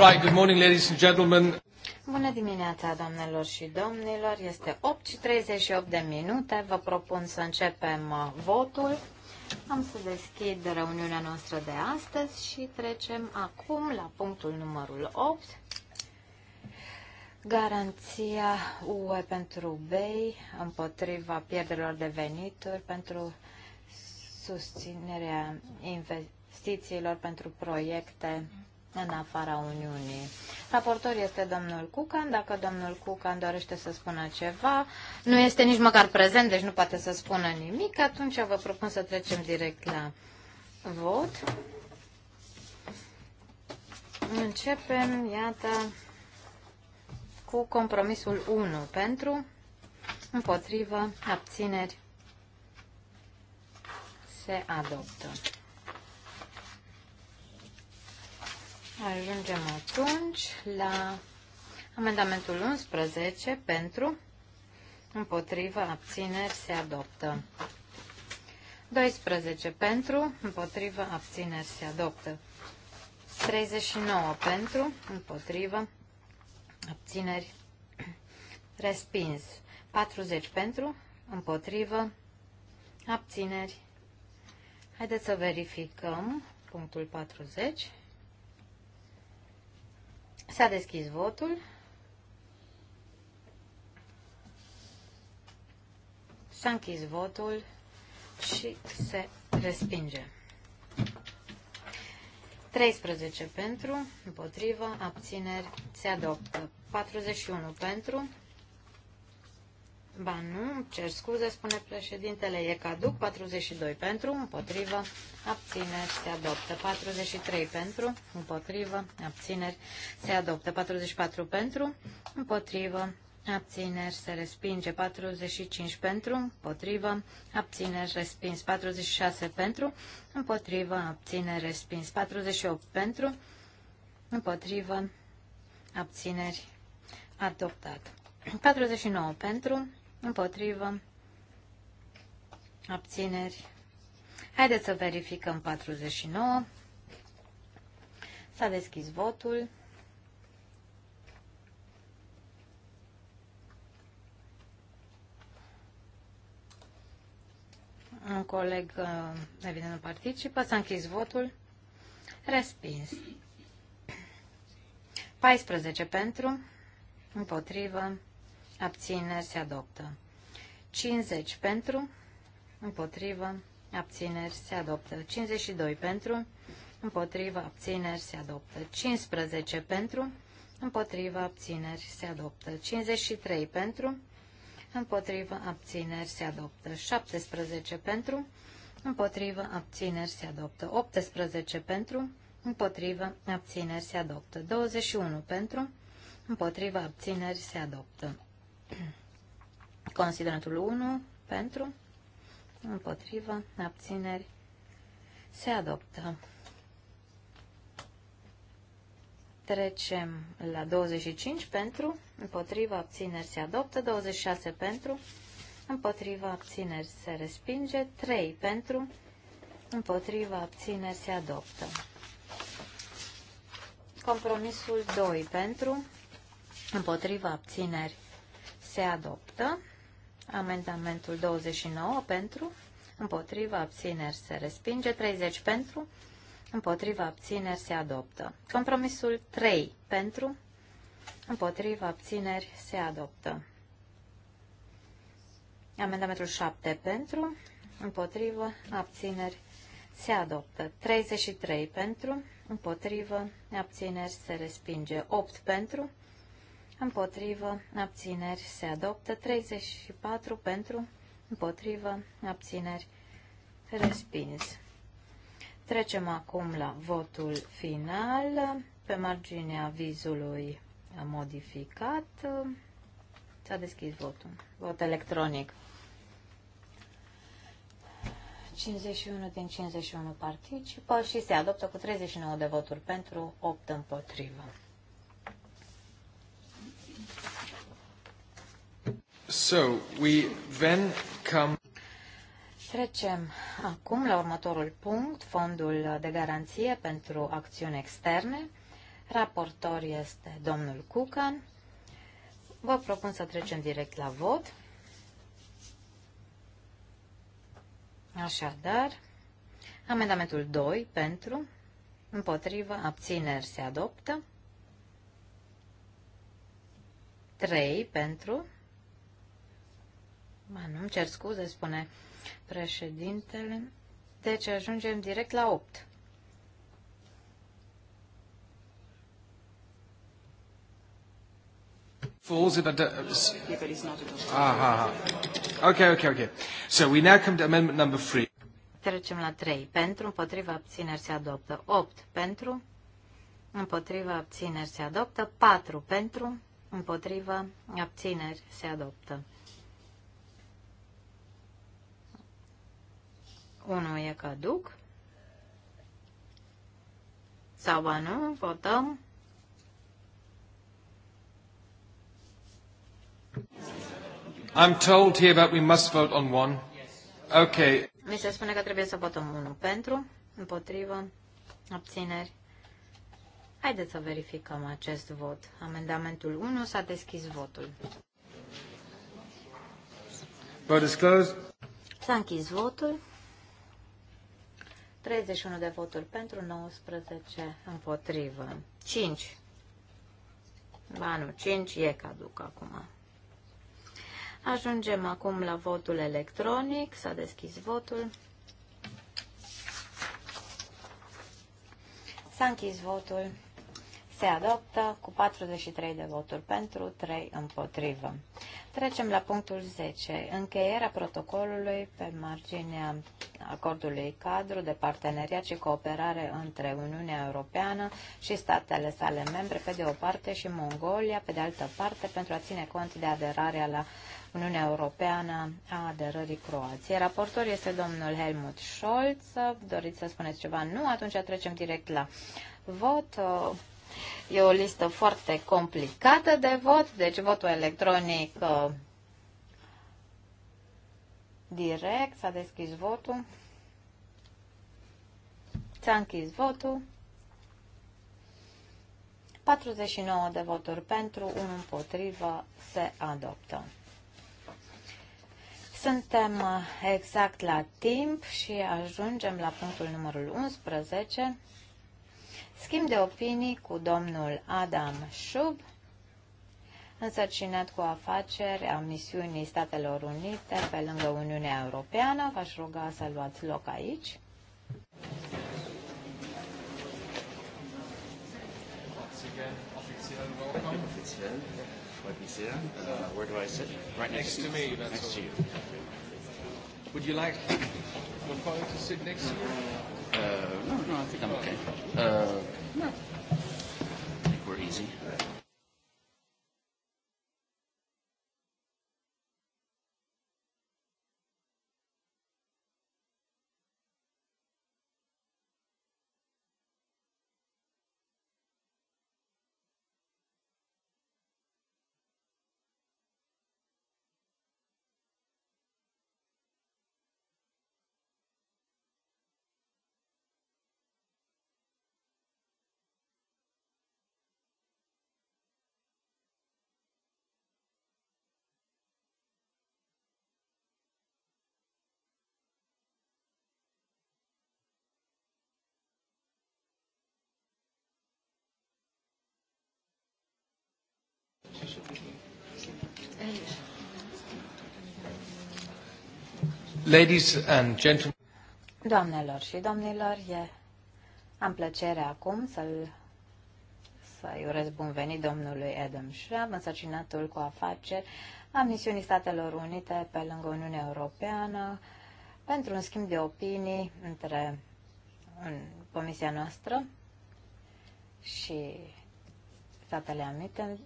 Right, good morning, ladies and gentlemen. Bună dimineața, doamnelor și domnilor. Este 8.38 de minute. Vă propun să începem uh, votul. Am să deschid reuniunea noastră de astăzi și trecem acum la punctul numărul 8. Garanția UE pentru BEI împotriva pierderilor de venituri pentru susținerea investițiilor pentru proiecte în afara Uniunii. Raportor este domnul Cucan. Dacă domnul Cucan dorește să spună ceva, nu este nici măcar prezent, deci nu poate să spună nimic, atunci vă propun să trecem direct la vot. Începem, iată, cu compromisul 1 pentru, împotrivă, abțineri, se adoptă. Ajungem atunci la amendamentul 11 pentru, împotrivă, abțineri se adoptă. 12 pentru, împotrivă, abțineri se adoptă. 39 pentru, împotrivă, abțineri, respins. 40 pentru, împotrivă, abțineri. Haideți să verificăm punctul 40. S-a deschis votul. S-a închis votul și se respinge. 13 pentru, împotrivă, abțineri, se adoptă. 41 pentru, Ba nu, cer scuze, spune președintele, e caduc 42 pentru, împotrivă, abțineri, se adoptă 43 pentru, împotrivă, abțineri, se adoptă 44 pentru, împotrivă, abțineri, se respinge 45 pentru, împotrivă, abțineri, respins 46 pentru, împotrivă, abțineri, respins 48 pentru, împotrivă, abțineri, adoptat. 49 pentru, Împotrivă. Abțineri. Haideți să verificăm 49. S-a deschis votul. Un coleg, uh, evident, nu participă. S-a închis votul. Respins. 14 pentru, împotrivă, abțineri se adoptă. 50 pentru, împotrivă, abțineri se adoptă. 52 pentru, împotrivă, abțineri se adoptă. 15 pentru, împotrivă, abțineri se adoptă. 53 pentru, împotrivă, abțineri se adoptă. 17 pentru, împotrivă, abțineri se adoptă. 18 pentru, împotrivă, abțineri se adoptă. 21 pentru, împotrivă, abțineri se adoptă. Considerentul 1 pentru, împotrivă, abțineri, se adoptă. Trecem la 25 pentru, împotrivă, abțineri, se adoptă, 26 pentru, împotrivă, abțineri, se respinge, 3 pentru, împotrivă, abțineri, se adoptă. Compromisul 2 pentru, împotrivă, abțineri se adoptă. Amendamentul 29 pentru, împotriva abțineri se respinge, 30 pentru, împotriva abțineri se adoptă. Compromisul 3 pentru, împotriva abțineri se adoptă. Amendamentul 7 pentru, împotriva abțineri se adoptă. 33 pentru, împotrivă, abțineri se respinge. 8 pentru, împotrivă, abțineri se adoptă, 34 pentru, împotrivă, abțineri respins. Trecem acum la votul final, pe marginea vizului modificat. S-a deschis votul. Vot electronic. 51 din 51 participă și se adoptă cu 39 de voturi pentru, 8 împotrivă. So, we then come... Trecem acum la următorul punct, fondul de garanție pentru acțiuni externe. Raportor este domnul Cucan. Vă propun să trecem direct la vot. Așadar, amendamentul 2 pentru, împotrivă, abțineri se adoptă. 3 pentru, Ba nu, cer scuze, spune președintele. Deci ajungem direct la 8. Voorzitter, but the, uh, aha. Okay, okay, okay. So we now come to amendment number 3. Trecem la 3. Pentru, împotriva, abțineri se adoptă. 8. Pentru, împotriva, abțineri se adoptă. 4. Pentru, împotriva, abțineri se adoptă. 1 e caduc. Sau ba nu, votăm. I'm told here that we must vote on one. Okay. Mi se spune că trebuie să votăm unul pentru, împotrivă, abțineri. Haideți să verificăm acest vot. Amendamentul 1 s-a deschis votul. Vote is closed. S-a închis votul. 31 de voturi pentru, 19 împotrivă. 5. Ba nu, 5 e caduc acum. Ajungem acum la votul electronic. S-a deschis votul. S-a închis votul. Se adoptă cu 43 de voturi pentru, 3 împotrivă. Trecem la punctul 10. Încheierea protocolului pe marginea acordului cadru de parteneriat și cooperare între Uniunea Europeană și statele sale membre, pe de o parte, și Mongolia, pe de altă parte, pentru a ține cont de aderarea la Uniunea Europeană a aderării Croației. Raportor este domnul Helmut Scholz. Doriți să spuneți ceva? Nu? Atunci trecem direct la vot. E o listă foarte complicată de vot, deci votul electronic direct. S-a deschis votul. S-a închis votul. 49 de voturi pentru, 1 împotrivă, se adoptă. Suntem uh, exact la timp și ajungem la punctul numărul 11. Schimb de opinii cu domnul Adam Schub, însărcinat cu afaceri a misiunii Statelor Unite pe lângă Uniunea Europeană. V-aș ruga să luați loc aici. Would you like your colleague to sit next to you? Uh, no, no, I think I'm okay. Uh, no. I think we're easy. Uh, Doamnelor și domnilor, e... am plăcerea acum să-l să urez bun venit domnului Adam Schramm, însărcinatul cu afaceri a misiunii Statelor Unite pe lângă Uniunea Europeană, pentru un schimb de opinii între în comisia noastră și Statele Unite.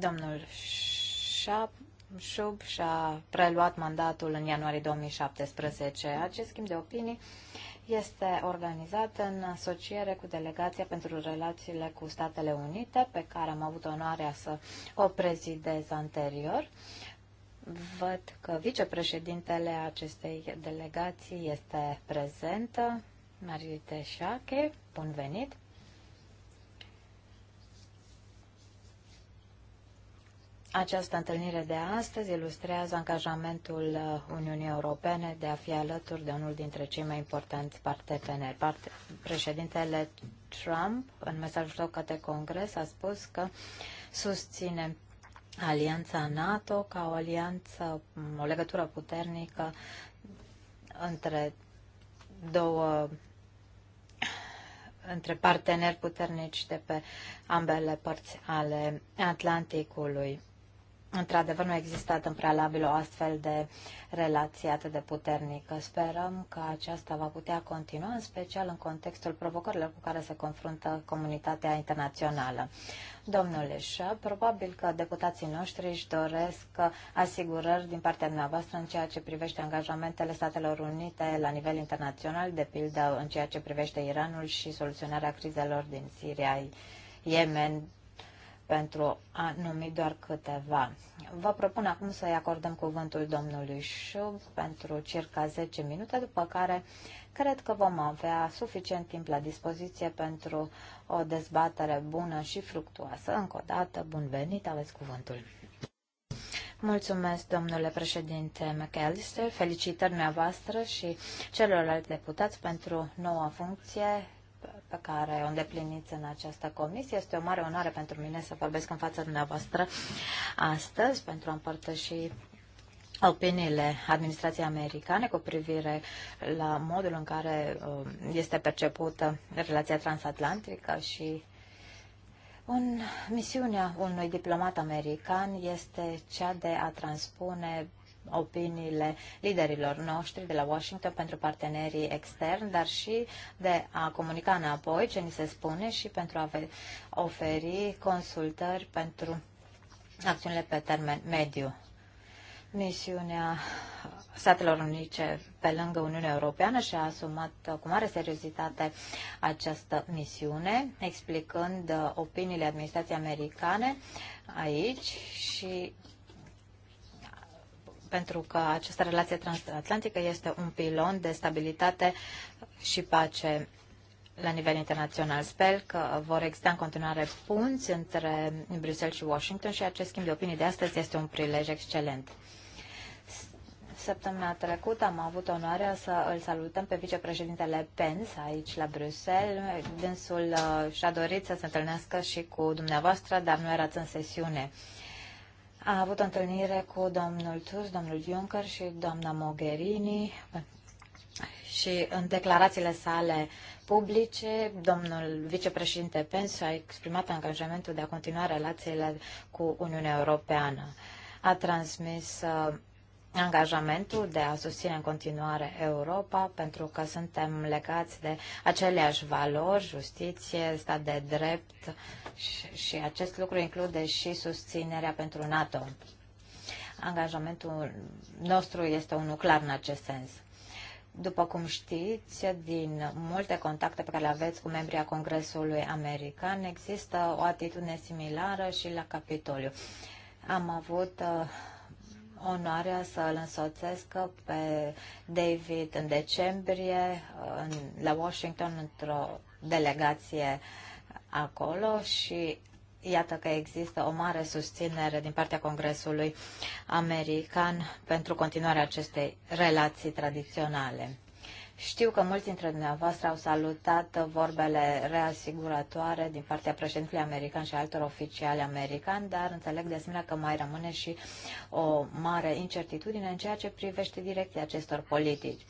Domnul Schramm Șub și-a preluat mandatul în ianuarie 2017. Acest schimb de opinii este organizat în asociere cu Delegația pentru Relațiile cu Statele Unite, pe care am avut onoarea să o prezidez anterior. Văd că vicepreședintele acestei delegații este prezentă, Marite Teșache, bun venit! Această întâlnire de astăzi ilustrează angajamentul uh, Uniunii Europene de a fi alături de unul dintre cei mai importanți parteneri. Parte, președintele Trump, în mesajul său către Congres, a spus că susține alianța NATO ca o alianță, o legătură puternică între două între parteneri puternici de pe ambele părți ale Atlanticului. Într-adevăr, nu a existat în prealabil o astfel de relație atât de puternică. Sperăm că aceasta va putea continua, în special în contextul provocărilor cu care se confruntă comunitatea internațională. Domnule Șa, probabil că deputații noștri își doresc asigurări din partea dumneavoastră în ceea ce privește angajamentele Statelor Unite la nivel internațional, de pildă în ceea ce privește Iranul și soluționarea crizelor din Siria, Yemen, pentru a numi doar câteva. Vă propun acum să-i acordăm cuvântul domnului Șub pentru circa 10 minute, după care cred că vom avea suficient timp la dispoziție pentru o dezbatere bună și fructuoasă. Încă o dată, bun venit, aveți cuvântul. Mulțumesc, domnule președinte McAllister, felicitări dumneavoastră și celorlalți deputați pentru noua funcție pe care o îndepliniți în această comisie. Este o mare onoare pentru mine să vorbesc în fața dumneavoastră astăzi pentru a împărtăși opiniile administrației americane cu privire la modul în care um, este percepută relația transatlantică și un, misiunea unui diplomat american este cea de a transpune opiniile liderilor noștri de la Washington pentru partenerii externi, dar și de a comunica înapoi ce ni se spune și pentru a oferi consultări pentru acțiunile pe termen mediu. Misiunea Statelor Unice pe lângă Uniunea Europeană și-a asumat cu mare seriozitate această misiune, explicând uh, opiniile administrației americane aici și pentru că această relație transatlantică este un pilon de stabilitate și pace la nivel internațional. Sper că vor exista în continuare punți între Bruxelles și Washington și acest schimb de opinii de astăzi este un prilej excelent. Săptămâna trecută am avut onoarea să îl salutăm pe vicepreședintele Pence aici la Bruxelles. Dânsul uh, și-a dorit să se întâlnească și cu dumneavoastră, dar nu erați în sesiune a avut o întâlnire cu domnul Tusk, domnul Juncker și doamna Mogherini și în declarațiile sale publice, domnul vicepreședinte Pence a exprimat angajamentul de a continua relațiile cu Uniunea Europeană. A transmis uh, angajamentul de a susține în continuare Europa, pentru că suntem legați de aceleași valori, justiție, stat de drept și, și acest lucru include și susținerea pentru NATO. Angajamentul nostru este unul clar în acest sens. După cum știți, din multe contacte pe care le aveți cu membrii a Congresului American, există o atitudine similară și la Capitoliu. Am avut uh, onoarea să îl însoțesc pe David în decembrie în, la Washington într-o delegație acolo și iată că există o mare susținere din partea Congresului American pentru continuarea acestei relații tradiționale. Știu că mulți dintre dumneavoastră au salutat vorbele reasiguratoare din partea președintelui american și altor oficiali americani, dar înțeleg de asemenea că mai rămâne și o mare incertitudine în ceea ce privește direcția acestor politici.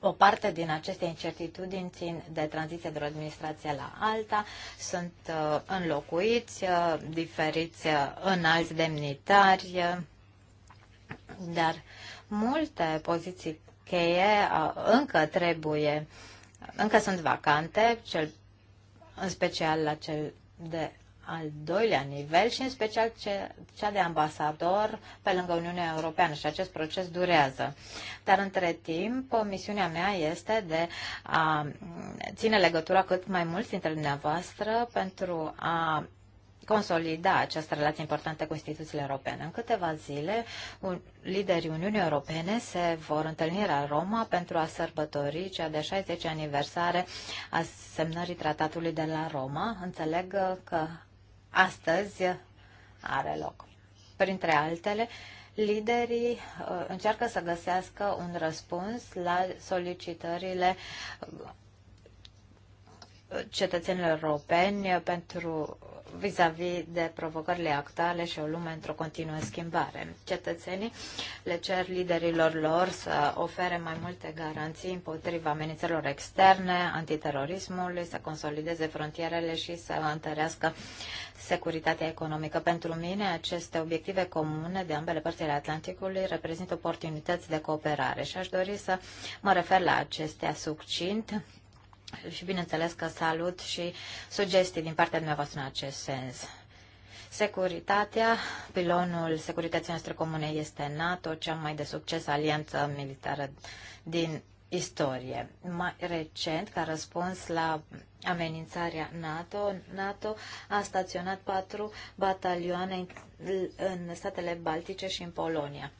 O parte din aceste incertitudini țin de tranziție de la administrație la alta, sunt uh, înlocuiți uh, diferiți uh, în alți demnitari, dar uh, Multe poziții cheie încă trebuie, încă sunt vacante, cel, în special la cel de al doilea nivel și în special ce, cea de ambasador pe lângă Uniunea Europeană și acest proces durează. Dar între timp, misiunea mea este de a ține legătura cât mai mulți dintre dumneavoastră pentru a consolida această relație importantă cu instituțiile europene. În câteva zile, un, liderii Uniunii Europene se vor întâlni la Roma pentru a sărbători cea de 60 aniversare a semnării tratatului de la Roma. Înțeleg uh, că astăzi are loc. Printre altele, liderii uh, încearcă să găsească un răspuns la solicitările uh, cetățenilor europeni pentru vis-a-vis -vis de provocările actuale și o lume într-o continuă schimbare. Cetățenii le cer liderilor lor să ofere mai multe garanții împotriva amenințelor externe, antiterorismului, să consolideze frontierele și să întărească securitatea economică. Pentru mine, aceste obiective comune de ambele părți ale Atlanticului reprezintă oportunități de cooperare și aș dori să mă refer la acestea succint și bineînțeles că salut și sugestii din partea dumneavoastră în acest sens. Securitatea, pilonul securității noastre comune este NATO, cea mai de succes alianță militară din istorie. Mai recent, ca răspuns la amenințarea NATO, NATO a staționat patru batalioane în statele Baltice și în Polonia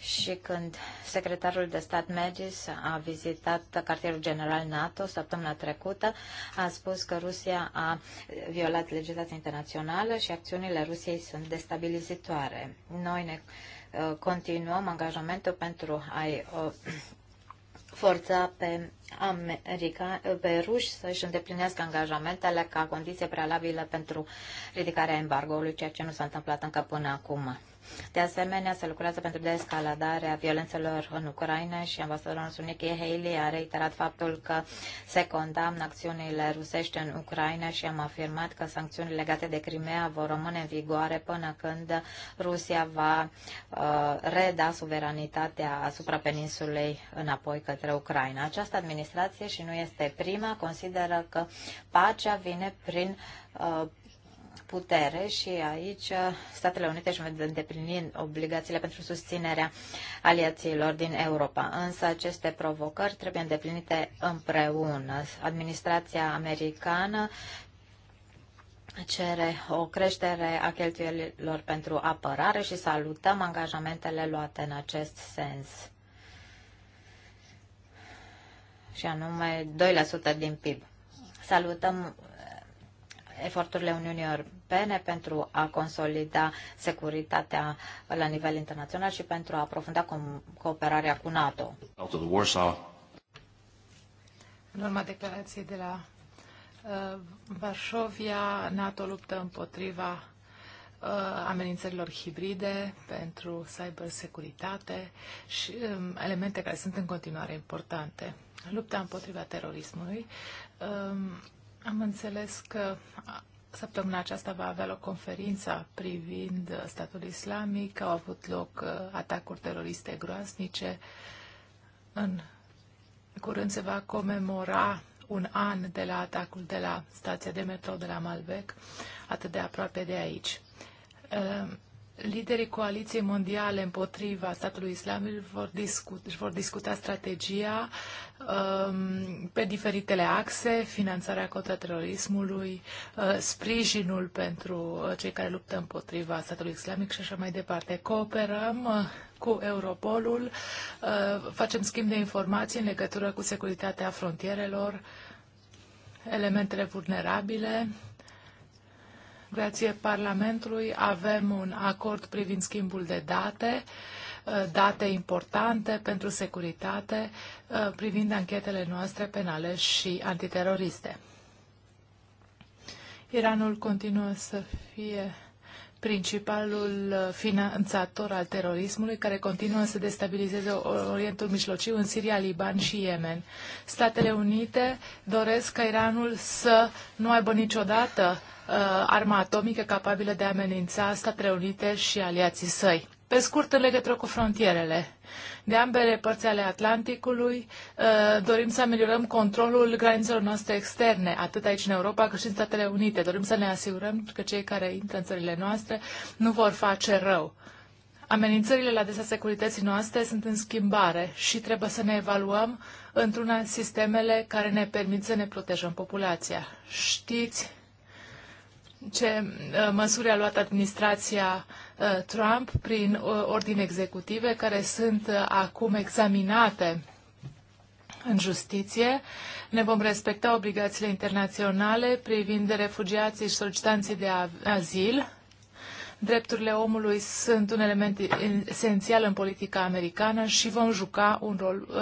și când secretarul de stat Magis a vizitat cartierul general NATO săptămâna trecută, a spus că Rusia a violat legislația internațională și acțiunile Rusiei sunt destabilizitoare. Noi ne uh, continuăm angajamentul pentru a-i uh, forța pe, America, pe ruși să-și îndeplinească angajamentele ca condiție prealabilă pentru ridicarea embargoului, ceea ce nu s-a întâmplat încă până acum. De asemenea, se lucrează pentru descaladarea violențelor în Ucraina și ambasadorul nostru Nikki Haley a reiterat faptul că se condamnă acțiunile rusești în Ucraina și am afirmat că sancțiunile legate de Crimea vor rămâne în vigoare până când Rusia va uh, reda suveranitatea asupra peninsulei înapoi către Ucraina. Această administrație și nu este prima, consideră că pacea vine prin uh, putere și aici uh, Statele Unite își vor îndeplini obligațiile pentru susținerea aliațiilor din Europa. Însă aceste provocări trebuie îndeplinite împreună. Administrația americană cere o creștere a cheltuielilor pentru apărare și salutăm angajamentele luate în acest sens și anume 2% din PIB. Salutăm eforturile Uniunii Europene pentru a consolida securitatea la nivel internațional și pentru a aprofunda cooperarea cu NATO. În urma declarației de la uh, NATO luptă împotriva uh, amenințărilor hibride pentru cybersecuritate și um, elemente care sunt în continuare importante. Lupta împotriva terorismului. Um, am înțeles că săptămâna aceasta va avea loc conferința privind statul islamic. Au avut loc uh, atacuri teroriste groaznice. În curând se va comemora un an de la atacul de la stația de metrou de la Malbec, atât de aproape de aici. Uh, liderii Coaliției Mondiale împotriva statului islamic vor discut, își vor discuta strategia um, pe diferitele axe, finanțarea contra terorismului, uh, sprijinul pentru uh, cei care luptă împotriva statului islamic și așa mai departe. Cooperăm uh, cu Europolul, uh, facem schimb de informații în legătură cu securitatea frontierelor, elementele vulnerabile, grație Parlamentului, avem un acord privind schimbul de date, uh, date importante pentru securitate, uh, privind anchetele noastre penale și antiteroriste. Iranul continuă să fie principalul uh, finanțator al terorismului, care continuă să destabilizeze Orientul Mijlociu în Siria, Liban și Yemen. Statele Unite doresc ca Iranul să nu aibă niciodată Uh, arma atomică capabilă de a amenința Statele Unite și aliații săi. Pe scurt, în legătură cu frontierele. De ambele părți ale Atlanticului uh, dorim să ameliorăm controlul granițelor noastre externe, atât aici în Europa cât și în Statele Unite. Dorim să ne asigurăm că cei care intră în țările noastre nu vor face rău. Amenințările la adresa securității noastre sunt în schimbare și trebuie să ne evaluăm într-una sistemele care ne permit să ne protejăm populația. Știți ce uh, măsuri a luat administrația uh, Trump prin uh, ordine executive care sunt acum examinate în justiție. Ne vom respecta obligațiile internaționale privind refugiații și solicitanții de azil. Drepturile omului sunt un element esențial în politica americană și vom juca un rol uh,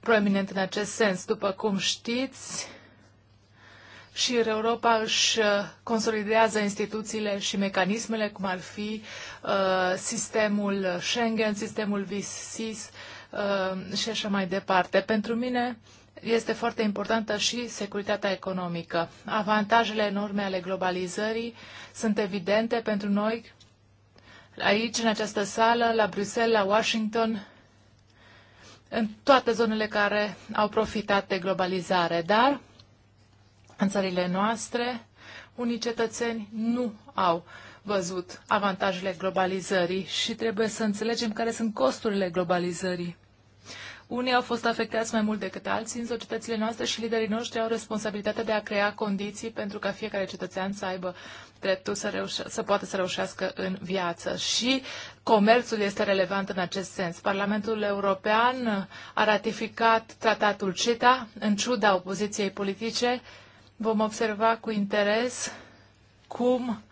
proeminent în acest sens. După cum știți, și Europa își uh, consolidează instituțiile și mecanismele, cum ar fi uh, sistemul Schengen, sistemul VISIS uh, și așa mai departe. Pentru mine este foarte importantă și securitatea economică. Avantajele enorme ale globalizării sunt evidente pentru noi aici, în această sală, la Bruxelles, la Washington, în toate zonele care au profitat de globalizare. Dar în țările noastre, unii cetățeni nu au văzut avantajele globalizării și trebuie să înțelegem care sunt costurile globalizării. Unii au fost afectați mai mult decât alții în societățile noastre și liderii noștri au responsabilitatea de a crea condiții pentru ca fiecare cetățean să aibă dreptul să, reușe- să poată să reușească în viață. Și comerțul este relevant în acest sens. Parlamentul European a ratificat tratatul CETA în ciuda opoziției politice Vom observa cu interes cum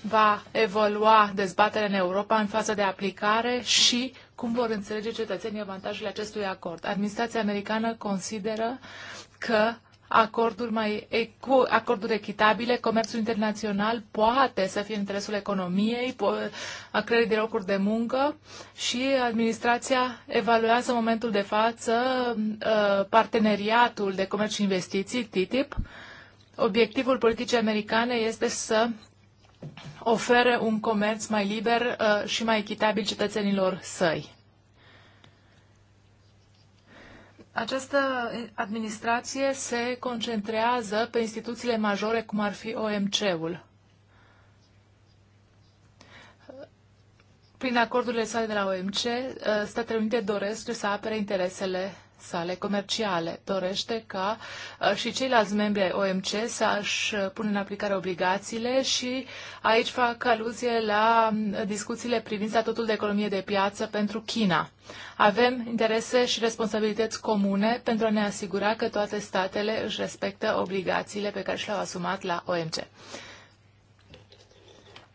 va evolua dezbaterea în Europa în fază de aplicare și cum vor înțelege cetățenii avantajele acestui acord. Administrația americană consideră că acorduri, mai cu acorduri echitabile, comerțul internațional poate să fie în interesul economiei, a creării de locuri de muncă și administrația evaluează în momentul de față uh, parteneriatul de comerț și investiții, TTIP, obiectivul politicii americane este să ofere un comerț mai liber uh, și mai echitabil cetățenilor săi. Această administrație se concentrează pe instituțiile majore, cum ar fi OMC-ul. Prin acordurile sale de la OMC, uh, Statele Unite doresc să apere interesele sale comerciale. Dorește ca uh, și ceilalți membri ai OMC să-și uh, pună în aplicare obligațiile și aici fac aluzie la mm, discuțiile privind statutul de economie de piață pentru China. Avem interese și responsabilități comune pentru a ne asigura că toate statele își respectă obligațiile pe care și le-au asumat la OMC.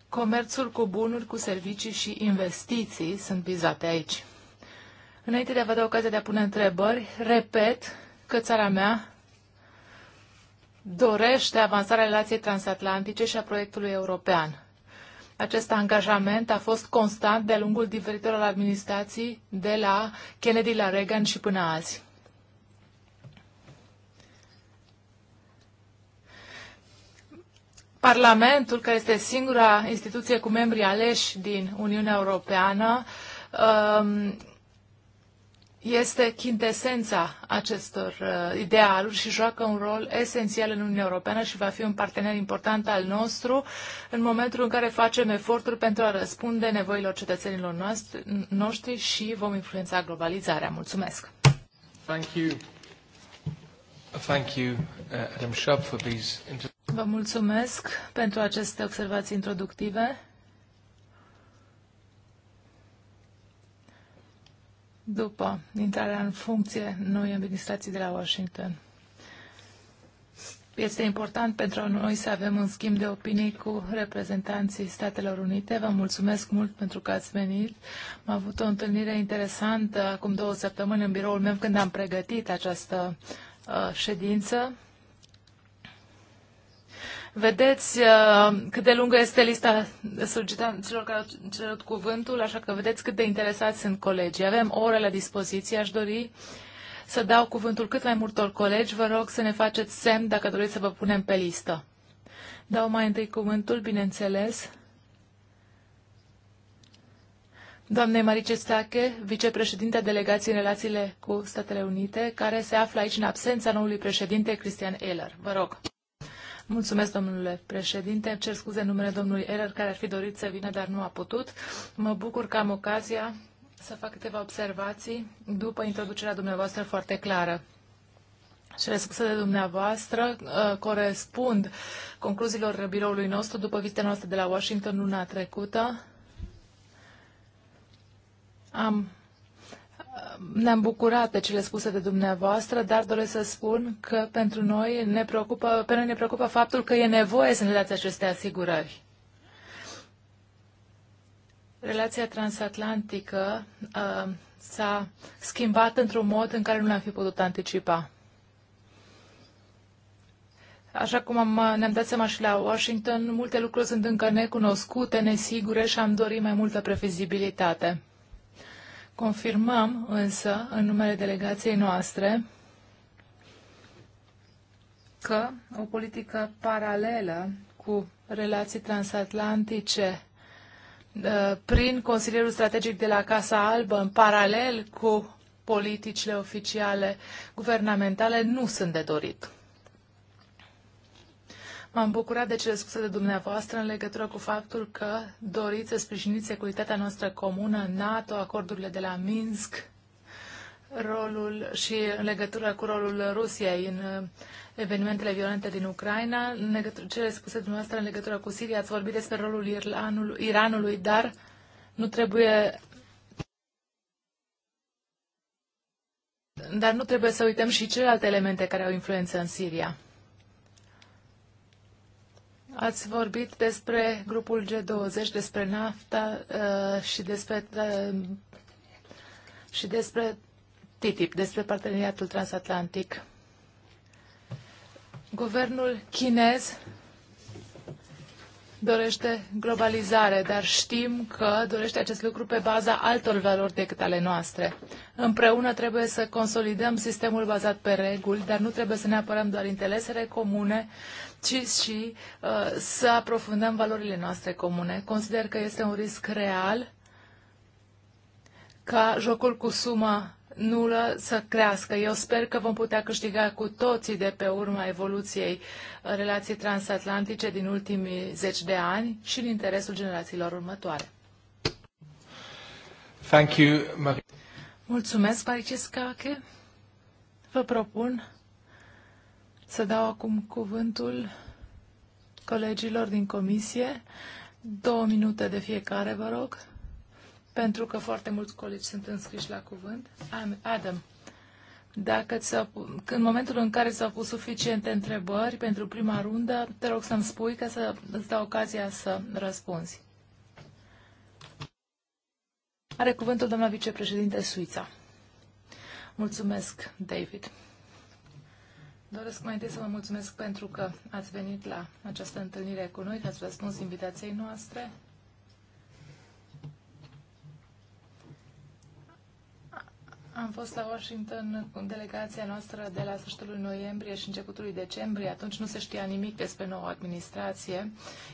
Comerțul cu bunuri, cu servicii și investiții sunt vizate aici. Înainte de a vă da ocazia de a pune întrebări, repet că țara mea dorește avansarea relației transatlantice și a proiectului european. Acest angajament a fost constant de-a lungul diferitelor administrații de la Kennedy la Reagan și până azi. Parlamentul, care este singura instituție cu membri aleși din Uniunea Europeană, um, este chintesența acestor uh, idealuri și joacă un rol esențial în Uniunea Europeană și va fi un partener important al nostru în momentul în care facem eforturi pentru a răspunde nevoilor cetățenilor noastr- noștri și vom influența globalizarea. Mulțumesc! Thank you. Thank you, uh, Adam for these Vă mulțumesc pentru aceste observații introductive. după intrarea în funcție noi administrații de la Washington. Este important pentru noi să avem un schimb de opinii cu reprezentanții Statelor Unite. Vă mulțumesc mult pentru că ați venit. Am avut o întâlnire interesantă acum două săptămâni în biroul meu când am pregătit această uh, ședință. Vedeți uh, cât de lungă este lista solicitanților care au cerut cuvântul, așa că vedeți cât de interesați sunt colegii. Avem ore la dispoziție, aș dori să dau cuvântul cât mai multor colegi. Vă rog să ne faceți semn dacă doriți să vă punem pe listă. Dau mai întâi cuvântul, bineînțeles. Doamne Marice Stache, vicepreședintea delegației în relațiile cu Statele Unite, care se află aici în absența noului președinte Cristian Eller. Vă rog. Mulțumesc, domnule președinte. Cer scuze numele domnului Eller, care ar fi dorit să vină, dar nu a putut. Mă bucur că am ocazia să fac câteva observații după introducerea dumneavoastră foarte clară. Cele spuse de dumneavoastră uh, corespund concluziilor biroului nostru după vizita noastră de la Washington luna trecută. Am ne-am bucurat de cele spuse de dumneavoastră, dar doresc să spun că pentru noi ne preocupă, pe noi ne preocupă faptul că e nevoie să ne dați aceste asigurări. Relația transatlantică uh, s-a schimbat într-un mod în care nu l-am fi putut anticipa. Așa cum am, uh, ne-am dat seama și la Washington, multe lucruri sunt încă necunoscute, nesigure și am dorit mai multă previzibilitate. Confirmăm însă, în numele delegației noastre, că o politică paralelă cu relații transatlantice ă, prin Consilierul Strategic de la Casa Albă, în paralel cu politicile oficiale guvernamentale, nu sunt de dorit. M-am bucurat de cele spuse de dumneavoastră în legătură cu faptul că doriți să sprijiniți securitatea noastră comună, NATO, acordurile de la Minsk, rolul și în legătură cu rolul Rusiei în uh, evenimentele violente din Ucraina, în legătură, cele spuse dumneavoastră în legătură cu Siria, ați vorbit despre rolul Iranului, Iranului dar nu trebuie dar nu trebuie să uităm și celelalte elemente care au influență în Siria. Ați vorbit despre grupul G20, despre NAFTA uh, și despre uh, și despre TTIP, despre parteneriatul transatlantic. Guvernul chinez dorește globalizare, dar știm că dorește acest lucru pe baza altor valori decât ale noastre. Împreună trebuie să consolidăm sistemul bazat pe reguli, dar nu trebuie să ne apărăm doar interesele comune, ci și uh, să aprofundăm valorile noastre comune. Consider că este un risc real ca jocul cu suma nulă să crească. Eu sper că vom putea câștiga cu toții de pe urma evoluției relației transatlantice din ultimii zeci de ani și în interesul generațiilor următoare. Thank you, Mar- Mulțumesc, Maricescache. Vă propun să dau acum cuvântul colegilor din comisie. Două minute de fiecare, vă rog pentru că foarte mulți colegi sunt înscriși la cuvânt. Adam, dacă în momentul în care s-au pus suficiente întrebări pentru prima rundă, te rog să-mi spui ca să îți dau ocazia să răspunzi. Are cuvântul doamna vicepreședinte Suița. Mulțumesc, David. Doresc mai întâi să vă mulțumesc pentru că ați venit la această întâlnire cu noi, că ați răspuns invitației noastre. Am fost la Washington cu delegația noastră de la sfârșitul noiembrie și începutul decembrie. Atunci nu se știa nimic despre noua administrație.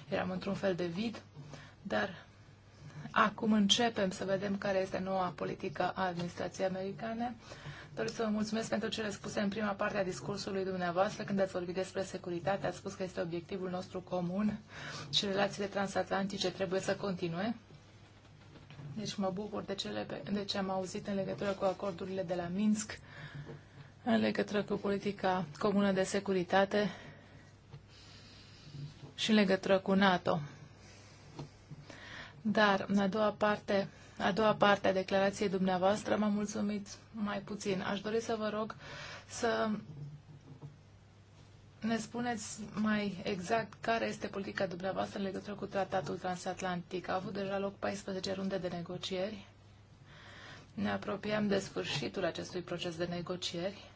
Eram într-un fel de vid, dar acum începem să vedem care este noua politică a administrației americane. Doresc să vă mulțumesc pentru cele spuse în prima parte a discursului dumneavoastră, când ați vorbit despre securitate, ați spus că este obiectivul nostru comun și relațiile transatlantice trebuie să continue. Deci mă bucur de, cele pe, de ce am auzit în legătură cu acordurile de la Minsk, în legătură cu politica comună de securitate și în legătură cu NATO. Dar în a doua parte, a doua parte a declarației dumneavoastră m-a mulțumit mai puțin. Aș dori să vă rog să ne spuneți mai exact care este politica dumneavoastră în legătură cu tratatul transatlantic. Au avut deja loc 14 runde de negocieri. Ne apropiem de sfârșitul acestui proces de negocieri.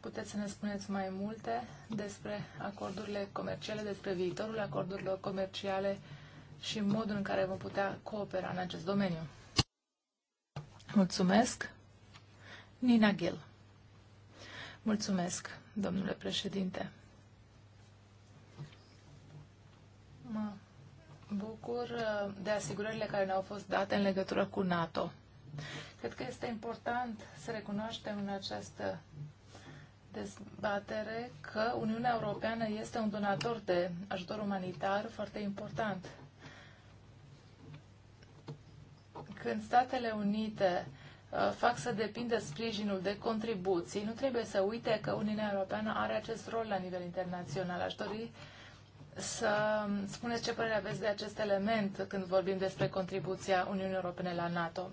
Puteți să ne spuneți mai multe despre acordurile comerciale, despre viitorul acordurilor comerciale și modul în care vom putea coopera în acest domeniu. Mulțumesc. Nina Gil. Mulțumesc domnule președinte. Mă bucur uh, de asigurările care ne-au fost date în legătură cu NATO. Cred că este important să recunoaștem în această dezbatere că Uniunea Europeană este un donator de ajutor umanitar foarte important. Când Statele Unite Uh, fac să depindă sprijinul de contribuții, nu trebuie să uite că Uniunea Europeană are acest rol la nivel internațional. Aș dori să spuneți ce părere aveți de acest element când vorbim despre contribuția Uniunii Europene la NATO.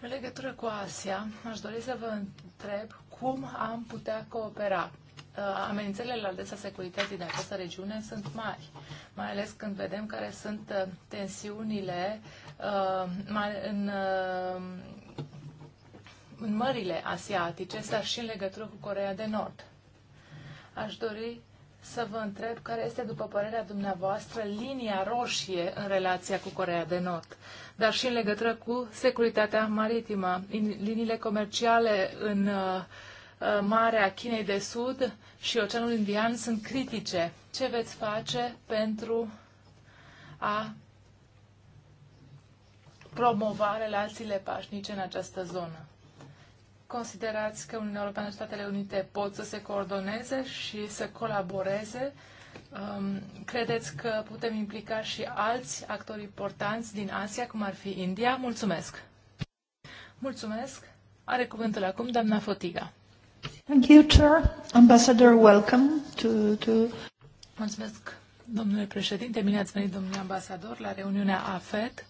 În legătură cu Asia, aș dori să vă întreb cum am putea coopera. Uh, amenințările la adresa securității de această regiune sunt mari, mai ales când vedem care sunt uh, tensiunile uh, Uh, în, uh, în mările asiatice, dar și în legătură cu Corea de Nord. Aș dori să vă întreb care este, după părerea dumneavoastră, linia roșie în relația cu Corea de Nord, dar și în legătură cu securitatea maritimă, liniile comerciale în uh, Marea Chinei de Sud și Oceanul Indian sunt critice. Ce veți face pentru a promova relațiile pașnice în această zonă? Considerați că Uniunea Europeană și Statele Unite pot să se coordoneze și să colaboreze? Um, credeți că putem implica și alți actori importanți din Asia, cum ar fi India? Mulțumesc! Mulțumesc! Are cuvântul acum doamna Fotiga. Thank you, Chair. Ambassador, welcome to, to... Mulțumesc, domnule președinte. Bine ați venit, domnule ambasador, la reuniunea AFED.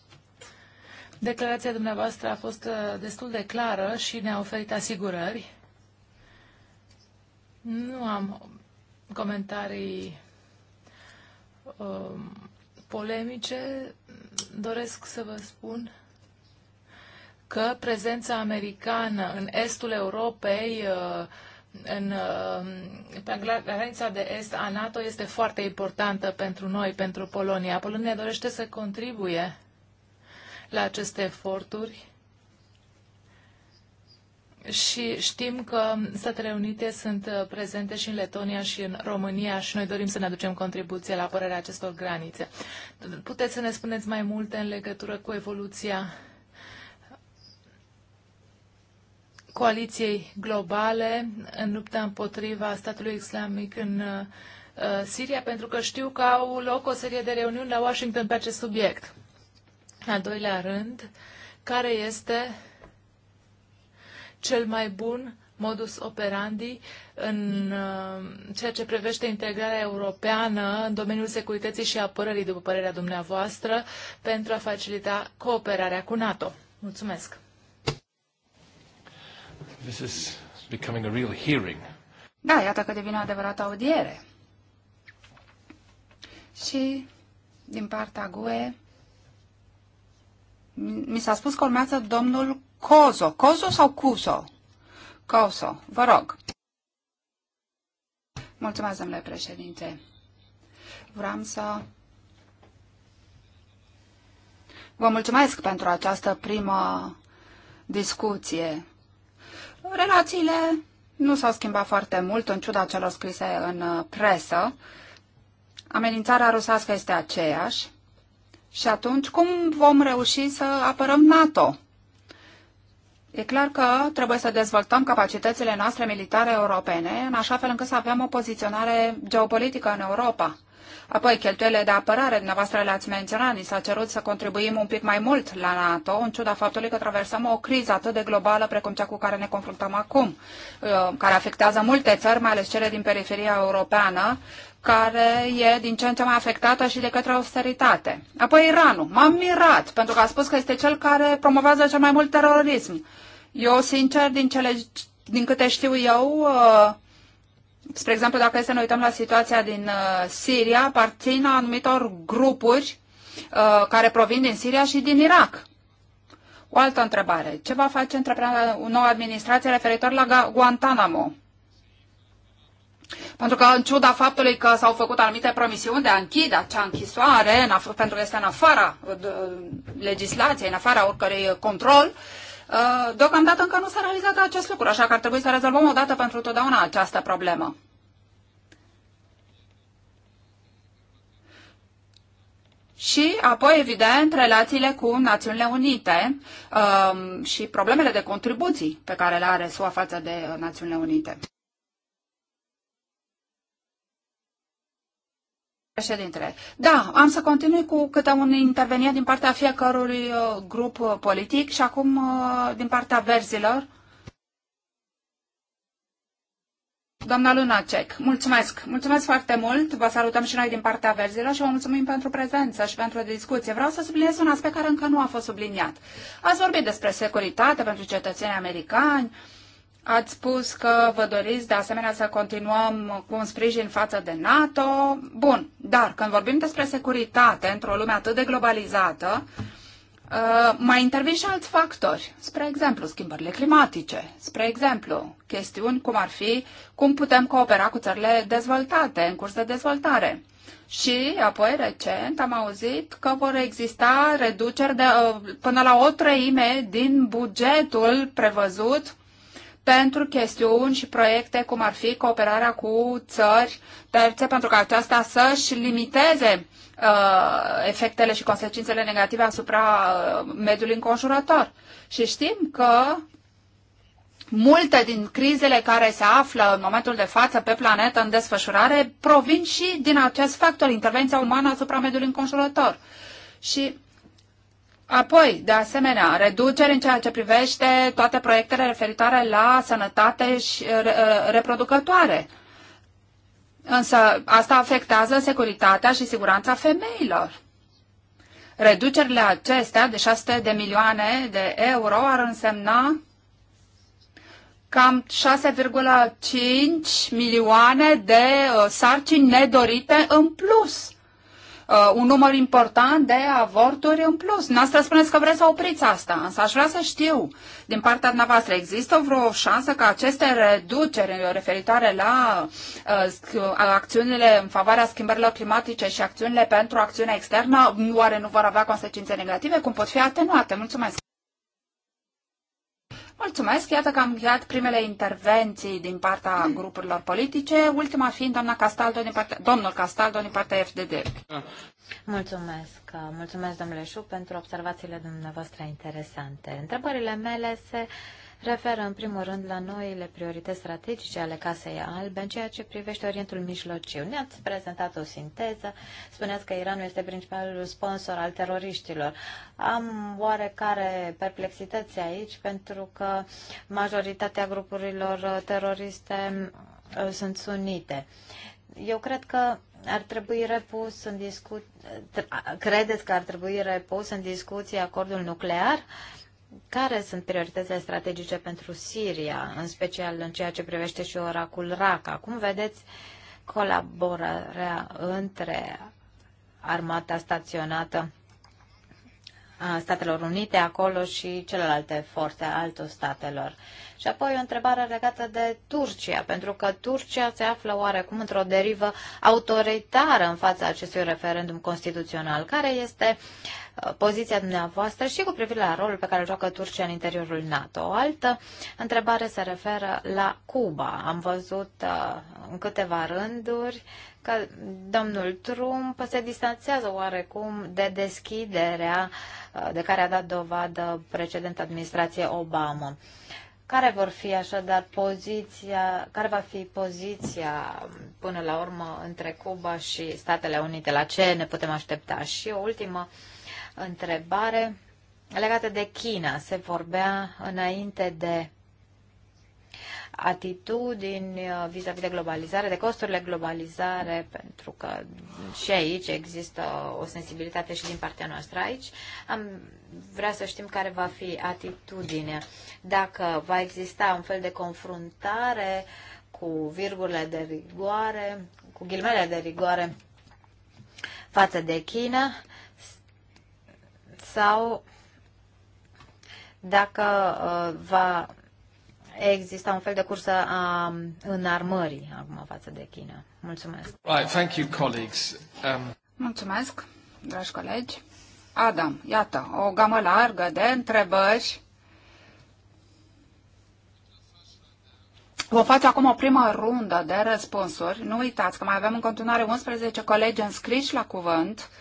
Declarația dumneavoastră a fost uh, destul de clară și ne-a oferit asigurări. Nu am comentarii um, polemice. Doresc să vă spun că prezența americană în estul Europei uh, în, um, pe granița de est a NATO este foarte importantă pentru noi, pentru Polonia. Polonia dorește să contribuie la aceste eforturi și știm că Statele Unite sunt uh, prezente și în Letonia și în România și noi dorim să ne aducem contribuție la apărarea acestor granițe. Puteți să ne spuneți mai multe în legătură cu evoluția coaliției globale în lupta împotriva statului islamic în uh, uh, Siria, pentru că știu că au loc o serie de reuniuni la Washington pe acest subiect. Al doilea rând, care este cel mai bun modus operandi în uh, ceea ce privește integrarea europeană în domeniul securității și apărării, după părerea dumneavoastră, pentru a facilita cooperarea cu NATO. Mulțumesc! This is becoming a real hearing. Da, iată că devine o adevărată audiere. Și din partea GUE, mi s-a spus că urmează domnul Cozo. Cozo sau Cuso? Cozo, vă rog. Mulțumesc, domnule președinte. Vreau să vă mulțumesc pentru această primă discuție. Relațiile nu s-au schimbat foarte mult, în ciuda celor scrise în presă. Amenințarea rusească este aceeași. Și atunci cum vom reuși să apărăm NATO? E clar că trebuie să dezvoltăm capacitățile noastre militare europene în așa fel încât să avem o poziționare geopolitică în Europa. Apoi, cheltuielile de apărare, dumneavoastră le-ați menționat, ni s-a cerut să contribuim un pic mai mult la NATO, în ciuda faptului că traversăm o criză atât de globală precum cea cu care ne confruntăm acum, uh, care afectează multe țări, mai ales cele din periferia europeană care e din ce în ce mai afectată și de către austeritate. Apoi Iranul. M-am mirat, pentru că a spus că este cel care promovează cel mai mult terorism. Eu, sincer, din, cele, din câte știu eu, uh, spre exemplu, dacă este să ne uităm la situația din uh, Siria, aparțin a anumitor grupuri uh, care provin din Siria și din Irak. O altă întrebare. Ce va face întreprinderea nouă administrație referitor la Guantanamo? Pentru că, în ciuda faptului că s-au făcut anumite promisiuni de a închide acea închisoare, în af- pentru că este în afara uh, uh, legislației, în afara oricărui control, uh, deocamdată încă nu s-a realizat acest lucru, așa că ar trebui să rezolvăm odată pentru totdeauna această problemă. Și apoi, evident, relațiile cu Națiunile Unite um, și problemele de contribuții pe care le are SUA față de Națiunile Unite. Președintele, da, am să continui cu câte un intervenient din partea fiecărui uh, grup uh, politic și acum uh, din partea verzilor. Doamna Lunacek, mulțumesc! Mulțumesc foarte mult! Vă salutăm și noi din partea verzilor și vă mulțumim pentru prezență și pentru discuție. Vreau să subliniez un aspect care încă nu a fost subliniat. Ați vorbit despre securitate pentru cetățenii americani, Ați spus că vă doriți de asemenea să continuăm cu un sprijin față de NATO. Bun, dar când vorbim despre securitate într-o lume atât de globalizată, uh, mai intervin și alți factori, spre exemplu schimbările climatice, spre exemplu chestiuni cum ar fi cum putem coopera cu țările dezvoltate, în curs de dezvoltare. Și apoi recent am auzit că vor exista reduceri de uh, până la o treime din bugetul prevăzut pentru chestiuni și proiecte cum ar fi cooperarea cu țări terțe, pentru ca aceasta să-și limiteze uh, efectele și consecințele negative asupra uh, mediului înconjurător. Și știm că multe din crizele care se află în momentul de față pe planetă în desfășurare provin și din acest factor, intervenția umană asupra mediului înconjurător. Și Apoi, de asemenea, reduceri în ceea ce privește toate proiectele referitoare la sănătate și uh, uh, reproducătoare. Însă asta afectează securitatea și siguranța femeilor. Reducerile acestea de 600 de milioane de euro ar însemna cam 6,5 milioane de uh, sarcini nedorite în plus uh, un număr important de avorturi în plus. Noastră spuneți că vreți să opriți asta, însă aș vrea să știu, din partea dumneavoastră, există vreo șansă ca aceste reduceri referitoare la uh, acțiunile în favoarea schimbărilor climatice și acțiunile pentru acțiunea externă, oare nu vor avea consecințe negative? Cum pot fi atenuate? Mulțumesc! Mulțumesc, iată că am încheiat primele intervenții din partea hmm. grupurilor politice, ultima fiind doamna Castaldo din partea, domnul Castaldo din partea FDD. Mulțumesc, mulțumesc domnule Șu pentru observațiile dumneavoastră interesante. Întrebările mele se referă în primul rând la noile priorități strategice ale Casei Albe în ceea ce privește Orientul Mijlociu. Ne-ați prezentat o sinteză, spuneați că Iranul este principalul sponsor al teroriștilor. Am oarecare perplexități aici pentru că majoritatea grupurilor teroriste uh, sunt sunite. Eu cred că ar trebui repus în discuție, credeți că ar trebui repus în discuție acordul nuclear? Uh, care sunt prioritățile strategice pentru Siria, în special în ceea ce privește și oracul Raqqa? Cum vedeți colaborarea între armata staționată Statelor Unite acolo și celelalte forțe altor statelor. Și apoi o întrebare legată de Turcia, pentru că Turcia se află oarecum într-o derivă autoritară în fața acestui referendum constituțional. Care este uh, poziția dumneavoastră și cu privire la rolul pe care îl joacă Turcia în interiorul NATO? O altă întrebare se referă la Cuba. Am văzut uh, în câteva rânduri că domnul Trump se distanțează oarecum de deschiderea uh, de care a dat dovadă precedent administrație Obama. Care vor fi așadar poziția, care va fi poziția până la urmă între Cuba și Statele Unite? La ce ne putem aștepta? Și o ultimă întrebare legată de China. Se vorbea înainte de atitudini uh, vis-a-vis -vis de globalizare, de costurile globalizare, pentru că și aici există o sensibilitate și din partea noastră aici. Am vrea să știm care va fi atitudinea, dacă va exista un fel de confruntare cu virgulele de rigoare, cu ghilmele de rigoare față de China sau dacă uh, va exista un fel de cursă a înarmării acum față de China. Mulțumesc. Right, thank you, colleagues. Um... Mulțumesc, dragi colegi. Adam, iată, o gamă largă de întrebări. Vom face acum o primă rundă de răspunsuri. Nu uitați că mai avem în continuare 11 colegi înscriși la cuvânt. Uh,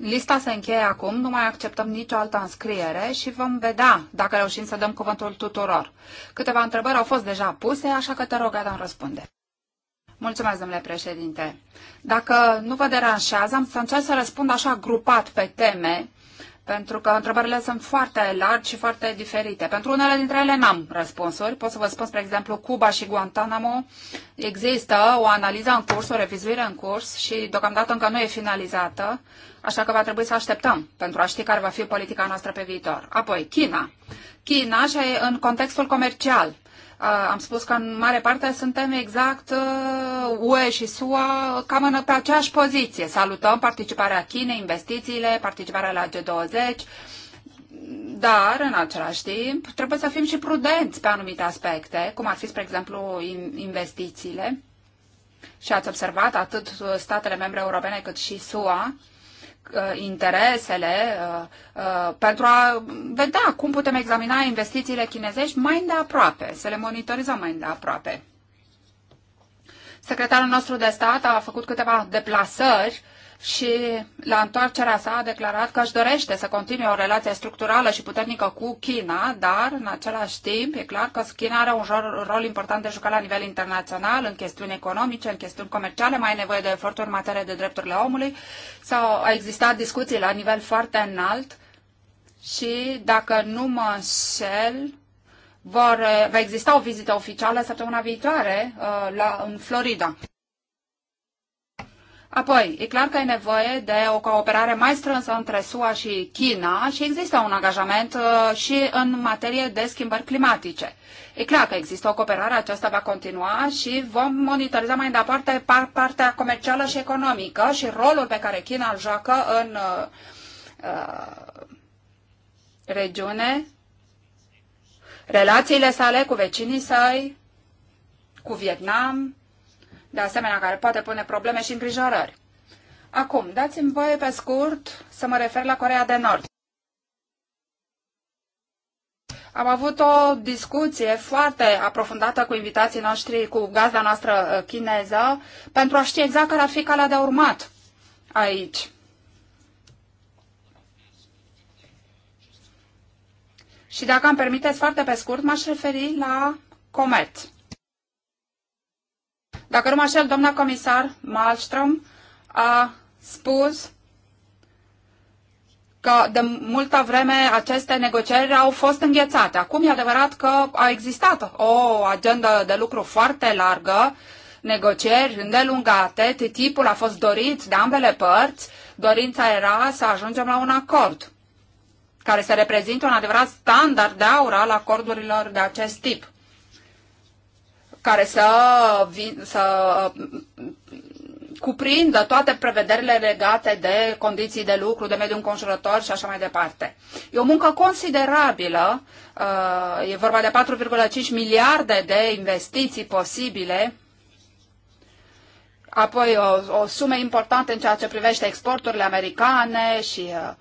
Lista se încheie acum, nu mai acceptăm nicio altă înscriere și vom vedea dacă reușim să dăm cuvântul tuturor. Câteva întrebări au fost deja puse, așa că te rog, Adam, răspunde. Mulțumesc, domnule președinte. Dacă nu vă deranșează, am să încerc să răspund așa grupat pe teme, pentru că întrebările sunt foarte largi și foarte diferite. Pentru unele dintre ele n-am răspunsuri. Pot să vă spun, spre exemplu, Cuba și Guantanamo. Există o analiză în curs, o revizuire în curs și deocamdată încă nu e finalizată așa că va trebui să așteptăm pentru a ști care va fi politica noastră pe viitor. Apoi, China. China și în contextul comercial. Am spus că în mare parte suntem exact uh, UE și SUA cam în, pe aceeași poziție. Salutăm participarea Chinei, investițiile, participarea la G20, dar, în același timp, trebuie să fim și prudenți pe anumite aspecte, cum ar fi, spre exemplu, investițiile. Și ați observat, atât statele membre europene cât și SUA Uh, interesele uh, uh, pentru a vedea cum putem examina investițiile chinezești mai îndeaproape, să le monitorizăm mai îndeaproape. Secretarul nostru de stat a făcut câteva deplasări uh, și la întoarcerea sa a declarat că își dorește să continue o relație structurală și puternică cu China, dar în același timp e clar că China are un rol important de jucat la nivel internațional în chestiuni economice, în chestiuni comerciale, mai e nevoie de eforturi în materie de drepturile omului sau a existat discuții la nivel foarte înalt și dacă nu mă înșel, vor, va exista o vizită oficială săptămâna viitoare uh, la, în Florida. Apoi, e clar că e nevoie de o cooperare mai strânsă între SUA și China și există un angajament uh, și în materie de schimbări climatice. E clar că există o cooperare, aceasta va continua și vom monitoriza mai departe partea comercială și economică și rolul pe care China îl joacă în uh, uh, regiune, relațiile sale cu vecinii săi, cu Vietnam, de asemenea care poate pune probleme și îngrijorări. Acum, dați-mi voie pe scurt să mă refer la Corea de Nord. Am avut o discuție foarte aprofundată cu invitații noștri, cu gazda noastră uh, chineză, pentru a ști exact care ar fi calea de urmat aici. Și dacă îmi permiteți foarte pe scurt, m-aș referi la comerț. Dacă nu mă așel, doamna comisar Malmström a spus că de multă vreme aceste negocieri au fost înghețate. Acum e adevărat că a existat o agendă de lucru foarte largă, negocieri îndelungate, tipul a fost dorit de ambele părți, dorința era să ajungem la un acord care să reprezintă un adevărat standard de aur al acordurilor de acest tip care să, vin, să cuprindă toate prevederile legate de condiții de lucru, de mediul înconjurător și așa mai departe. E o muncă considerabilă, uh, e vorba de 4,5 miliarde de investiții posibile, apoi o, o sumă importantă în ceea ce privește exporturile americane și uh,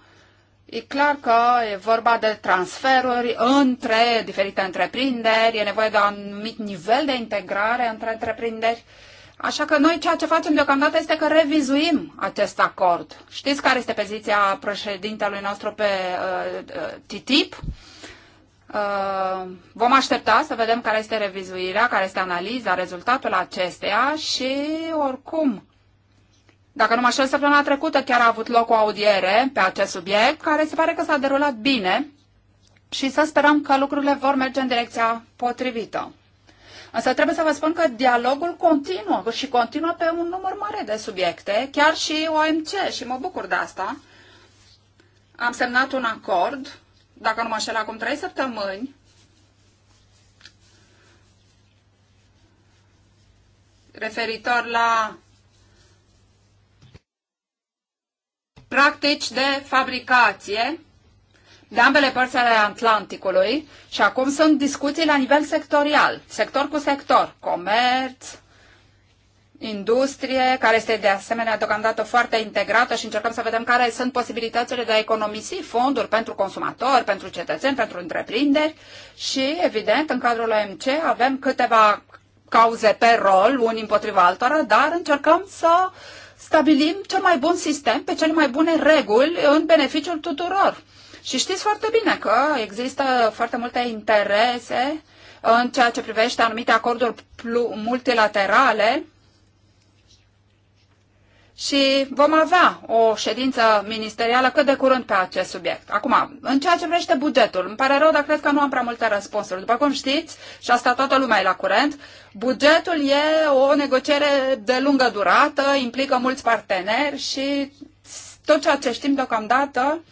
E clar că e vorba de transferuri între diferite întreprinderi, e nevoie de un anumit nivel de integrare între întreprinderi. Așa că noi ceea ce facem deocamdată este că revizuim acest acord. Știți care este poziția președintelui nostru pe uh, uh TTIP? Uh, vom aștepta să vedem care este revizuirea, care este analiza, rezultatul acesteia și oricum dacă nu mă știu, săptămâna trecută chiar a avut loc o audiere pe acest subiect, care se pare că s-a derulat bine și să sperăm că lucrurile vor merge în direcția potrivită. Însă trebuie să vă spun că dialogul continuă și continuă pe un număr mare de subiecte, chiar și OMC și mă bucur de asta. Am semnat un acord, dacă nu mă știu, acum trei săptămâni, referitor la practici de fabricație de ambele părți ale Atlanticului și acum sunt discuții la nivel sectorial, sector cu sector, comerț, industrie, care este de asemenea deocamdată foarte integrată și încercăm să vedem care sunt posibilitățile de a economisi fonduri pentru consumatori, pentru cetățeni, pentru întreprinderi și, evident, în cadrul OMC avem câteva cauze pe rol, unii împotriva altora, dar încercăm să uh, stabilim cel mai bun sistem, pe cele mai bune reguli în beneficiul tuturor. Și știți foarte bine că există foarte multe interese în ceea ce privește anumite acorduri multilaterale și vom avea o ședință ministerială cât de curând pe acest subiect. Acum, în ceea ce vrește bugetul, îmi pare rău, dar cred că nu am prea multe răspunsuri. După cum știți, și asta toată lumea e la curent, bugetul e o negociere de lungă durată, implică mulți parteneri și tot ceea ce știm deocamdată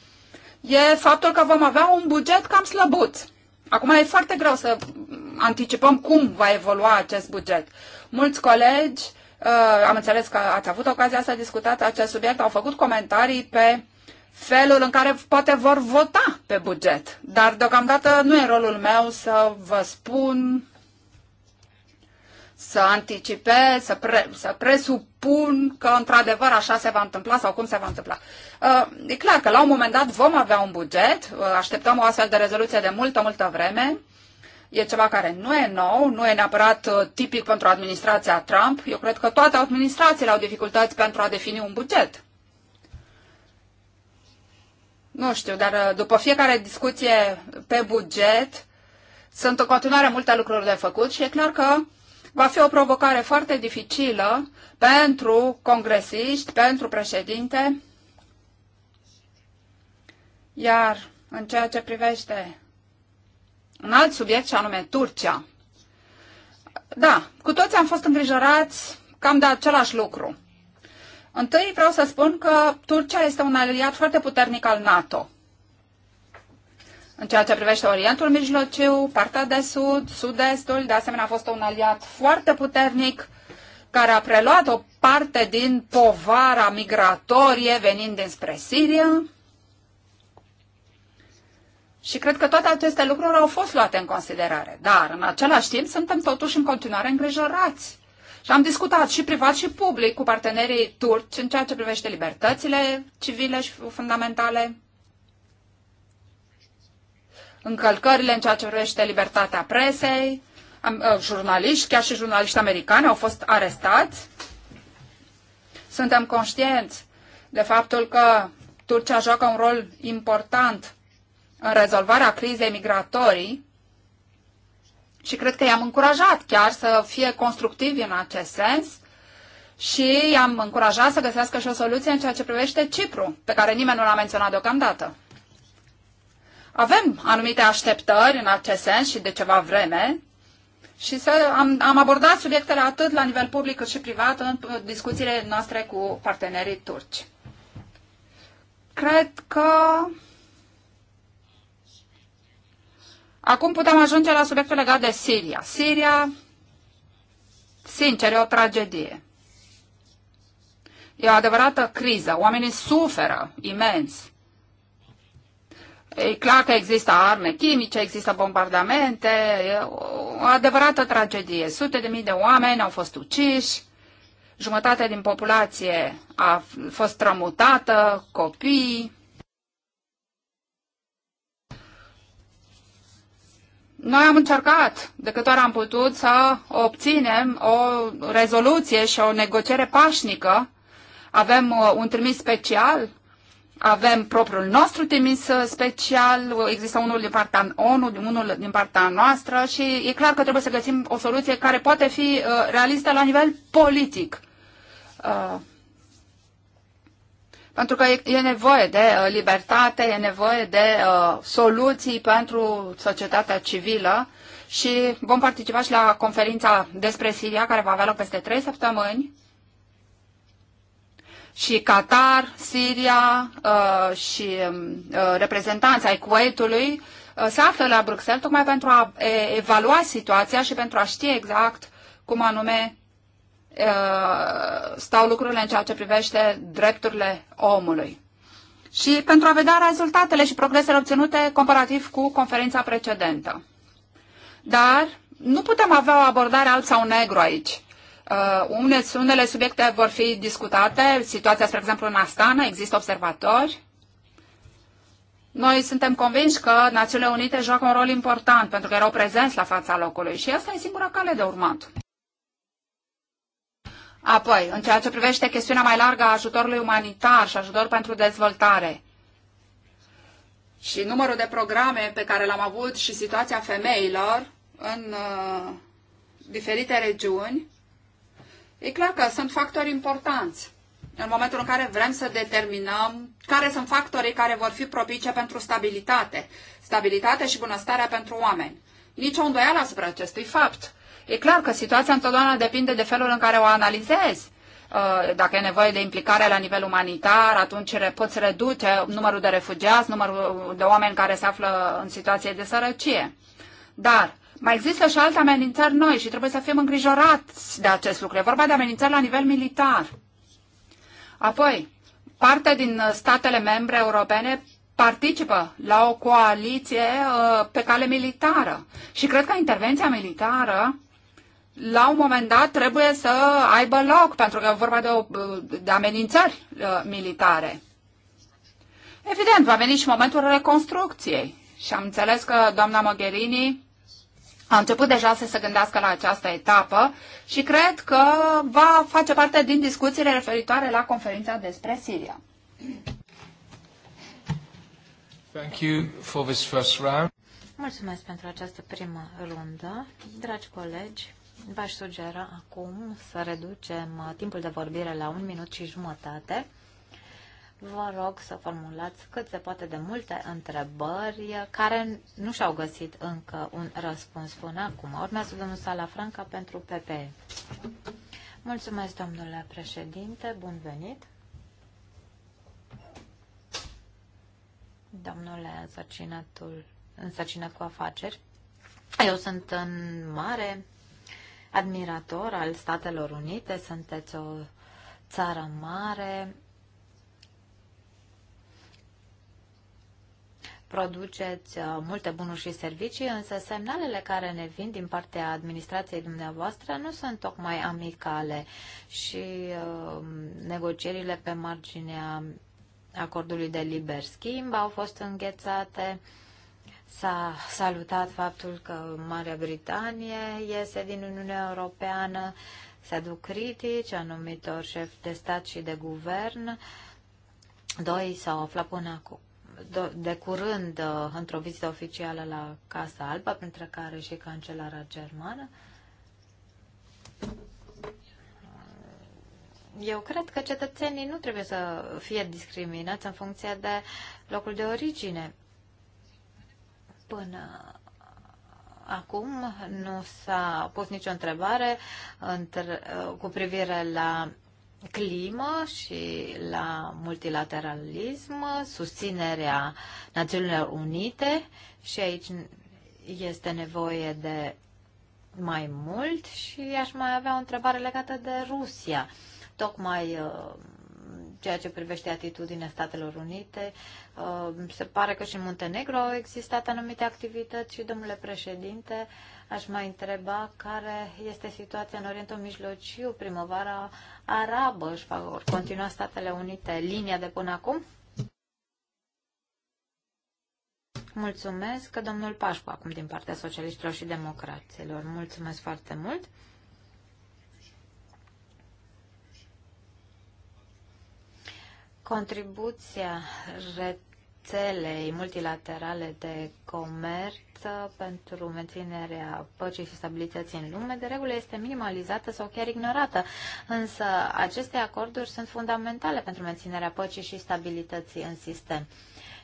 e faptul că vom avea un buget cam slăbut. Acum e foarte greu să anticipăm cum va evolua acest buget. Mulți colegi Uh, am înțeles că ați avut ocazia să discutați acest subiect, au făcut comentarii pe felul în care poate vor vota pe buget. Dar deocamdată nu e rolul meu să vă spun, să anticipez, să, pre, să presupun că într-adevăr așa se va întâmpla sau cum se va întâmpla. Uh, e clar că la un moment dat vom avea un buget, uh, așteptăm o astfel de rezoluție de multă, multă vreme e ceva care nu e nou, nu e neapărat uh, tipic pentru administrația Trump. Eu cred că toate administrațiile au dificultăți pentru a defini un buget. Nu știu, dar uh, după fiecare discuție pe buget, sunt în continuare multe lucruri de făcut și e clar că va fi o provocare foarte dificilă pentru congresiști, pentru președinte. Iar în ceea ce privește un alt subiect și anume Turcia. Da, cu toți am fost îngrijorați cam de același lucru. Întâi vreau să spun că Turcia este un aliat foarte puternic al NATO. În ceea ce privește Orientul Mijlociu, partea de sud, sud-estul, de asemenea a fost un aliat foarte puternic care a preluat o parte din povara migratorie venind dinspre Siria. Și cred că toate aceste lucruri au fost luate în considerare. Dar, în același timp, suntem totuși în continuare îngrijorați. Și am discutat și privat și public cu partenerii turci în ceea ce privește libertățile civile și fundamentale, încălcările în ceea ce privește libertatea presei, am, uh, jurnaliști, chiar și jurnaliști americani au fost arestați. Suntem conștienți de faptul că Turcia joacă un rol important în rezolvarea crizei migratorii și cred că i-am încurajat chiar să fie constructivi în acest sens și i-am încurajat să găsească și o soluție în ceea ce privește Cipru, pe care nimeni nu l-a menționat deocamdată. Avem anumite așteptări în acest sens și de ceva vreme și să, am, am abordat subiectele atât la nivel public cât și privat în discuțiile noastre cu partenerii turci. Cred că Acum putem ajunge la subiectul legat de Siria. Siria, sincer, e o tragedie. E o adevărată criză. Oamenii suferă imens. E clar că există arme chimice, există bombardamente, e o adevărată tragedie. Sute de mii de oameni au fost uciși, jumătate din populație a fost tramutată, copii, Noi am încercat de câte ori am putut să obținem o rezoluție și o negociere pașnică. Avem uh, un trimis special, avem propriul nostru trimis uh, special, uh, există unul din partea ONU, unul din partea noastră și e clar că trebuie să găsim o soluție care poate fi realistă la nivel politic. Pentru că e nevoie de uh, libertate, e nevoie de uh, soluții pentru societatea civilă și vom participa și la conferința despre Siria, care va avea loc peste trei săptămâni. Și Qatar, Siria uh, și um, reprezentanța ai Kuwaitului se află la Bruxelles tocmai pentru a evalua situația și pentru a ști exact cum anume Uh, stau lucrurile în ceea ce privește drepturile omului. Și pentru a vedea rezultatele și progresele obținute comparativ cu conferința precedentă. Dar nu putem avea o abordare alb sau negru aici. Uh, unele subiecte vor fi discutate, situația, spre exemplu, în Astana, există observatori. Noi suntem convinși că Națiunile Unite joacă un rol important pentru că erau prezenți la fața locului și asta e singura cale de urmat. Apoi, în ceea ce privește chestiunea mai largă a ajutorului umanitar și ajutor pentru dezvoltare și numărul de programe pe care l-am avut și situația femeilor în uh, diferite regiuni, e clar că sunt factori importanți în momentul în care vrem să determinăm care sunt factorii care vor fi propice pentru stabilitate, stabilitate și bunăstarea pentru oameni. Nici o îndoială asupra acestui fapt. E clar că situația întotdeauna depinde de felul în care o analizezi uh, dacă e nevoie de implicare la nivel umanitar, atunci poți reduce numărul de refugiați, numărul de oameni care se află în situație de sărăcie. Dar mai există și alte amenințări noi și trebuie să fim îngrijorați de acest lucru. E vorba de amenințări la nivel militar. Apoi, parte din statele membre europene participă la o coaliție uh, pe cale militară. Și cred că intervenția militară la un moment dat trebuie să aibă loc, pentru că e vorba de, o, de amenințări uh, militare. Evident, va veni și momentul reconstrucției. Și am înțeles că doamna Mogherini a început deja să se gândească la această etapă și cred că va face parte din discuțiile referitoare la conferința despre Siria. Thank you for this first round. Mulțumesc pentru această primă rundă. Dragi colegi, V-aș sugera acum să reducem uh, timpul de vorbire la un minut și jumătate. Vă rog să formulați cât se poate de multe întrebări care nu și-au găsit încă un răspuns până acum. Urmează domnul Franca pentru PP. Mulțumesc, domnule președinte. Bun venit. Domnule însărcinatul, însărcinat cu afaceri, eu sunt în mare admirator al Statelor Unite, sunteți o țară mare, produceți uh, multe bunuri și servicii, însă semnalele care ne vin din partea administrației dumneavoastră nu sunt tocmai amicale și uh, negocierile pe marginea acordului de liber schimb au fost înghețate. S-a salutat faptul că Marea Britanie iese din Uniunea Europeană, se aduc critici anumitor șef de stat și de guvern. Doi s-au aflat până acum de curând uh, într-o vizită oficială la Casa Alba, printre care și cancelara germană. Eu cred că cetățenii nu trebuie să fie discriminați în funcție de locul de origine. Până acum nu s-a pus nicio întrebare între, cu privire la climă și la multilateralism, susținerea Națiunilor Unite și aici este nevoie de mai mult și aș mai avea o întrebare legată de Rusia. Tocmai uh, ceea ce privește atitudinea Statelor Unite. Uh, se pare că și în Muntenegro au existat anumite activități și, domnule președinte, aș mai întreba care este situația în Orientul Mijlociu, primăvara arabă, își va continua Statele Unite linia de până acum? Mulțumesc, domnul Pașcu, acum din partea socialiștilor și democraților. Mulțumesc foarte mult. Contribuția rețelei multilaterale de comerț pentru menținerea păcii și stabilității în lume, de regulă este minimalizată sau chiar ignorată, însă aceste acorduri sunt fundamentale pentru menținerea păcii și stabilității în sistem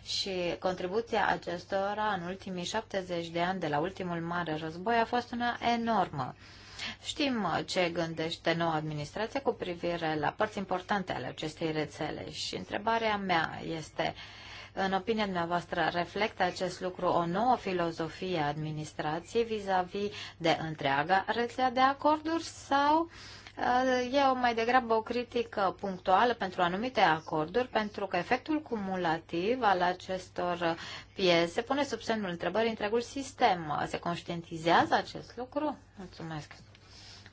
și contribuția acestora în ultimii 70 de ani de la ultimul mare război a fost una enormă. Știm uh, ce gândește noua administrație cu privire la părți importante ale acestei rețele și întrebarea mea este, în opinia dumneavoastră, reflectă acest lucru o nouă filozofie a administrației vis-a-vis -vis de întreaga rețea de acorduri sau uh, e o mai degrabă o critică punctuală pentru anumite acorduri, pentru că efectul cumulativ al acestor piese pune sub semnul întrebării întregul sistem. Se conștientizează acest lucru? Mulțumesc!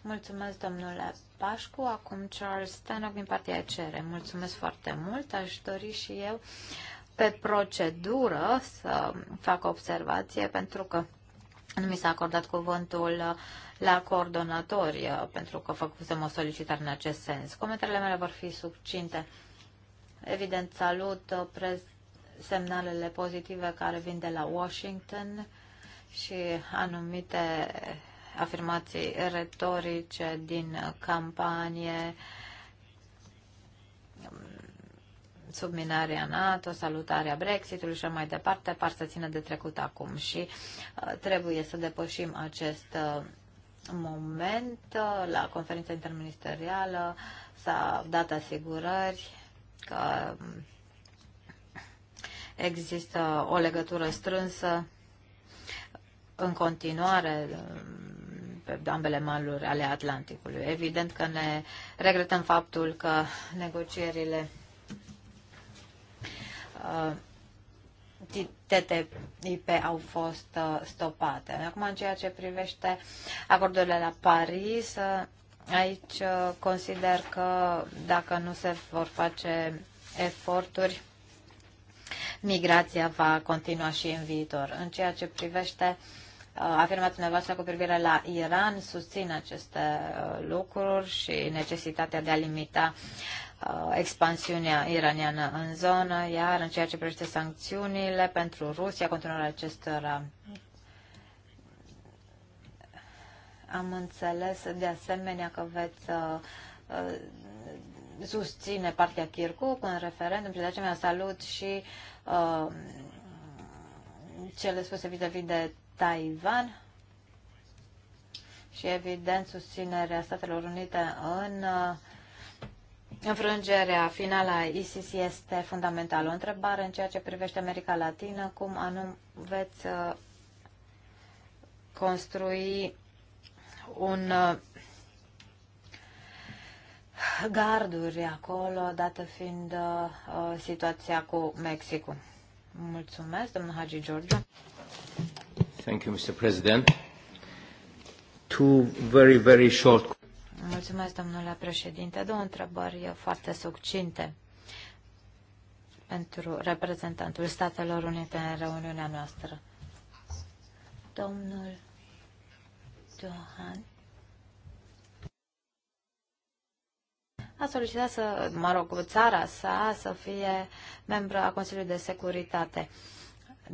Mulțumesc, domnule Pașcu. Acum Charles Stanock din partea CR. Mulțumesc foarte mult. Aș dori și eu pe procedură să fac observație pentru că nu mi s-a acordat cuvântul la coordonatori pentru că făcusem o solicitare în acest sens. Comentariile mele vor fi subcinte. Evident, salut semnalele pozitive care vin de la Washington și anumite afirmații retorice din campanie, subminarea NATO, salutarea Brexitului și mai departe, par să țină de trecut acum și uh, trebuie să depășim acest uh, moment. Uh, la conferința interministerială s-a dat asigurări că um, există o legătură strânsă în continuare um, pe ambele maluri ale Atlanticului. Evident că ne regretăm faptul că negocierile uh, TTIP au fost uh, stopate. Acum, în ceea ce privește acordurile la Paris, uh, aici uh, consider că dacă nu se vor face eforturi, migrația va continua și în viitor. În ceea ce privește uh, Uh, afirmați dumneavoastră cu privire la Iran, susțin aceste uh, lucruri și necesitatea de a limita uh, expansiunea iraniană în zonă, iar în ceea ce privește sancțiunile pentru Rusia, continuarea acestora am înțeles de asemenea că veți uh, susține partea Kirkuk în referendum și de aceea salut și uh, cele spuse vis-a-vis de Taiwan și, evident, susținerea Statelor Unite în uh, înfrângerea finală a ISIS este fundamentală. O întrebare în ceea ce privește America Latină, cum anum veți uh, construi un uh, garduri acolo, dată fiind uh, situația cu Mexicul. Mulțumesc, domnul Hagi George. Thank you, Mr. President. Two very, very short... Mulțumesc, domnule președinte. Două întrebări foarte succinte pentru reprezentantul Statelor Unite în reuniunea noastră. Domnul Johan a solicitat să, mă rog, țara sa să fie membru a Consiliului de Securitate.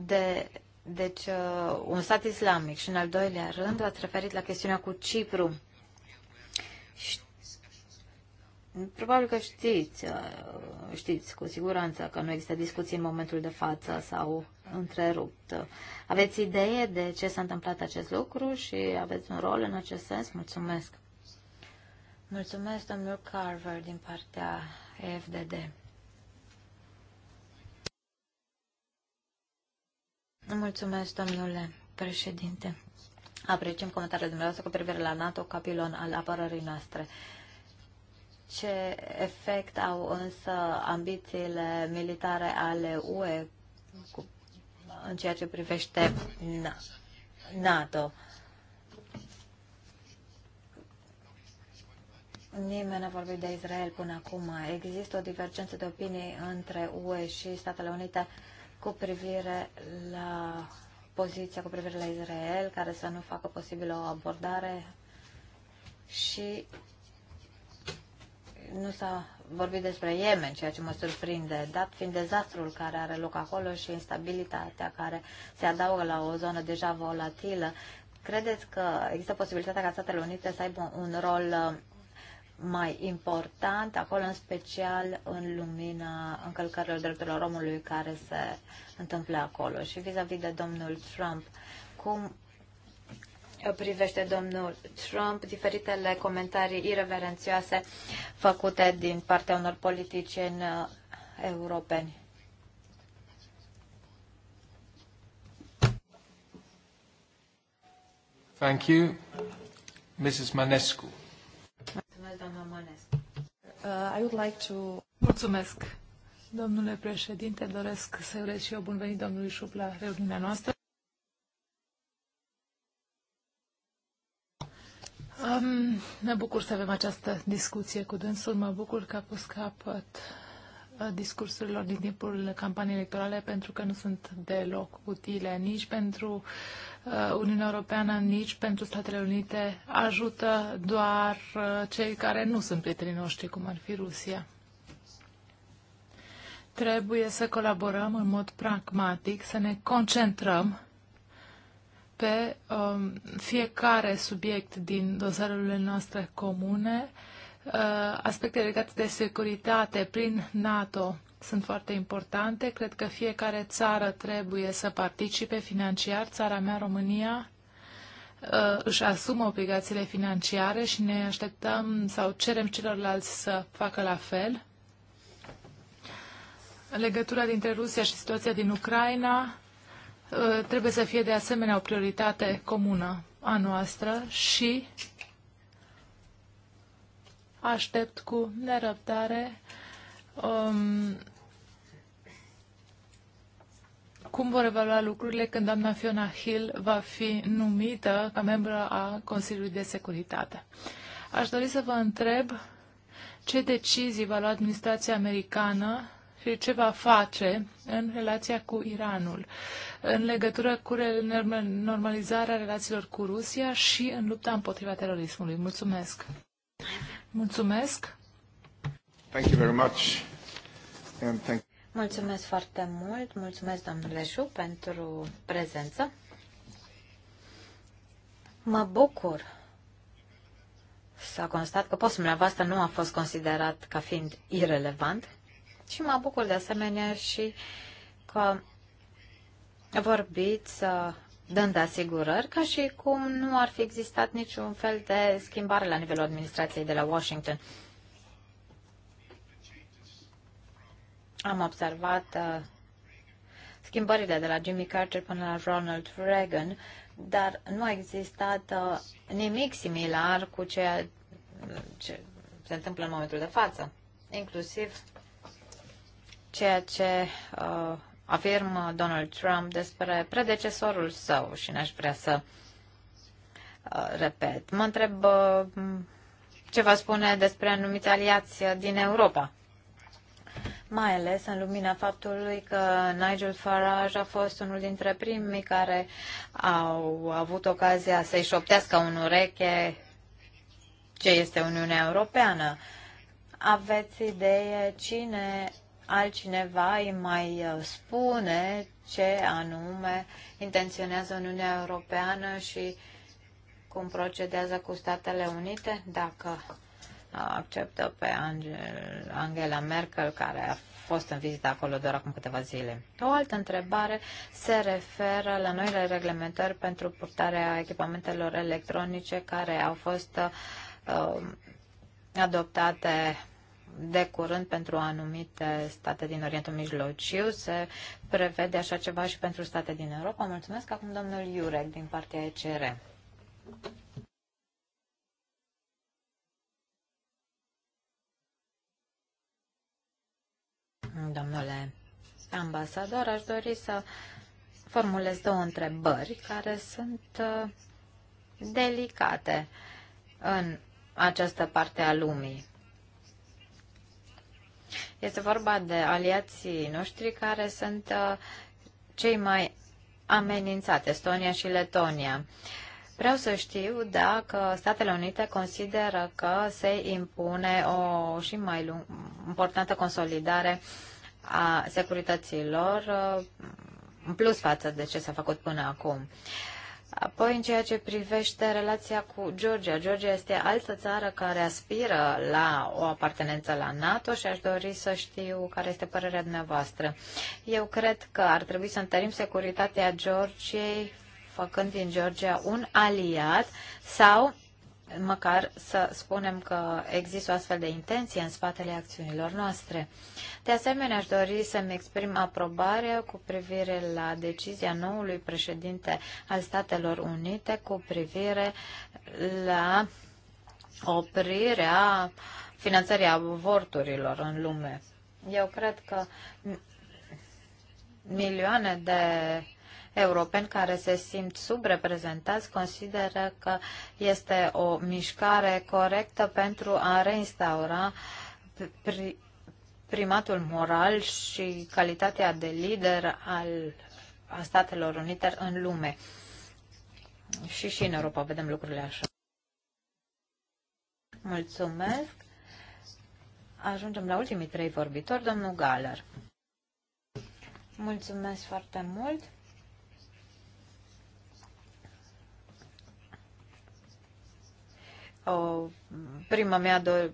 De deci, uh, un stat islamic. Și în al doilea rând, ați referit la chestiunea cu Cipru. Probabil că știți, uh, știți cu siguranță că nu există discuții în momentul de față sau întrerupt. Aveți idee de ce s-a întâmplat acest lucru și aveți un rol în acest sens? Mulțumesc! Mulțumesc, domnul Carver, din partea FDD. Mulțumesc, domnule președinte. Apreciem comentariile dumneavoastră cu privire la NATO ca pilon al apărării noastre. Ce efect au însă ambițiile militare ale UE cu, în ceea ce privește NATO? Nimeni n-a vorbit de Israel până acum. Există o divergență de opinii între UE și Statele Unite uh, cu privire la poziția cu privire la Israel, care să nu facă posibilă o abordare și nu s-a vorbit despre Yemen, ceea ce mă surprinde, dat fiind dezastrul care are loc acolo și instabilitatea care se adaugă la o zonă deja volatilă. Credeți că există posibilitatea ca Statele Unite să aibă un rol mai important, acolo în special în lumina încălcărilor drepturilor omului care se întâmplă acolo. Și vis-a-vis -vis de domnul Trump, cum privește domnul Trump diferitele comentarii irreverențioase făcute din partea unor politicieni uh, europeni? Thank you. Mrs. Manescu. Mulțumesc, doamna Mănescu. Uh, like to... Mulțumesc. Domnule președinte, doresc să urez și eu bun venit domnului Șup la reuniunea noastră. Um, ne bucur să avem această discuție cu dânsul. Mă bucur că a pus capăt uh, discursurilor din timpul campaniei electorale pentru că nu sunt deloc utile nici pentru Uh, Uniunea Europeană, nici pentru Statele Unite ajută doar uh, cei care nu sunt prietenii noștri, cum ar fi Rusia. Trebuie să colaborăm în mod pragmatic, să ne concentrăm pe um, fiecare subiect din dosarele noastre comune, uh, aspecte legate de securitate prin NATO, sunt foarte importante. Cred că fiecare țară trebuie să participe financiar. Țara mea, România, ă, își asumă obligațiile financiare și ne așteptăm sau cerem celorlalți să facă la fel. Legătura dintre Rusia și situația din Ucraina ă, trebuie să fie de asemenea o prioritate comună a noastră și aștept cu nerăbdare um, cum vor evalua lucrurile când doamna Fiona Hill va fi numită ca membră a Consiliului de Securitate. Aș dori să vă întreb ce decizii va lua administrația americană și ce va face în relația cu Iranul, în legătură cu normalizarea relațiilor cu Rusia și în lupta împotriva terorismului. Mulțumesc! Mulțumesc! Thank you very much. And thank Mulțumesc foarte mult, mulțumesc domnule Șu pentru prezență. Mă bucur s-a constat că postul dumneavoastră nu a fost considerat ca fiind irelevant și mă bucur de asemenea și că vorbiți uh, dând asigurări ca și cum nu ar fi existat niciun fel de schimbare la nivelul administrației de la Washington. am observat uh, schimbările de la Jimmy Carter până la Ronald Reagan, dar nu a existat uh, nimic similar cu ceea ce se întâmplă în momentul de față, inclusiv ceea ce uh, afirmă Donald Trump despre predecesorul său și n-aș vrea să uh, repet. Mă întreb uh, ce va spune despre anumiți aliați din Europa mai ales în lumina faptului că Nigel Farage a fost unul dintre primii care au avut ocazia să-i șoptească în ureche ce este Uniunea Europeană. Aveți idee cine altcineva îi mai spune ce anume intenționează Uniunea Europeană și cum procedează cu Statele Unite? Dacă acceptă pe Angela Merkel, care a fost în vizită acolo doar acum câteva zile. O altă întrebare se referă la noile reglementări pentru purtarea echipamentelor electronice care au fost uh, adoptate de curând pentru anumite state din Orientul Mijlociu. Se prevede așa ceva și pentru state din Europa. Mulțumesc acum domnul Iurec din partea ECR. domnule ambasador, aș dori să formulez două întrebări care sunt uh, delicate în această parte a lumii. Este vorba de aliații noștri care sunt uh, cei mai amenințați, Estonia și Letonia. Uh, Vreau să știu dacă Statele Unite consideră că se impune o și mai lung, importantă consolidare a securităților uh, în plus față de ce s-a făcut până acum. Apoi, în ceea ce privește relația cu Georgia, Georgia este altă țară care aspiră la o apartenență la NATO și aș dori să știu care este părerea dumneavoastră. Eu cred că ar trebui să întărim securitatea Georgiei făcând din Georgia un aliat sau măcar să spunem că există o astfel de intenție în spatele acțiunilor noastre. De asemenea, aș dori să-mi exprim aprobarea cu privire la decizia noului președinte al Statelor Unite cu privire la oprirea finanțării avorturilor în lume. Eu cred că milioane de europeni care se simt subreprezentați consideră că este o mișcare corectă pentru a reinstaura primatul moral și calitatea de lider al a Statelor Unite în lume. Și și în Europa vedem lucrurile așa. Mulțumesc. Ajungem la ultimii trei vorbitori, domnul Galer. Mulțumesc foarte mult. o prima mea do-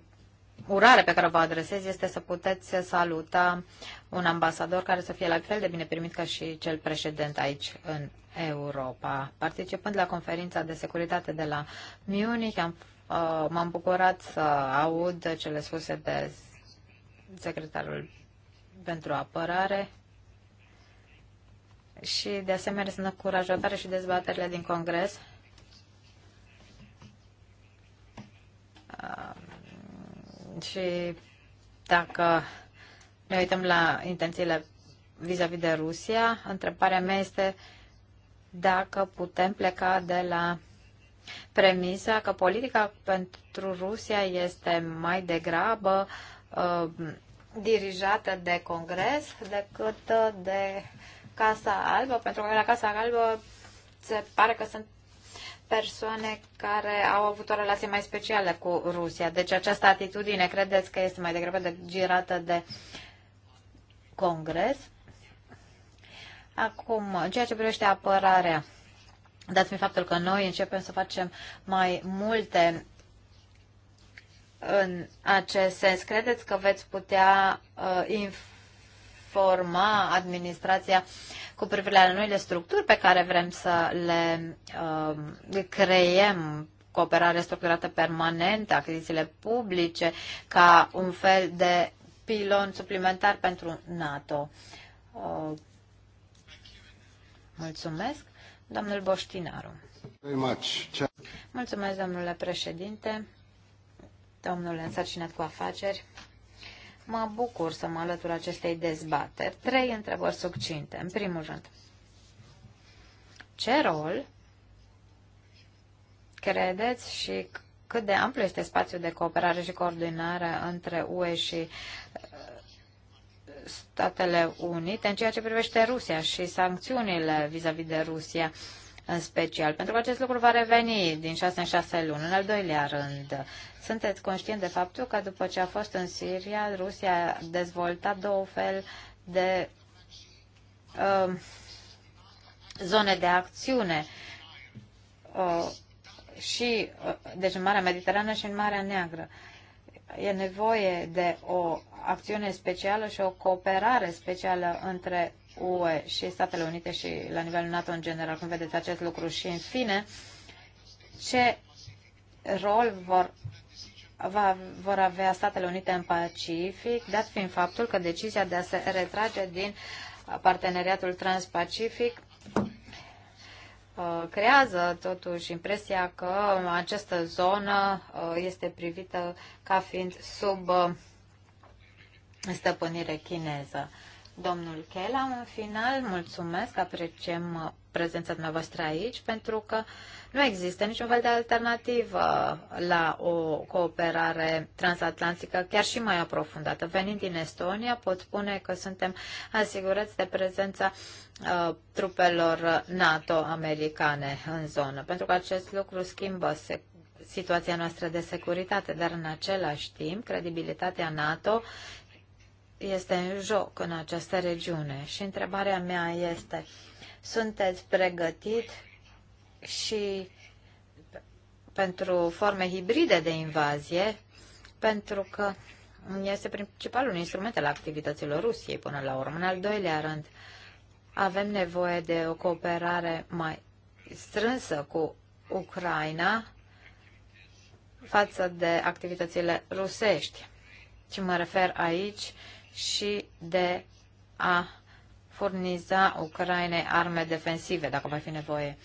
urare pe care o vă adresez este să puteți saluta un ambasador care să fie la fel de bine primit ca și cel precedent aici în Europa. Participând la conferința de securitate de la Munich, am, uh, m-am bucurat să aud cele spuse de secretarul pentru apărare și de asemenea sunt încurajatoare și dezbaterile din Congres și dacă ne uităm la intențiile vis-a-vis -vis de Rusia, întrebarea mea este dacă putem pleca de la premisa că politica pentru Rusia este mai degrabă uh, dirijată de Congres decât uh, de Casa Albă, pentru că la Casa Albă se pare că sunt persoane care au avut o relație mai specială cu Rusia. Deci această atitudine credeți că este mai degrabă de girată de Congres? Acum, în ceea ce privește apărarea, dați mi faptul că noi începem să facem mai multe în acest sens. Credeți că veți putea uh, informa administrația cu privire la noile structuri pe care vrem să le uh, creiem, cooperare structurată permanentă, achizițiile publice, ca un fel de pilon suplimentar pentru NATO. Uh, mulțumesc. Domnul Boștinaru. Mulțumesc, domnule președinte, domnule însărcinat cu afaceri. Mă bucur să mă alătur acestei dezbateri. Trei întrebări succinte. În primul rând, ce rol credeți și cât de amplu este spațiul de cooperare și coordonare între UE și uh, Statele Unite în ceea ce privește Rusia și sancțiunile vis-a-vis -vis de Rusia în special, pentru că acest lucru va reveni din 6 în 6 luni. În al doilea rând, sunteți conștient de faptul că după ce a fost în Siria, Rusia a dezvoltat două fel de uh, zone de acțiune uh, și, uh, deci în Marea Mediterană și în Marea Neagră. E nevoie de o acțiune specială și o cooperare specială între UE și Statele Unite și la nivelul NATO în general, cum vedeți acest lucru și în fine, ce rol vor, va, vor avea Statele Unite în Pacific, dat fiind faptul că decizia de a se retrage din parteneriatul transpacific uh, creează totuși impresia că această zonă uh, este privită ca fiind sub uh, stăpânire chineză domnul Chela. În final, mulțumesc, apreciem uh, prezența dumneavoastră aici, pentru că nu există niciun fel de alternativă uh, la o cooperare transatlantică, chiar și mai aprofundată. Venind din Estonia, pot spune că suntem asigurați de prezența uh, trupelor NATO-americane în zonă, pentru că acest lucru schimbă se situația noastră de securitate, dar în același timp credibilitatea NATO este în joc în această regiune. Și întrebarea mea este, sunteți pregătit și pentru forme hibride de invazie, pentru că este principalul instrument al activităților Rusiei până la urmă. În al doilea rând, avem nevoie de o cooperare mai strânsă cu Ucraina față de activitățile rusești. Și mă refer aici și de a furniza Ucrainei arme defensive, dacă va fi nevoie.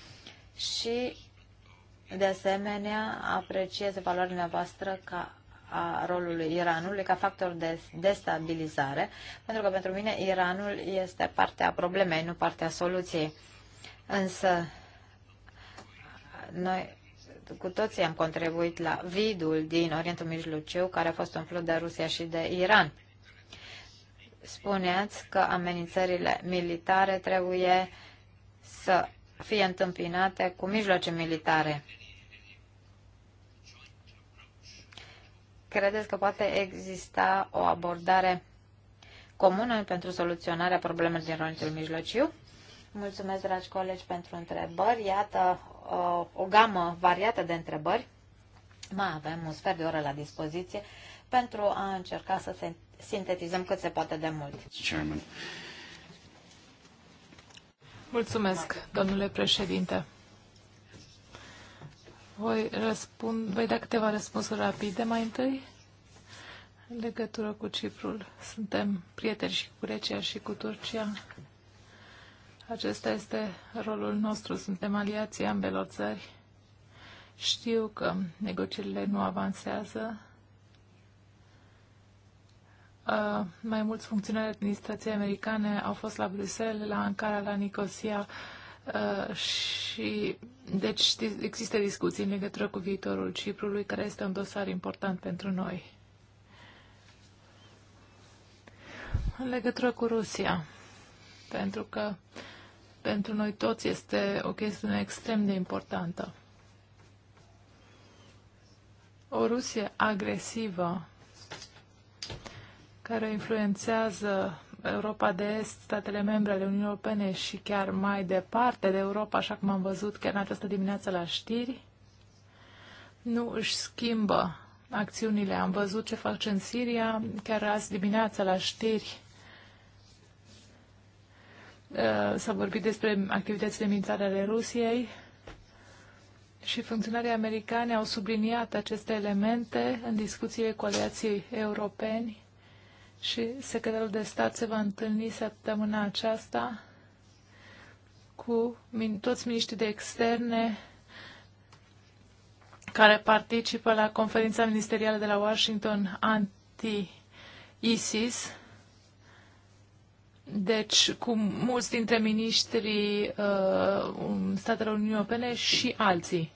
Și, de asemenea, apreciez valoarea voastră ca a rolului Iranului ca factor de destabilizare, pentru că pentru mine Iranul este partea problemei, nu partea soluției. Însă, noi cu toții am contribuit la vidul din Orientul Mijlociu, care a fost umplut de Rusia și de Iran spuneați că amenințările militare trebuie să fie întâmpinate cu mijloace militare. Credeți că poate exista o abordare comună pentru soluționarea problemelor din Orientul Mijlociu? Mulțumesc, dragi colegi, pentru întrebări. Iată o, o gamă variată de întrebări. Mai avem un sfert de oră la dispoziție pentru a încerca să se sintetizăm cât se poate de mult. Chairman. Mulțumesc, domnule președinte. Voi, răspund, voi da câteva răspunsuri rapide mai întâi. În legătură cu Ciprul, suntem prieteni și cu Grecia și cu Turcia. Acesta este rolul nostru, suntem aliații ambelor țări. Știu că negocierile nu avansează, mai mulți funcționari administrației americane au fost la Bruxelles, la Ankara, la Nicosia uh, și deci există discuții în legătură cu viitorul Ciprului, care este un dosar important pentru noi. În legătură cu Rusia, pentru că pentru noi toți este o chestiune extrem de importantă. O Rusie agresivă care influențează Europa de Est, statele membre ale Uniunii Europene și chiar mai departe de Europa, așa cum am văzut chiar în această dimineață la știri, nu își schimbă acțiunile. Am văzut ce fac în Siria, chiar azi dimineață la știri uh, s-a vorbit despre activitățile militare ale Rusiei și funcționarii americani au subliniat aceste elemente în discuțiile cu aliații europeni și secretarul de stat se va întâlni săptămâna aceasta cu toți miniștrii de externe care participă la conferința ministerială de la Washington anti-ISIS. Deci, cu mulți dintre miniștrii uh, statelor Uniunii Europene și alții.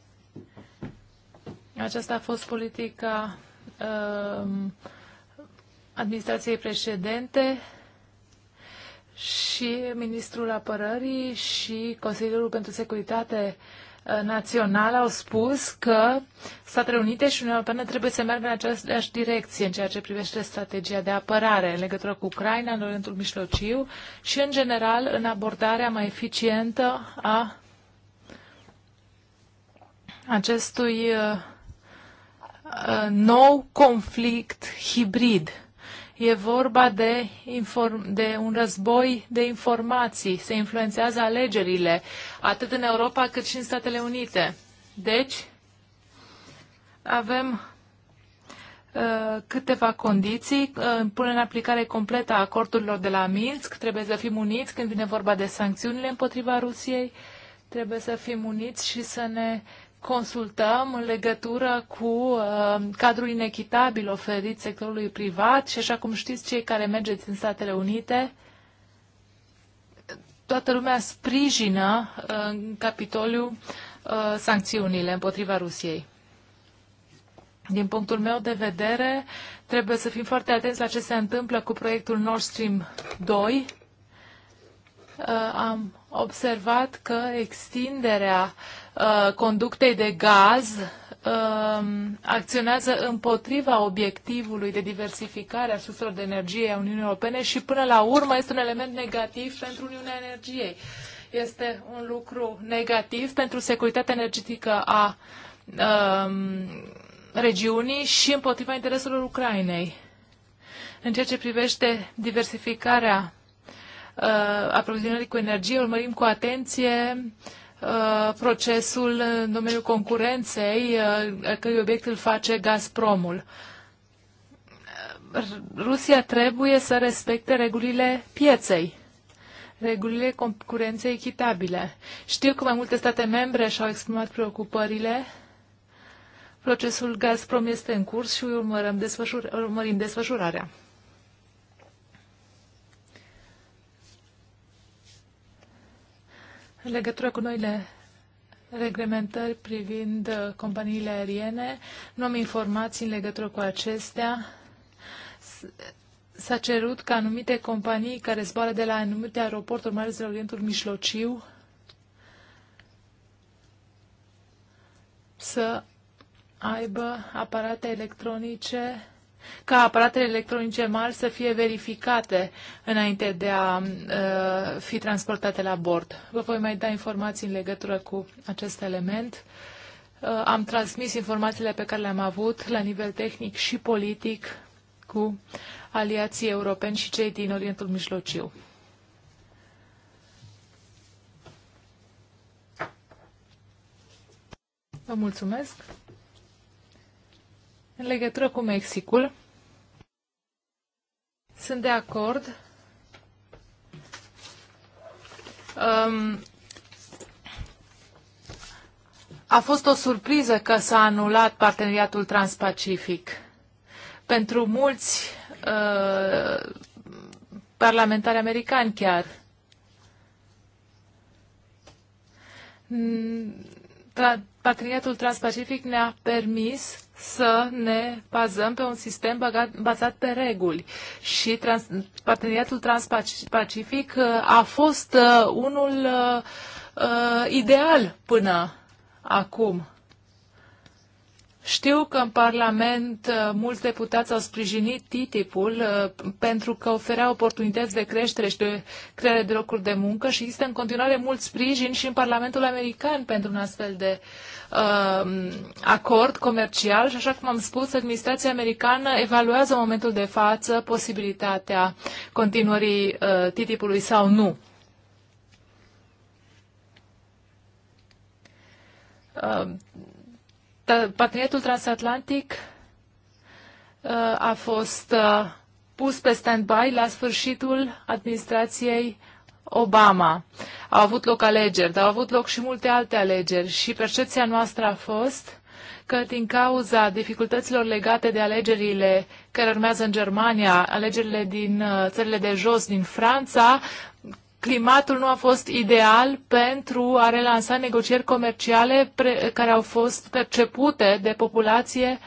Aceasta a fost politica uh, administrației precedente și ministrul apărării și Consiliul pentru Securitate uh, Națională au spus că Statele Unite și Uniunea Europeană trebuie să meargă în aceeași direcție în ceea ce privește strategia de apărare în legătură cu Ucraina, în Orientul Mijlociu și, în general, în abordarea mai eficientă a acestui uh, uh, nou conflict hibrid E vorba de, inform, de un război de informații. Se influențează alegerile, atât în Europa cât și în Statele Unite. Deci, avem uh, câteva condiții, uh, pune în aplicare completă a acordurilor de la Minsk, trebuie să fim uniți când vine vorba de sancțiunile împotriva Rusiei, trebuie să fim uniți și să ne consultăm în legătură cu uh, cadrul inechitabil oferit sectorului privat și așa cum știți cei care mergeți în Statele Unite, toată lumea sprijină uh, în Capitoliu uh, sancțiunile împotriva Rusiei. Din punctul meu de vedere, trebuie să fim foarte atenți la ce se întâmplă cu proiectul Nord Stream 2. Uh, am observat că extinderea uh, conductei de gaz uh, acționează împotriva obiectivului de diversificare a surselor de energie a Uniunii Europene și până la urmă este un element negativ pentru Uniunea Energiei. Este un lucru negativ pentru securitatea energetică a um, regiunii și împotriva intereselor Ucrainei. În ceea ce privește diversificarea Uh, aprovizionării cu energie, urmărim cu atenție uh, procesul în domeniul concurenței, uh, că obiect face Gazpromul. Rusia trebuie să respecte regulile pieței, regulile concurenței echitabile. Știu că mai multe state membre și-au exprimat preocupările. Procesul Gazprom este în curs și urmărim, urmărim desfășurarea. în legătură cu noile reglementări privind uh, companiile aeriene. Nu am informații în legătură cu acestea. S-a cerut ca anumite companii care zboară de la anumite aeroporturi, mai ales de Orientul Mișlociu, să aibă aparate electronice ca aparatele electronice mari să fie verificate înainte de a uh, fi transportate la bord. Vă voi mai da informații în legătură cu acest element. Uh, am transmis informațiile pe care le-am avut la nivel tehnic și politic cu aliații europeni și cei din Orientul Mijlociu. Vă mulțumesc! În legătură cu Mexicul, sunt de acord. Um, a fost o surpriză că s-a anulat parteneriatul transpacific. Pentru mulți uh, parlamentari americani chiar. Tra- parteneriatul transpacific ne-a permis să ne bazăm pe un sistem bazat pe reguli. Și trans, parteneriatul transpacific uh, a fost uh, unul uh, ideal până acum. Știu că în Parlament uh, mulți deputați au sprijinit TTIP-ul uh, pentru că oferea oportunități de creștere și de creare de locuri de muncă și există în continuare mult sprijin și în Parlamentul American pentru un astfel de uh, acord comercial și așa cum am spus, administrația americană evaluează în momentul de față posibilitatea continuării uh, TTIP-ului sau nu. Uh, parteneriatul transatlantic uh, a fost uh, pus pe stand-by la sfârșitul administrației Obama. Au avut loc alegeri, dar au avut loc și multe alte alegeri și percepția noastră a fost că din cauza dificultăților legate de alegerile care urmează în Germania, alegerile din uh, țările de jos, din Franța, climatul nu a fost ideal pentru a relansa negocieri comerciale care au fost percepute de populație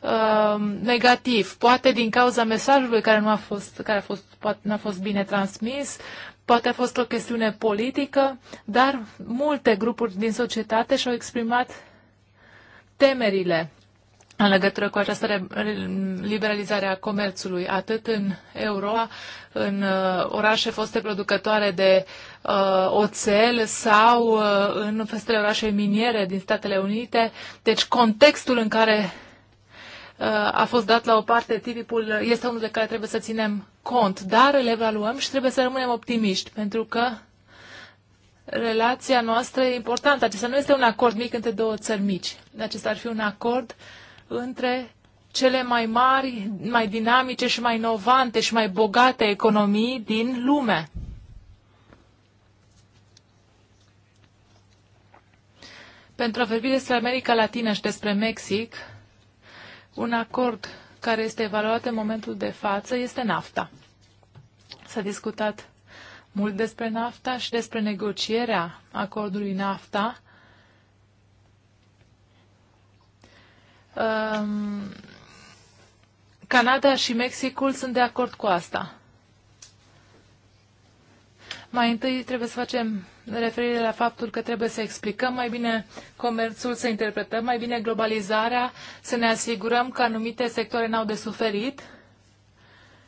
um, negativ, poate din cauza mesajului care nu a fost, care a fost, poate nu a fost bine transmis, poate a fost o chestiune politică, dar multe grupuri din societate și-au exprimat temerile în legătură cu această liberalizare a comerțului, atât în Europa, în uh, orașe foste producătoare de uh, oțel sau uh, în fostele orașe miniere din Statele Unite. Deci contextul în care uh, a fost dat la o parte tipul este unul de care trebuie să ținem cont, dar îl evaluăm și trebuie să rămânem optimiști, pentru că relația noastră e importantă. Acesta nu este un acord mic între două țări mici. Acesta ar fi un acord uh, între cele mai mari, mai dinamice și mai inovante și mai bogate economii din lume. Pentru a vorbi despre America Latină și despre Mexic, un acord care este evaluat în momentul de față este NAFTA. S-a discutat mult despre NAFTA și despre negocierea acordului NAFTA um, Canada și Mexicul sunt de acord cu asta. Mai întâi trebuie să facem referire la faptul că trebuie să explicăm mai bine comerțul, să interpretăm mai bine globalizarea, să ne asigurăm că anumite sectoare n-au de suferit.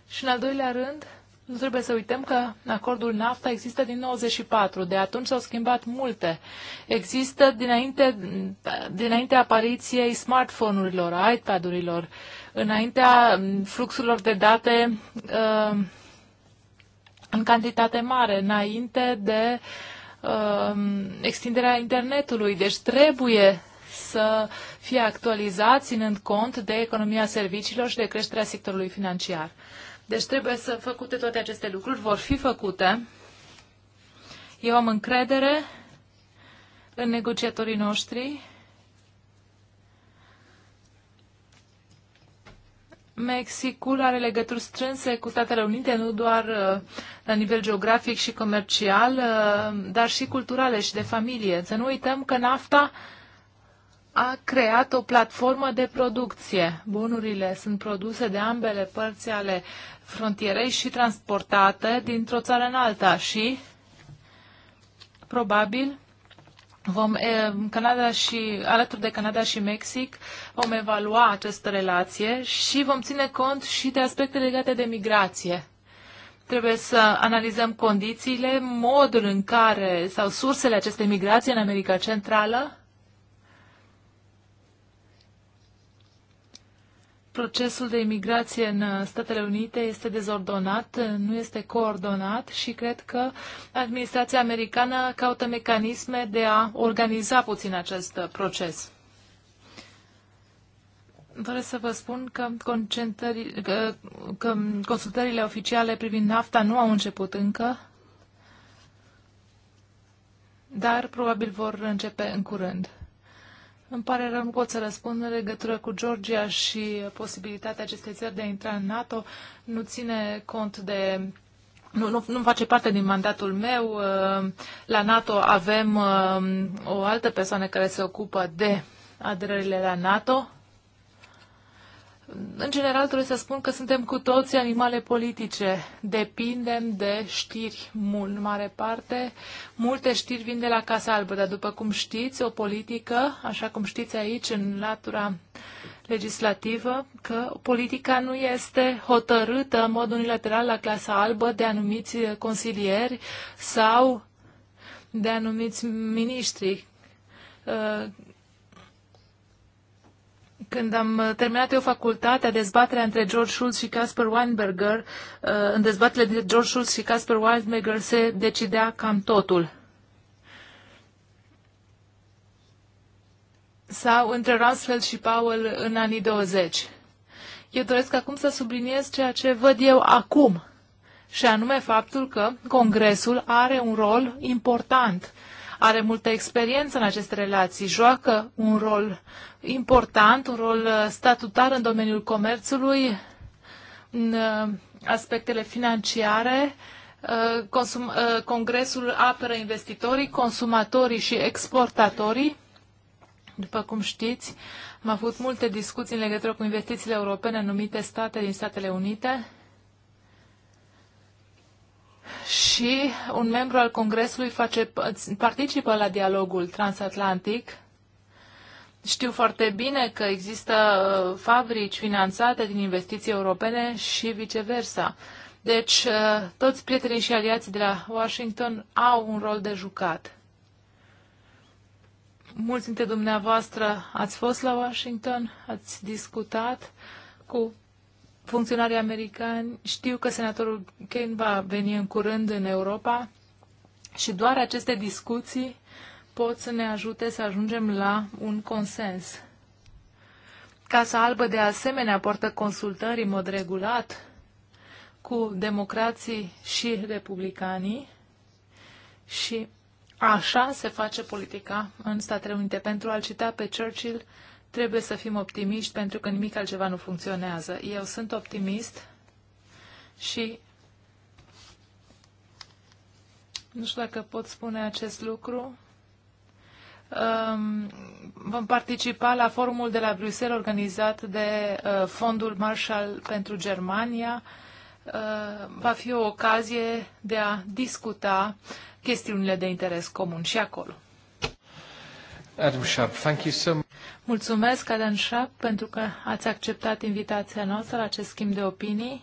Și în al doilea rând, nu trebuie să uităm că acordul NAFTA există din 94. De atunci s-au schimbat multe. Există dinainte, dinainte apariției smartphone-urilor, iPad-urilor, înaintea fluxurilor de date uh, în cantitate mare, înainte de uh, extinderea internetului. Deci trebuie să fie actualizat, ținând cont de economia serviciilor și de creșterea sectorului financiar. Deci trebuie să făcute toate aceste lucruri, vor fi făcute. Eu am încredere în negociatorii noștri. Mexicul are legături strânse cu Statele Unite, nu doar uh, la nivel geografic și comercial, uh, dar și culturale și de familie. Să nu uităm că NAFTA a creat o platformă de producție. Bunurile sunt produse de ambele părți ale frontierei și transportate dintr-o țară în alta și probabil vom, Canada și, alături de Canada și Mexic vom evalua această relație și vom ține cont și de aspecte legate de migrație. Trebuie să analizăm condițiile, modul în care sau sursele acestei migrații în America Centrală, procesul de imigrație în uh, Statele Unite este dezordonat, uh, nu este coordonat și cred că administrația americană caută mecanisme de a organiza puțin acest uh, proces. Doresc să vă spun că, că, că consultările oficiale privind NAFTA nu au început încă, dar probabil vor începe în curând. Îmi pare rău, nu pot să răspund în legătură cu Georgia și posibilitatea acestei țări de a intra în NATO. Nu ține cont de nu, nu, nu face parte din mandatul meu. Uh, la NATO avem uh, o altă persoană care se ocupă de aderările la NATO. În general, trebuie să spun că suntem cu toții animale politice. Depindem de știri mult, în mare parte. Multe știri vin de la Casa Albă, dar după cum știți, o politică, așa cum știți aici, în latura legislativă, că politica nu este hotărâtă în mod unilateral la Casa Albă de anumiți consilieri sau de anumiți miniștri uh, când am uh, terminat eu facultatea, dezbaterea între George Schulz și Casper Weinberger, uh, în dezbaterea dintre George Schulz și Casper Weinberger se decidea cam totul. Sau între Rumsfeld și Powell în anii 20. Eu doresc acum să subliniez ceea ce văd eu acum, și anume faptul că Congresul are un rol important are multă experiență în aceste relații, joacă un rol important, un rol uh, statutar în domeniul comerțului, în uh, aspectele financiare, uh, consum, Congresul apără investitorii, consumatorii și exportatorii. După cum știți, am avut multe discuții în legătură cu investițiile europene numite state din Statele Unite și un membru al Congresului face, participă la dialogul transatlantic. Știu foarte bine că există uh, fabrici finanțate din investiții europene și viceversa. Deci, uh, toți prietenii și aliații de la Washington au un rol de jucat. Mulți dintre dumneavoastră ați fost la Washington, ați discutat cu funcționarii americani știu că senatorul Kane va veni în curând în Europa și doar aceste discuții pot să ne ajute să ajungem la un consens. Casa Albă de asemenea poartă consultări în mod regulat cu democrații și republicanii și așa se face politica în Statele Unite. Pentru a-l cita pe Churchill, Trebuie să fim optimiști pentru că nimic altceva nu funcționează. Eu sunt optimist și nu știu dacă pot spune acest lucru. Um, vom participa la forumul de la Bruxelles organizat de uh, Fondul Marshall pentru Germania. Uh, va fi o ocazie de a discuta chestiunile de interes comun și acolo. Adam thank you so much. Mulțumesc, Adam Sharp, pentru că ați acceptat invitația noastră la acest schimb de opinii.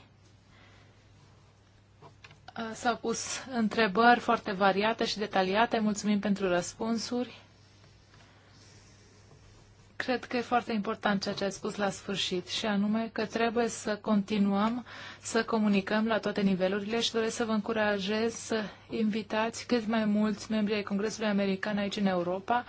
S-au pus întrebări foarte variate și detaliate. Mulțumim pentru răspunsuri. Cred că e foarte important ceea ce ați spus la sfârșit și anume că trebuie să continuăm să comunicăm la toate nivelurile și doresc să vă încurajez să invitați cât mai mulți membri ai Congresului American aici în Europa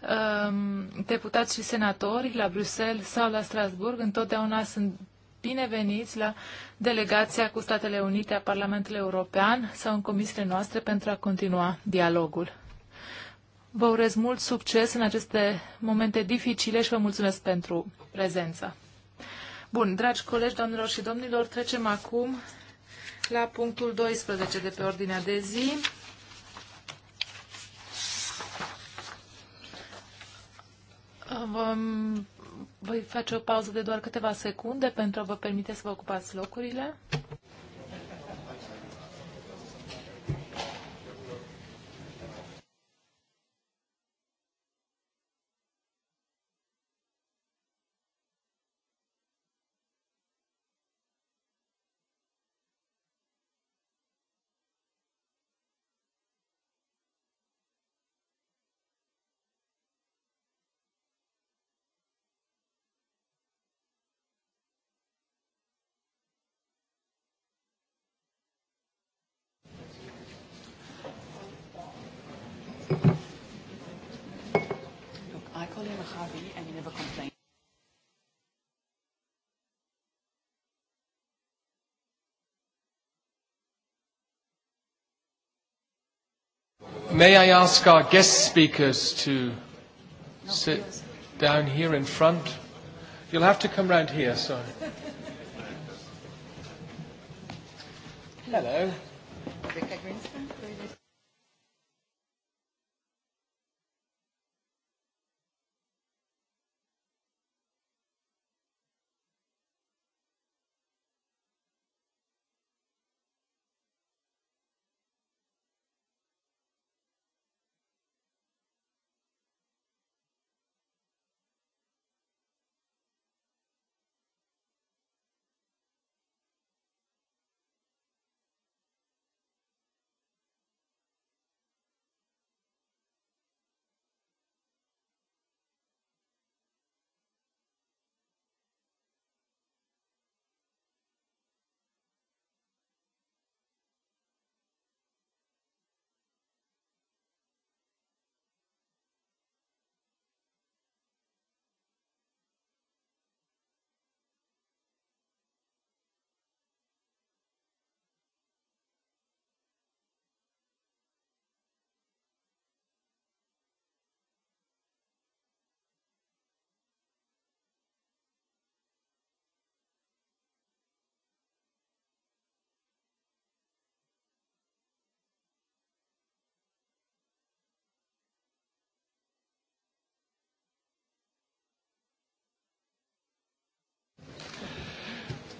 Um, deputați și senatori la Bruxelles sau la Strasburg întotdeauna sunt bineveniți la delegația cu Statele Unite a Parlamentului European sau în comisiile noastre pentru a continua dialogul. Vă urez mult succes în aceste momente dificile și vă mulțumesc pentru prezența. Bun, dragi colegi, doamnelor și domnilor, trecem acum la punctul 12 de pe ordinea de zi. Vom, voi face o pauză de doar câteva secunde pentru a vă permite să vă ocupați locurile. May I ask our guest speakers to sit down here in front? You'll have to come round here, sorry. Hello. Rebecca Greenspan.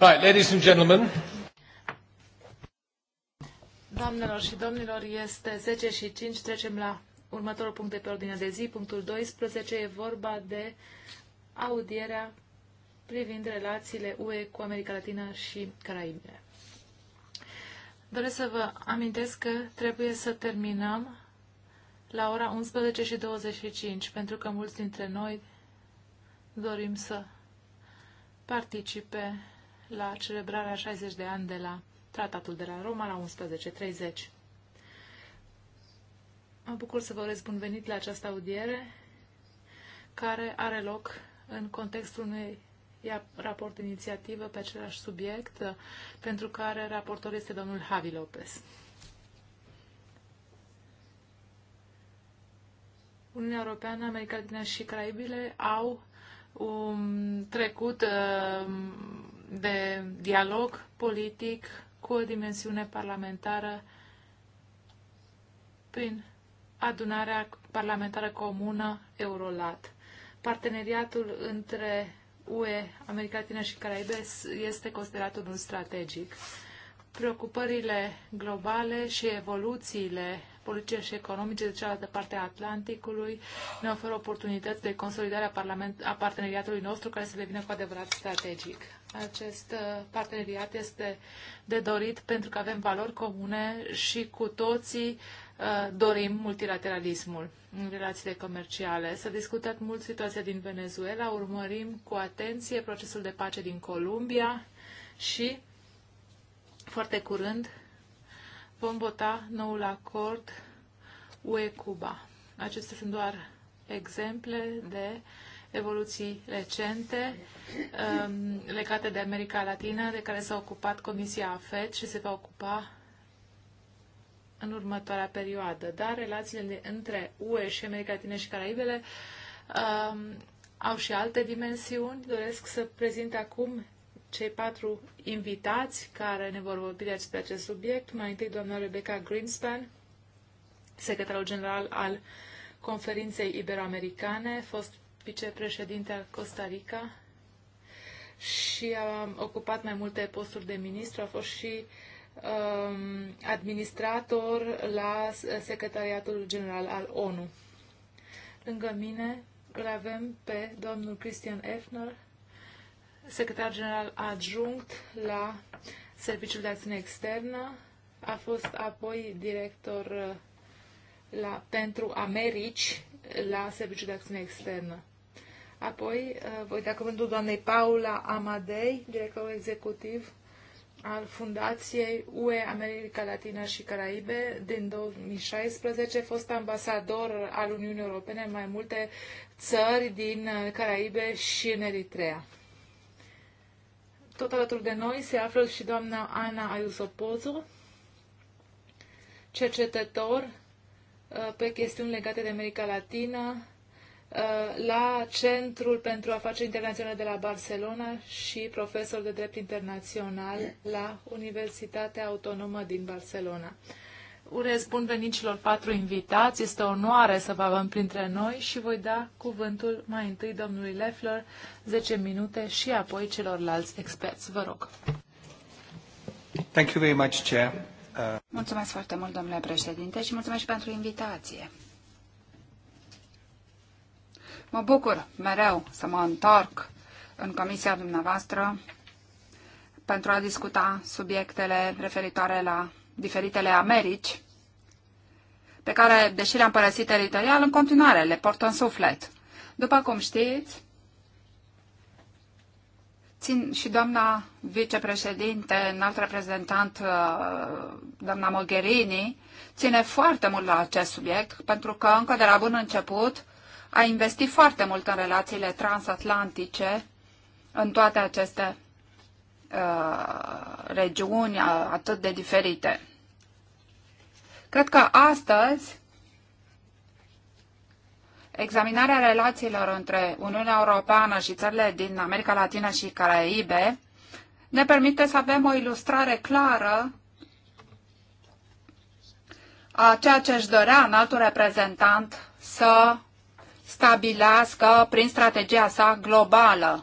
Right, ladies and gentlemen. Doamnelor și domnilor, este 10 și 5, trecem la următorul punct de pe ordine de zi, punctul 12, e vorba de audierea privind relațiile UE cu America Latină și Caraibe. Doresc să vă amintesc că trebuie să terminăm la ora 11 și 25, pentru că mulți dintre noi dorim să participe la celebrarea 60 de ani de la Tratatul de la Roma la 11.30. Mă bucur să vă urez bun venit la această audiere care are loc în contextul unui raport inițiativă pe același subiect, pentru care raportor este domnul Javi Lopez. Uniunea Europeană, America Latină și Caraibile au un trecut uh, de dialog politic cu o dimensiune parlamentară prin adunarea parlamentară comună Eurolat. Parteneriatul între UE, America Latină și Caraibe este considerat unul strategic preocupările globale și evoluțiile politice și economice de cealaltă parte a Atlanticului ne oferă oportunități de consolidare a, parlament, a parteneriatului nostru care să devină cu adevărat strategic. Acest uh, parteneriat este de dorit pentru că avem valori comune și cu toții uh, dorim multilateralismul în relațiile comerciale. S-a discutat mult situația din Venezuela, urmărim cu atenție procesul de pace din Columbia și foarte curând vom vota noul acord UE-Cuba. Acestea sunt doar exemple de evoluții recente um, legate de America Latină, de care s-a ocupat Comisia AFET și se va ocupa în următoarea perioadă. Dar relațiile între UE și America Latină și Caraibele um, au și alte dimensiuni. Doresc să prezint acum cei patru invitați care ne vor vorbi despre acest subiect. Mai întâi doamna Rebecca Greenspan, secretarul general al Conferinței Iberoamericane, fost vicepreședinte al Costa Rica și a ocupat mai multe posturi de ministru, a fost și um, administrator la Secretariatul General al ONU. Lângă mine îl avem pe domnul Christian Efner, secretar general adjunct la Serviciul de Acțiune Externă, a fost apoi director uh, la, pentru Americi la Serviciul de Acțiune Externă. Apoi uh, voi da cuvântul doamnei Paula Amadei, directorul executiv al Fundației UE America Latina și Caraibe din 2016, fost ambasador al Uniunii Europene în mai multe țări din uh, Caraibe și în Eritrea. Tot alături de noi se află și doamna Ana Ayusopozu, cercetător uh, pe chestiuni legate de America Latină uh, la Centrul pentru Afaceri Internaționale de la Barcelona și profesor de drept internațional la Universitatea Autonomă din Barcelona urez bun venit celor patru invitați. Este o onoare să vă avem printre noi și voi da cuvântul mai întâi domnului Leffler, 10 minute și apoi celorlalți experți. Vă rog. Thank you very much, Chair. Uh... Mulțumesc foarte mult, domnule președinte, și mulțumesc și pentru invitație. Mă bucur mereu să mă întorc în comisia dumneavoastră pentru a discuta subiectele referitoare la diferitele Americi, pe care, deși le-am părăsit teritorial, în continuare le port în suflet. După cum știți, țin și doamna vicepreședinte, înalt reprezentant, uh, doamna Mogherini, ține foarte mult la acest subiect, pentru că încă de la bun început a investit foarte mult în relațiile transatlantice, în toate aceste Uh, regiuni uh, atât de diferite. Cred că astăzi examinarea relațiilor între Uniunea Europeană și țările din America Latină și Caraibe ne permite să avem o ilustrare clară a ceea ce își dorea altul reprezentant să stabilească prin strategia sa globală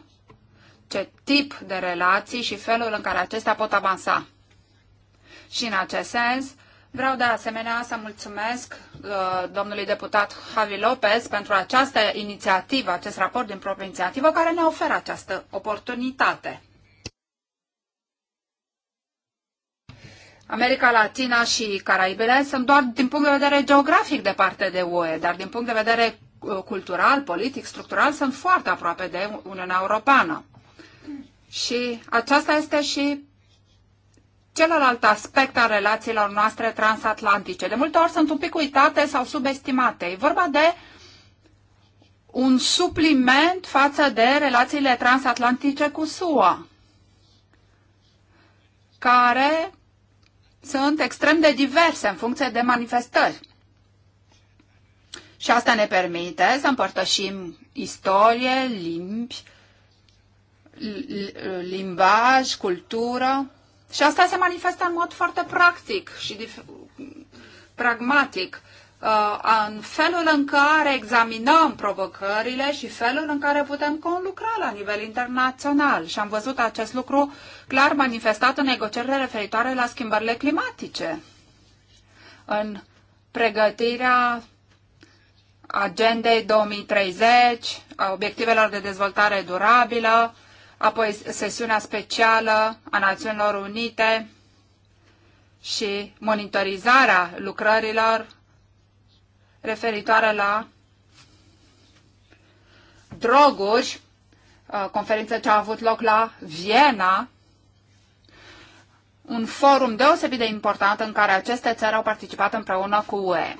tip de relații și felul în care acestea pot avansa. Și în acest sens, vreau de asemenea să mulțumesc uh, domnului deputat Javi Lopez pentru această inițiativă, acest raport din proprie inițiativă care ne oferă această oportunitate. America Latina și Caraibele sunt doar din punct de vedere geografic departe de UE, dar din punct de vedere uh, cultural, politic, structural sunt foarte aproape de Uniunea Europeană. Și aceasta este și celălalt aspect al relațiilor noastre transatlantice. De multe ori sunt un pic uitate sau subestimate. E vorba de un supliment față de relațiile transatlantice cu SUA, care sunt extrem de diverse în funcție de manifestări. Și asta ne permite să împărtășim istorie, limbi, limbaj, cultură. Și asta se manifestă în mod foarte practic și pragmatic uh, în felul în care examinăm provocările și felul în care putem conlucra la nivel internațional. Și am văzut acest lucru clar manifestat în negocierile referitoare la schimbările climatice, în pregătirea agendei 2030, a obiectivelor de dezvoltare durabilă, apoi sesiunea specială a Națiunilor Unite și monitorizarea lucrărilor referitoare la droguri, uh, conferință ce a avut loc la Viena, un forum deosebit de important în care aceste țări au participat împreună cu UE.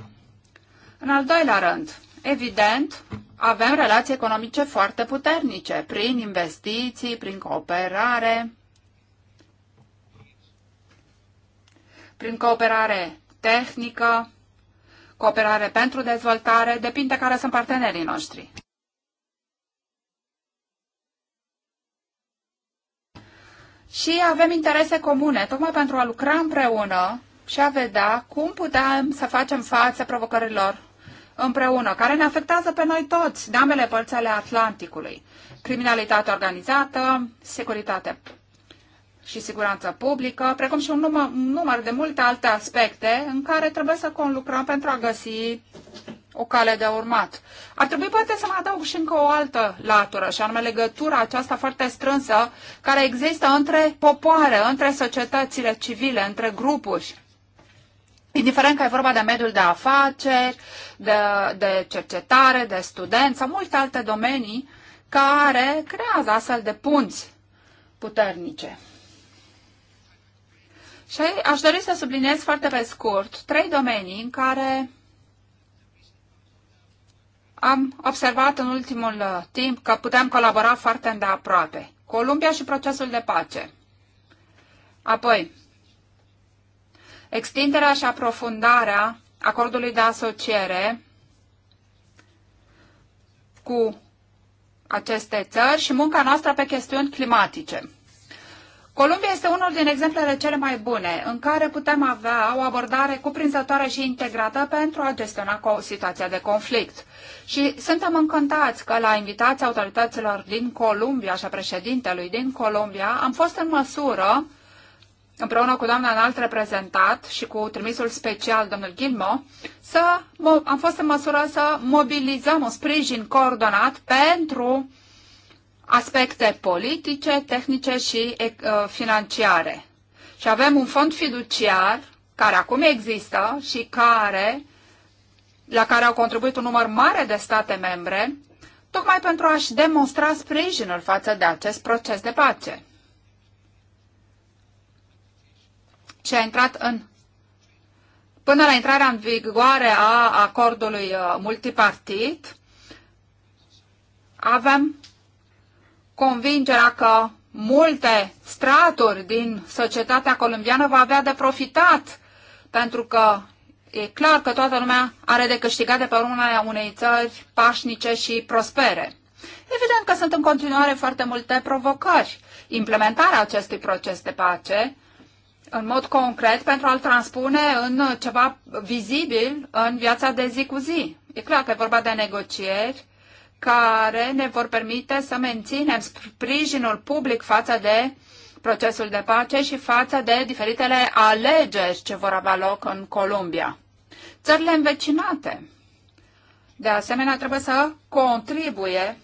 În al doilea rând, evident, avem relații economice foarte puternice prin investiții, prin cooperare, prin cooperare tehnică, cooperare pentru dezvoltare, depinde care sunt partenerii noștri. Și avem interese comune, tocmai pentru a lucra împreună și a vedea cum putem să facem față provocărilor împreună, care ne afectează pe noi toți, de ambele părți ale Atlanticului. Criminalitate organizată, securitate și siguranță publică, precum și un număr, un număr de multe alte aspecte în care trebuie să conlucrăm pentru a găsi o cale de urmat. Ar trebui poate să mai adaug și încă o altă latură, și anume legătura aceasta foarte strânsă care există între popoare, între societățile civile, între grupuri indiferent că e vorba de mediul de afaceri, de, de cercetare, de studenți sau multe alte domenii care creează astfel de punți puternice. Și aș dori să subliniez foarte pe scurt trei domenii în care am observat în ultimul uh, timp că putem colabora foarte îndeaproape. Columbia și procesul de pace. Apoi, Extinderea și aprofundarea acordului de asociere cu aceste țări și munca noastră pe chestiuni climatice. Columbia este unul din exemplele cele mai bune în care putem avea o abordare cuprinzătoare și integrată pentru a gestiona situația de conflict. Și suntem încântați că la invitația autorităților din Columbia și a președintelui din Columbia am fost în măsură împreună cu doamna înalt reprezentat și cu trimisul special, domnul Gilmo, să, am fost în măsură să mobilizăm un sprijin coordonat pentru aspecte politice, tehnice și uh, financiare. Și avem un fond fiduciar care acum există și care, la care au contribuit un număr mare de state membre, tocmai pentru a-și demonstra sprijinul față de acest proces de pace. și a intrat în până la intrarea în vigoare a acordului uh, multipartit, avem convingerea că multe straturi din societatea colombiană va avea de profitat, pentru că e clar că toată lumea are de câștigat de pe urma unei țări pașnice și prospere. Evident că sunt în continuare foarte multe provocări. Implementarea acestui proces de pace în mod concret pentru a-l transpune în ceva vizibil în viața de zi cu zi. E clar că e vorba de negocieri care ne vor permite să menținem sprijinul public față de procesul de pace și față de diferitele alegeri ce vor avea loc în Columbia. Țările învecinate, de asemenea, trebuie să contribuie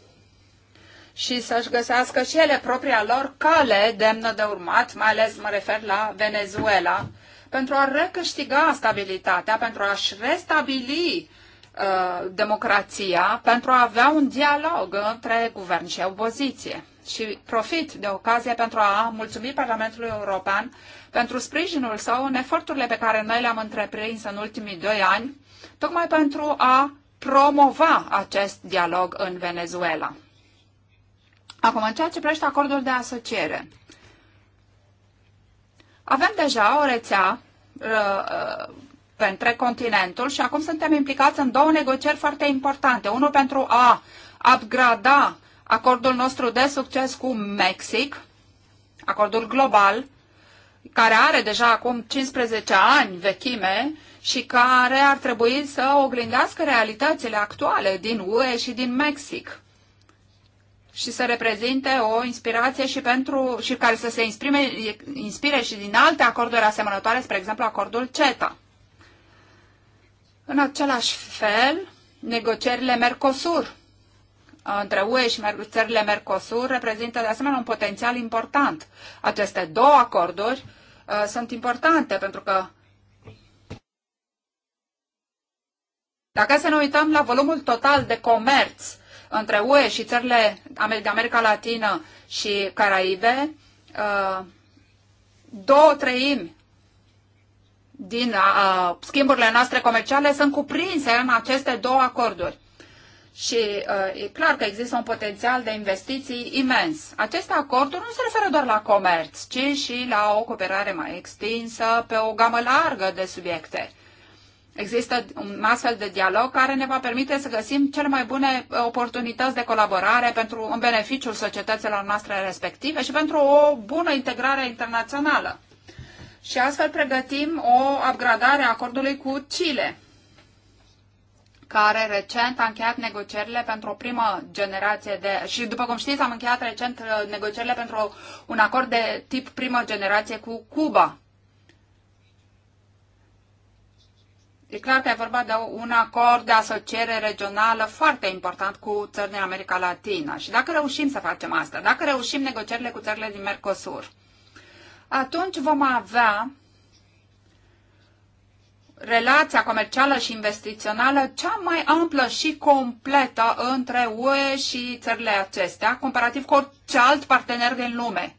și să-și găsească și ele propria lor cale demnă de urmat, mai ales mă refer la Venezuela, pentru a recâștiga stabilitatea, pentru a-și restabili uh, democrația, pentru a avea un dialog între guvern și opoziție. Și profit de ocazie pentru a mulțumi Parlamentului European pentru sprijinul său în eforturile pe care noi le-am întreprins în ultimii doi ani, tocmai pentru a promova acest dialog în Venezuela. Acum, în ceea ce privește acordul de asociere, avem deja o rețea uh, uh continentul și acum suntem implicați în două negocieri foarte importante. Unul pentru a upgrada acordul nostru de succes cu Mexic, acordul global, care are deja acum 15 ani vechime și care ar trebui să oglindească realitățile actuale din UE și din Mexic și să reprezinte o inspirație și pentru și care să se inspire, inspire și din alte acorduri asemănătoare, spre exemplu acordul CETA. În același fel, negocierile Mercosur între UE și țările Mercosur reprezintă de asemenea un potențial important. Aceste două acorduri uh, sunt importante pentru că dacă să ne uităm la volumul total de comerț între UE și țările de America Latină și Caraibe, uh, două treimi din uh, schimburile noastre comerciale sunt cuprinse în aceste două acorduri. Și uh, e clar că există un potențial de investiții imens. Aceste acorduri nu se referă doar la comerț, ci și la o cooperare mai extinsă pe o gamă largă de subiecte. Există un astfel de dialog care ne va permite să găsim cele mai bune uh, oportunități de colaborare pentru, un beneficiul societăților noastre respective și pentru o bună integrare internațională. Și astfel pregătim o upgradare a acordului cu Chile, care recent a încheiat negocierile pentru o primă generație de... Și după cum știți, am încheiat recent uh, negocierile pentru un acord de tip primă generație cu Cuba, E clar că e vorba de un acord de asociere regională foarte important cu țările din America Latina. Și dacă reușim să facem asta, dacă reușim negocierile cu țările din Mercosur, atunci vom avea relația comercială și investițională cea mai amplă și completă între UE și țările acestea, comparativ cu orice alt partener din lume.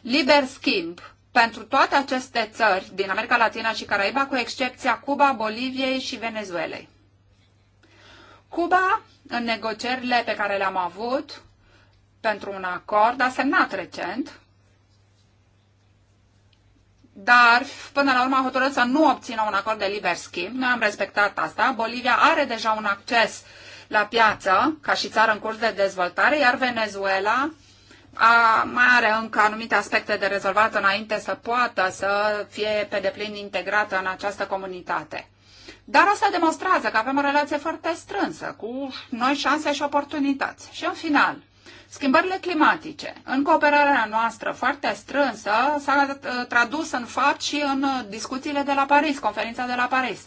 Liber schimb, pentru toate aceste țări din America Latina și Caraiba, cu excepția Cuba, Boliviei și Venezuelei. Cuba, în negocierile pe care le-am avut pentru un acord, a semnat recent, dar până la urmă a hotărât să nu obțină un acord de liber schimb. Noi am respectat asta. Bolivia are deja un acces la piață ca și țară în curs de dezvoltare, iar Venezuela a, mai are încă anumite aspecte de rezolvat înainte să poată să fie pe deplin integrată în această comunitate. Dar asta demonstrează că avem o relație foarte strânsă cu noi șanse și oportunități. Și în final, schimbările climatice. În cooperarea noastră foarte strânsă s-a uh, tradus în fapt și în uh, discuțiile de la Paris, conferința de la Paris.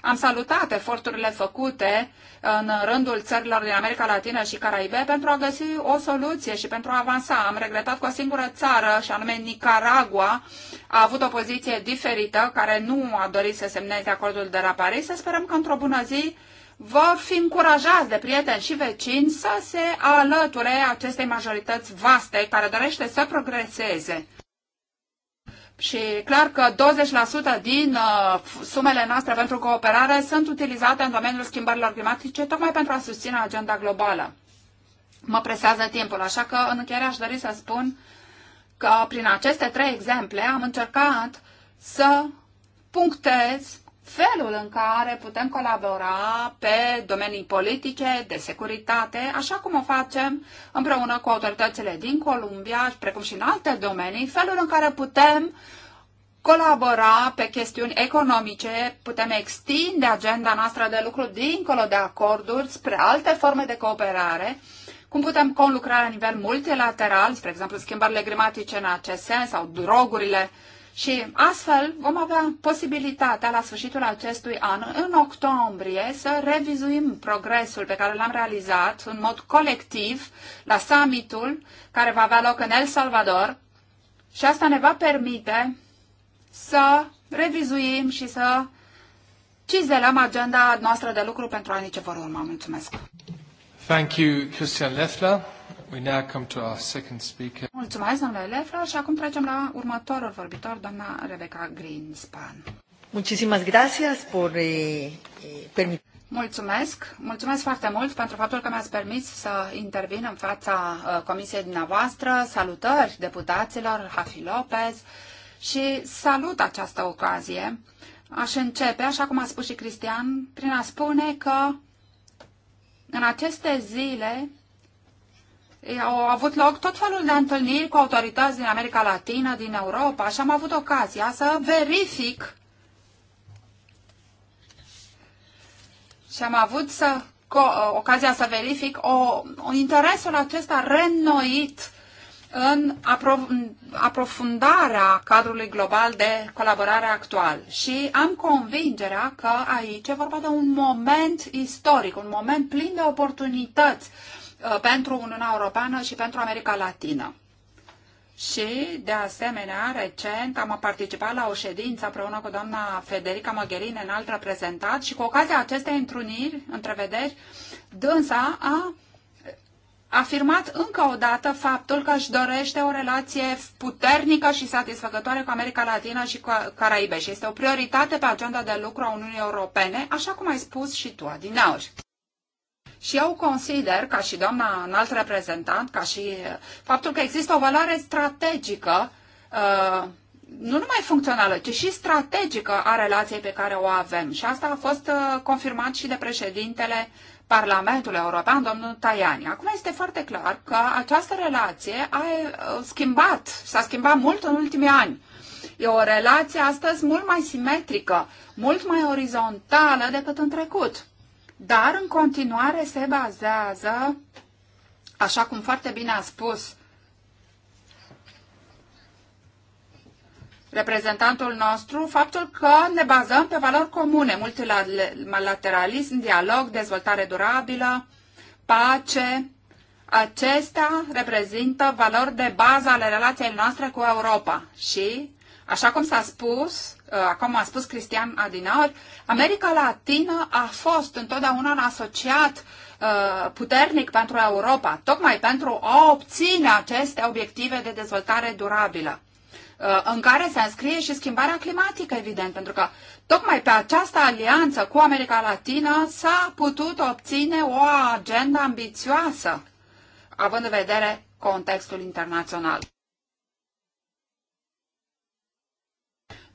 Am salutat eforturile făcute în rândul țărilor din America Latină și Caraibe pentru a găsi o soluție și pentru a avansa. Am regretat că o singură țară, și anume Nicaragua, a avut o poziție diferită, care nu a dorit să semneze acordul de la Paris. Să sperăm că într-o bună zi vor fi încurajați de prieteni și vecini să se alăture acestei majorități vaste care dorește să progreseze. Și clar că 20% din uh, sumele noastre pentru cooperare sunt utilizate în domeniul schimbărilor climatice tocmai pentru a susține agenda globală. Mă presează timpul, așa că în încheiere aș dori să spun că prin aceste trei exemple am încercat să punctez felul în care putem colabora pe domenii politice, de securitate, așa cum o facem împreună cu autoritățile din Columbia, precum și în alte domenii, felul în care putem colabora pe chestiuni economice, putem extinde agenda noastră de lucru dincolo de acorduri spre alte forme de cooperare, cum putem conlucra la nivel multilateral, spre exemplu schimbările climatice în acest sens sau drogurile uh, și astfel vom avea posibilitatea la sfârșitul acestui an, în octombrie, să revizuim progresul pe care l-am realizat în mod colectiv la summitul care va avea loc în El Salvador și asta ne va permite să revizuim și să cizelăm agenda noastră de lucru pentru anii ce vor urma. Mulțumesc! Thank you, Christian Leffler. We now come to our second speaker. Mulțumesc, domnule Lefler, și acum trecem la următorul vorbitor, doamna Rebecca Greenspan. Muchísimas gracias por eh, eh, permitir. Mulțumesc, mulțumesc foarte mult pentru faptul că mi-ați permis să intervin în fața uh, comisiei dumneavoastră. Salutări deputaților Hafi Lopez și salut această ocazie. Aș începe, așa cum a spus și Cristian, prin a spune că în aceste zile au avut loc tot felul de întâlniri cu autorități din America Latină, din Europa și am avut ocazia să verific și am avut să, co, ocazia să verific o, o, interesul acesta renoit în, în aprofundarea cadrului global de colaborare actual. Și am convingerea că aici e vorba de un moment istoric, un moment plin de oportunități, Uh, pentru Uniunea Europeană și pentru America Latină. Și, de asemenea, recent am participat la o ședință împreună cu doamna Federica Mogherini, în alt reprezentat, și cu ocazia acestei întruniri, întrevederi, dânsa a afirmat încă o dată faptul că își dorește o relație puternică și satisfăcătoare cu America Latină și cu Caraibe și este o prioritate pe agenda de lucru a Uniunii Europene, așa cum ai spus și tu, Adinauri. Și eu consider, ca și doamna înalt reprezentant, ca și uh, faptul că există o valoare strategică uh, nu numai funcțională, ci și strategică a relației pe care o avem. Și asta a fost uh, confirmat și de președintele Parlamentului European, domnul Tajani. Acum este foarte clar că această relație a schimbat, s-a schimbat mult în ultimii ani. E o relație astăzi mult mai simetrică, mult mai orizontală decât în trecut dar în continuare se bazează, așa cum foarte bine a spus reprezentantul nostru, faptul că ne bazăm pe valori comune, multilateralism, dialog, dezvoltare durabilă, pace. Acestea reprezintă valori de bază ale relației noastre cu Europa și, așa cum s-a spus, Uh, acum a spus Cristian Adinaur, America Latină a fost întotdeauna un asociat uh, puternic pentru Europa, tocmai pentru a obține aceste obiective de dezvoltare durabilă uh, în care se înscrie și schimbarea climatică, evident, pentru că tocmai pe această alianță cu America Latină s-a putut obține o agendă ambițioasă, având în vedere contextul internațional.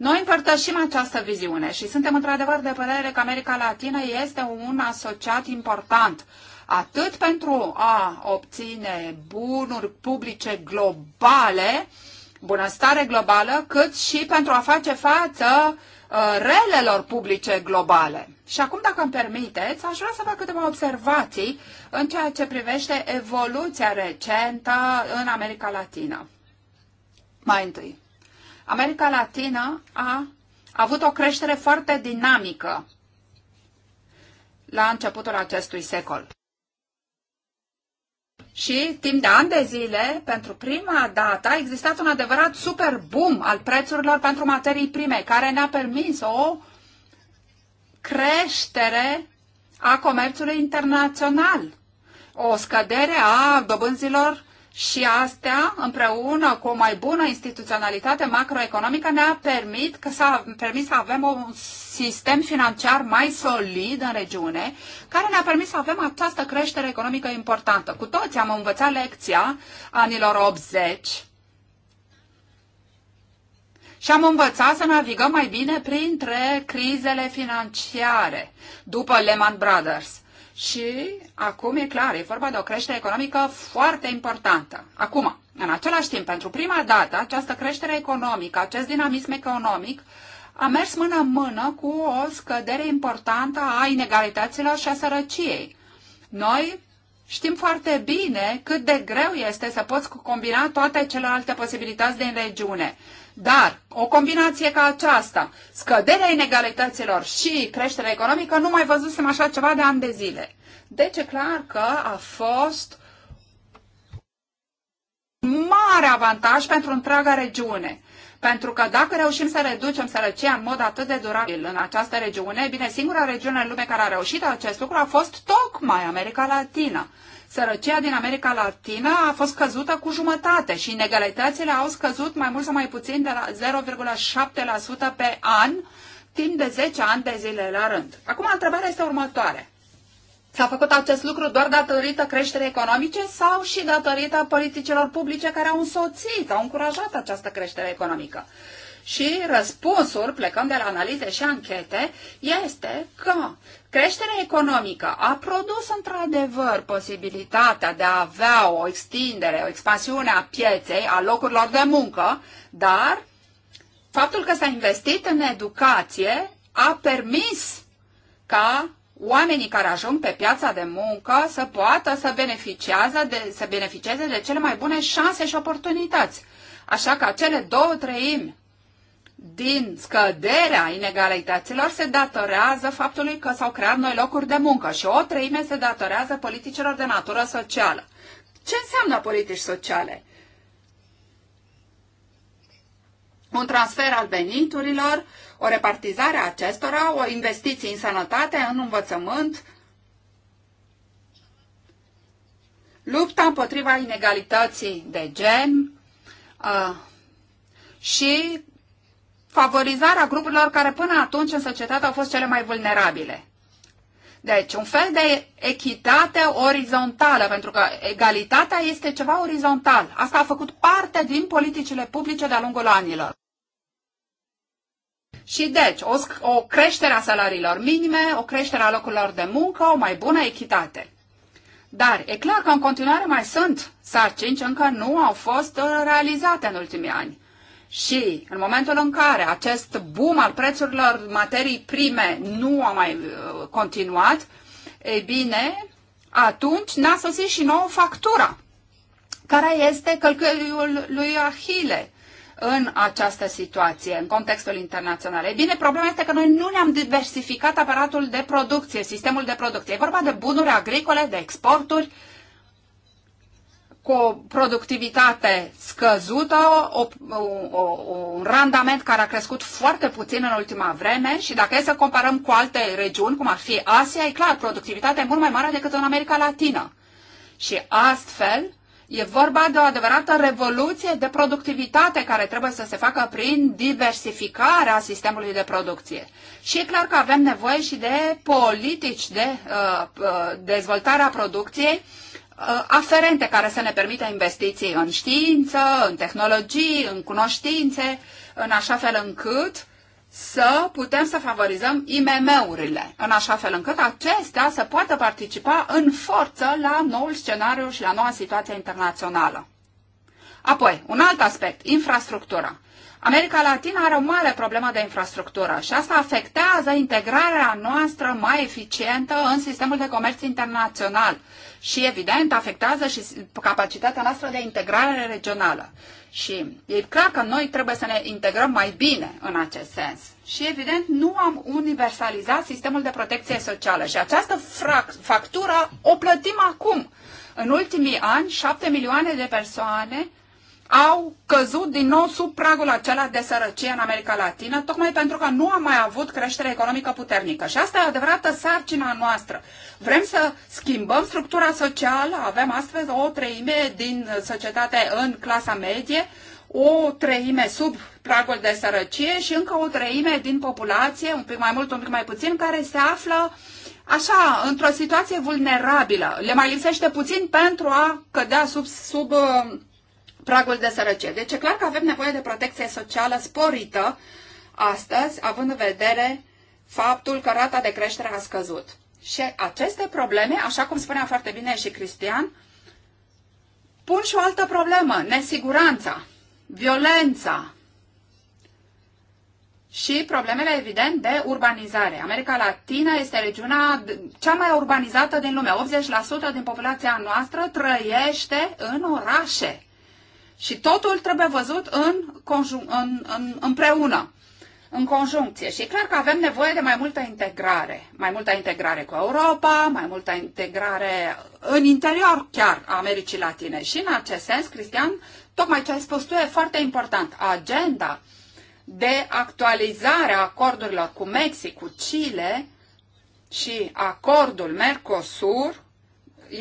Noi împărtășim această viziune și suntem într-adevăr de părere că America Latină este un asociat important atât pentru a obține bunuri publice globale, bunăstare globală, cât și pentru a face față uh, relelor publice globale. Și acum, dacă îmi permiteți, aș vrea să fac câteva observații în ceea ce privește evoluția recentă în America Latină. Mai întâi. America Latină a avut o creștere foarte dinamică la începutul acestui secol. Și timp de ani de zile, pentru prima dată, a existat un adevărat super boom al prețurilor pentru materii prime, care ne-a permis o creștere a comerțului internațional, o scădere a dobânzilor și astea, împreună cu o mai bună instituționalitate macroeconomică, ne-a permit, că s-a permis să avem un sistem financiar mai solid în regiune, care ne-a permis să avem această creștere economică importantă. Cu toți am învățat lecția anilor 80 și am învățat să navigăm mai bine printre crizele financiare după Lehman Brothers și acum e clar, e vorba de o creștere economică foarte importantă. Acum, în același timp, pentru prima dată, această creștere economică, acest dinamism economic, a mers mână-mână cu o scădere importantă a inegalităților și a sărăciei. Noi Știm foarte bine cât de greu este să poți combina toate celelalte posibilități din regiune. Dar o combinație ca aceasta, scăderea inegalităților și creșterea economică, nu mai văzusem așa ceva de ani de zile. Deci e clar că a fost mare avantaj pentru întreaga regiune. Pentru că dacă reușim să reducem sărăcia în mod atât de durabil în această regiune, bine, singura regiune în lume care a reușit acest lucru a fost tocmai America Latină. Sărăcia din America Latină a fost căzută cu jumătate și inegalitățile au scăzut mai mult sau mai puțin de la 0,7% pe an timp de 10 ani de zile la rând. Acum, întrebarea este următoare. S-a făcut acest lucru doar datorită creșterii economice sau și datorită politicilor publice care au însoțit, au încurajat această creștere economică? Și răspunsul, plecând de la analize și anchete, este că creșterea economică a produs într-adevăr posibilitatea de a avea o extindere, o expansiune a pieței, a locurilor de muncă, dar faptul că s-a investit în educație a permis ca oamenii care ajung pe piața de muncă să poată să, beneficieze de, să beneficieze de cele mai bune șanse și oportunități. Așa că acele două treimi din scăderea inegalităților se datorează faptului că s-au creat noi locuri de muncă și o treime se datorează politicilor de natură socială. Ce înseamnă politici sociale? Un transfer al veniturilor, o repartizare a acestora, o investiție în sănătate, în învățământ, lupta împotriva inegalității de gen uh, și favorizarea grupurilor care până atunci în societate au fost cele mai vulnerabile. Deci, un fel de echitate orizontală, pentru că egalitatea este ceva orizontal. Asta a făcut parte din politicile publice de-a lungul anilor. Și deci, o, o creștere a salariilor minime, o creștere a locurilor de muncă, o mai bună echitate. Dar e clar că în continuare mai sunt sarcini ce încă nu au fost uh, realizate în ultimii ani. Și în momentul în care acest boom al prețurilor materii prime nu a mai uh, continuat, ei bine, atunci n a sosit și nouă factura, care este călcăriul lui Ahile în această situație, în contextul internațional. Ei bine, problema este că noi nu ne-am diversificat aparatul de producție, sistemul de producție. E vorba de bunuri agricole, de exporturi, cu o productivitate scăzută, o, o, o, un randament care a crescut foarte puțin în ultima vreme și dacă e să comparăm cu alte regiuni, cum ar fi Asia, e clar, productivitatea e mult mai mare decât în America Latină. Și astfel, E vorba de o adevărată revoluție de productivitate care trebuie să se facă prin diversificarea sistemului de producție. Și e clar că avem nevoie și de politici de uh, uh dezvoltare a producției uh, aferente care să ne permită investiții în știință, în tehnologii, în cunoștințe, în așa fel încât uh, să putem să favorizăm IMM-urile, în așa fel încât acestea să poată participa în forță la noul scenariu și la noua situație internațională. Apoi, un alt aspect, infrastructura. America Latina are o mare problemă de infrastructură și asta afectează integrarea noastră mai eficientă în sistemul de comerț internațional și, evident, afectează și capacitatea noastră de integrare regională. Și e clar că noi trebuie să ne integrăm mai bine în acest sens. Și evident nu am universalizat sistemul de protecție socială și această factură o plătim acum. În ultimii ani, șapte milioane de persoane au căzut din nou sub pragul acela de sărăcie în America Latină, tocmai pentru că nu a mai avut creștere economică puternică. Și asta e adevărată sarcina noastră. Vrem să schimbăm structura socială, avem astfel o treime din societate în clasa medie, o treime sub pragul de sărăcie și încă o treime din populație, un pic mai mult, un pic mai puțin, care se află așa, într-o situație vulnerabilă. Le mai lipsește puțin pentru a cădea sub, sub uh, pragul de sărăcie. Deci e clar că avem nevoie de protecție socială sporită astăzi, având în vedere faptul că rata de creștere a scăzut. Și aceste probleme, așa cum spunea foarte bine și Cristian, pun și o altă problemă, nesiguranța, violența și problemele, evident, de urbanizare. America Latină este regiunea cea mai urbanizată din lume. 80% din populația noastră trăiește în orașe. Și totul trebuie văzut în, în, în, împreună, în conjuncție. Și e clar că avem nevoie de mai multă integrare. Mai multă integrare cu Europa, mai multă integrare în interior chiar a Americii Latine. Și în acest sens, Cristian, tocmai ce ai spus tu e foarte important. Agenda de actualizare a acordurilor cu Mexic, cu Chile și acordul Mercosur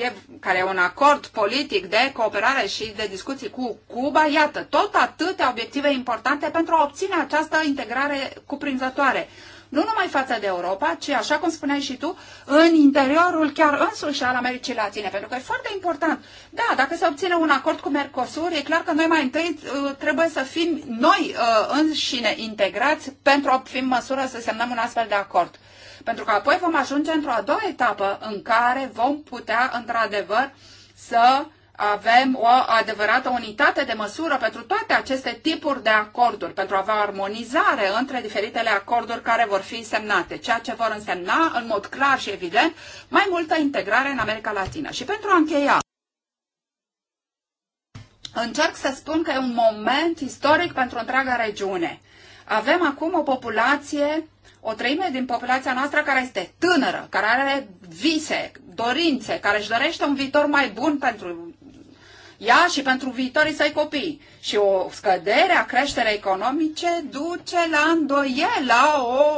e, care e un acord politic de cooperare și de discuții cu Cuba, iată, tot atâtea obiective importante pentru a obține această integrare cuprinzătoare. Nu numai față de Europa, ci, așa cum spuneai și tu, în interiorul chiar însuși al Americii Latine, pentru că e foarte important. Da, dacă se obține un acord cu Mercosur, e clar că noi mai întâi uh, trebuie să fim noi uh, înșine integrați pentru a fi în măsură să semnăm un astfel de acord pentru că apoi vom ajunge într-o a doua etapă în care vom putea, într-adevăr, să avem o adevărată unitate de măsură pentru toate aceste tipuri de acorduri, pentru a avea armonizare între diferitele acorduri care vor fi semnate, ceea ce vor însemna, în mod clar și evident, mai multă integrare în America Latină. Și pentru a încheia, încerc să spun că e un moment istoric pentru întreaga regiune. Avem acum o populație o treime din populația noastră care este tânără, care are vise, dorințe, care își dorește un viitor mai bun pentru ea și pentru viitorii săi copii. Și o scădere a creșterii economice duce la îndoiel, la o,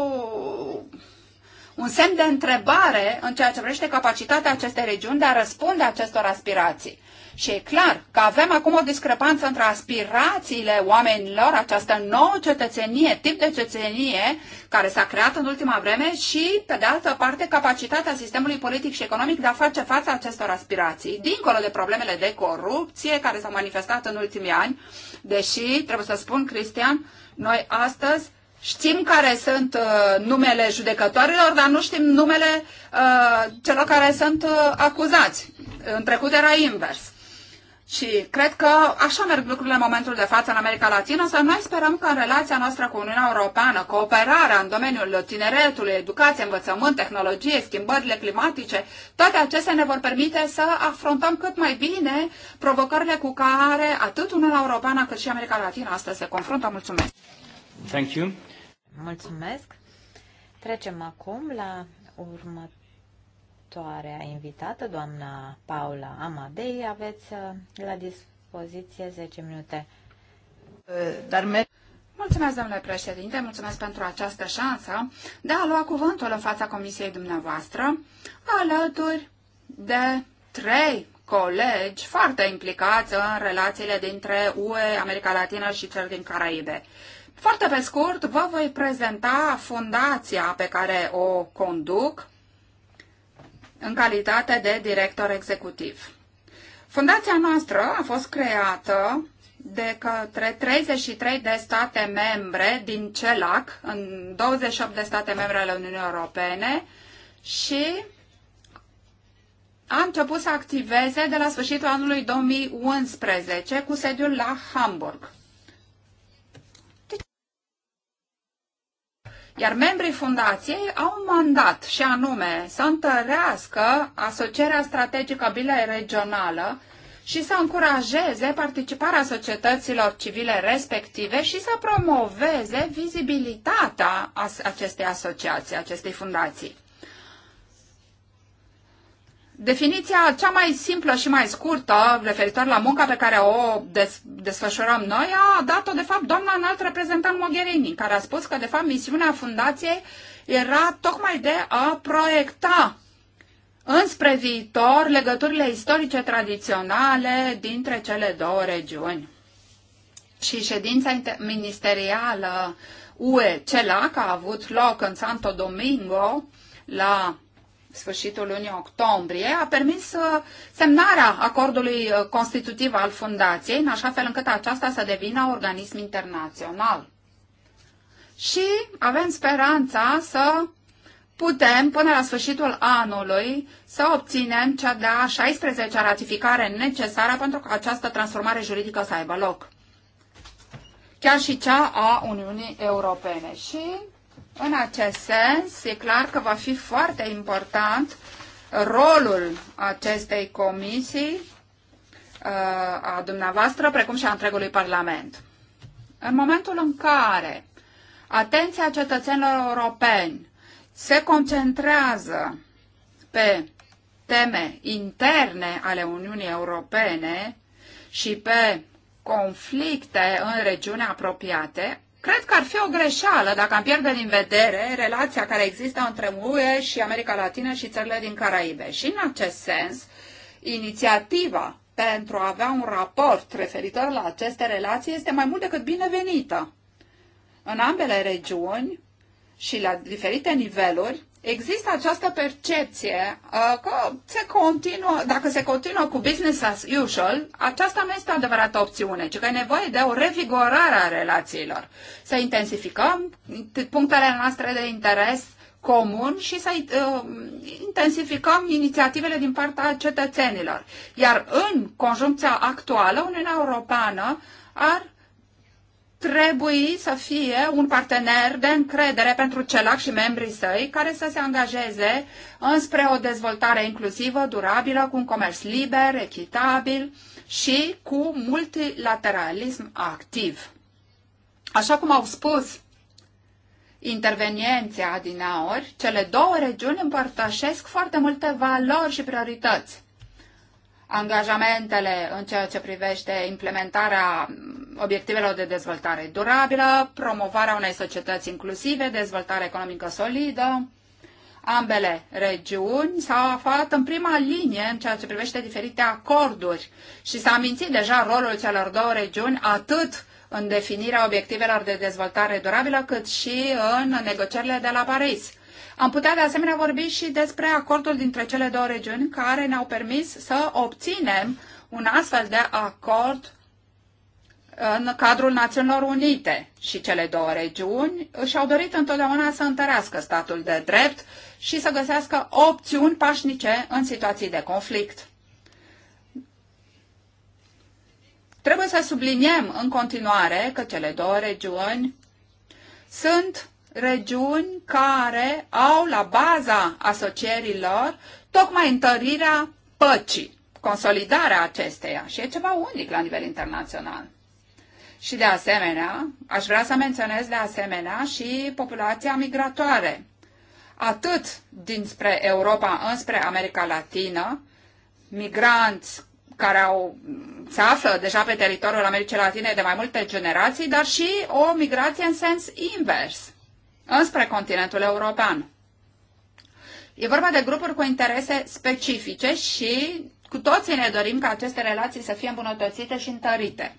un semn de întrebare în ceea ce privește capacitatea acestei regiuni de a răspunde acestor aspirații. Și e clar că avem acum o discrepanță între aspirațiile oamenilor, această nouă cetățenie, tip de cetățenie care s-a creat în ultima vreme și, pe de altă parte, capacitatea sistemului politic și economic de a face față acestor aspirații, dincolo de problemele de corupție care s-au manifestat în ultimii ani, deși, trebuie să spun, Cristian, noi astăzi Știm care sunt uh, numele judecătorilor, dar nu știm numele uh, celor care sunt uh, acuzați. În trecut era invers. Și cred că așa merg lucrurile în momentul de față în America Latină, să noi sperăm că în relația noastră cu Uniunea Europeană, cooperarea în domeniul tineretului, educație, învățământ, tehnologie, schimbările climatice, toate acestea ne vor permite să afrontăm cât mai bine provocările cu care atât Uniunea Europeană cât și America Latină astăzi se confruntă. Mulțumesc! Thank you. Mulțumesc! Trecem acum la următoarea a invitată, doamna Paula Amadei, aveți uh, la dispoziție 10 minute. Dar Mulțumesc, domnule președinte, mulțumesc pentru această șansă de a lua cuvântul în fața comisiei dumneavoastră, alături de trei colegi foarte implicați în relațiile dintre UE, America Latină și țări din Caraibe. Foarte pe scurt, vă voi prezenta fundația pe care o conduc, în calitate de director executiv. Fundația noastră a fost creată de către 33 de state membre din CELAC, în 28 de state membre ale Uniunii Europene și a început să activeze de la sfârșitul anului 2011 cu sediul la Hamburg. Iar membrii fundației au un mandat și anume să întărească asocierea strategică bile-regională și să încurajeze participarea societăților civile respective și să promoveze vizibilitatea acestei asociații, acestei fundații. Definiția cea mai simplă și mai scurtă referitor la munca pe care o des- desfășurăm noi a dat-o, de fapt, doamna înalt reprezentant Mogherini, care a spus că, de fapt, misiunea fundației era tocmai de a proiecta înspre viitor legăturile istorice tradiționale dintre cele două regiuni. Și ședința ministerială UE-CELAC a avut loc în Santo Domingo la sfârșitul lunii octombrie, a permis uh, semnarea acordului uh, constitutiv al fundației, în așa fel încât aceasta să devină organism internațional. Și avem speranța să putem, până la sfârșitul anului, să obținem cea de-a 16-a ratificare necesară pentru ca această transformare juridică să aibă loc. Chiar și cea a Uniunii Europene. Și în acest sens, e clar că va fi foarte important rolul acestei comisii uh, a dumneavoastră, precum și a întregului Parlament. În momentul în care atenția cetățenilor europeni se concentrează pe teme interne ale Uniunii Europene și pe conflicte în regiuni apropiate, Cred că ar fi o greșeală dacă am pierde din vedere relația care există între UE și America Latină și țările din Caraibe. Și în acest sens, inițiativa pentru a avea un raport referitor la aceste relații este mai mult decât binevenită. În ambele regiuni și la diferite niveluri, Există această percepție uh, că se continuă, dacă se continuă cu business as usual, aceasta nu este adevărată opțiune, ci că e nevoie de o revigorare a relațiilor. Să intensificăm punctele noastre de interes comun și să uh, intensificăm inițiativele din partea cetățenilor. Iar în conjuncția actuală, Uniunea Europeană ar trebui să fie un partener de încredere pentru CELAC și membrii săi care să se angajeze înspre o dezvoltare inclusivă, durabilă, cu un comerț liber, echitabil și cu multilateralism activ. Așa cum au spus intervenienții adinaori, cele două regiuni împărtășesc foarte multe valori și priorități. Angajamentele în ceea ce privește implementarea obiectivelor de dezvoltare durabilă, promovarea unei societăți inclusive, dezvoltare economică solidă. Ambele regiuni s-au aflat în prima linie în ceea ce privește diferite acorduri și s-a mințit deja rolul celor două regiuni atât în definirea obiectivelor de dezvoltare durabilă, cât și în negocierile de la Paris. Am putea de asemenea vorbi și despre acordul dintre cele două regiuni care ne-au permis să obținem un astfel de acord în cadrul Națiunilor Unite și cele două regiuni și-au dorit întotdeauna să întărească statul de drept și să găsească opțiuni pașnice în situații de conflict. Trebuie să subliniem în continuare că cele două regiuni sunt regiuni care au la baza asocierilor tocmai întărirea păcii, consolidarea acesteia și e ceva unic la nivel internațional. Și de asemenea, aș vrea să menționez de asemenea și populația migratoare, atât dinspre Europa înspre America Latină, migranți care au, se află deja pe teritoriul Americii Latine de mai multe generații, dar și o migrație în sens invers, înspre continentul european. E vorba de grupuri cu interese specifice și cu toții ne dorim ca aceste relații să fie îmbunătățite și întărite.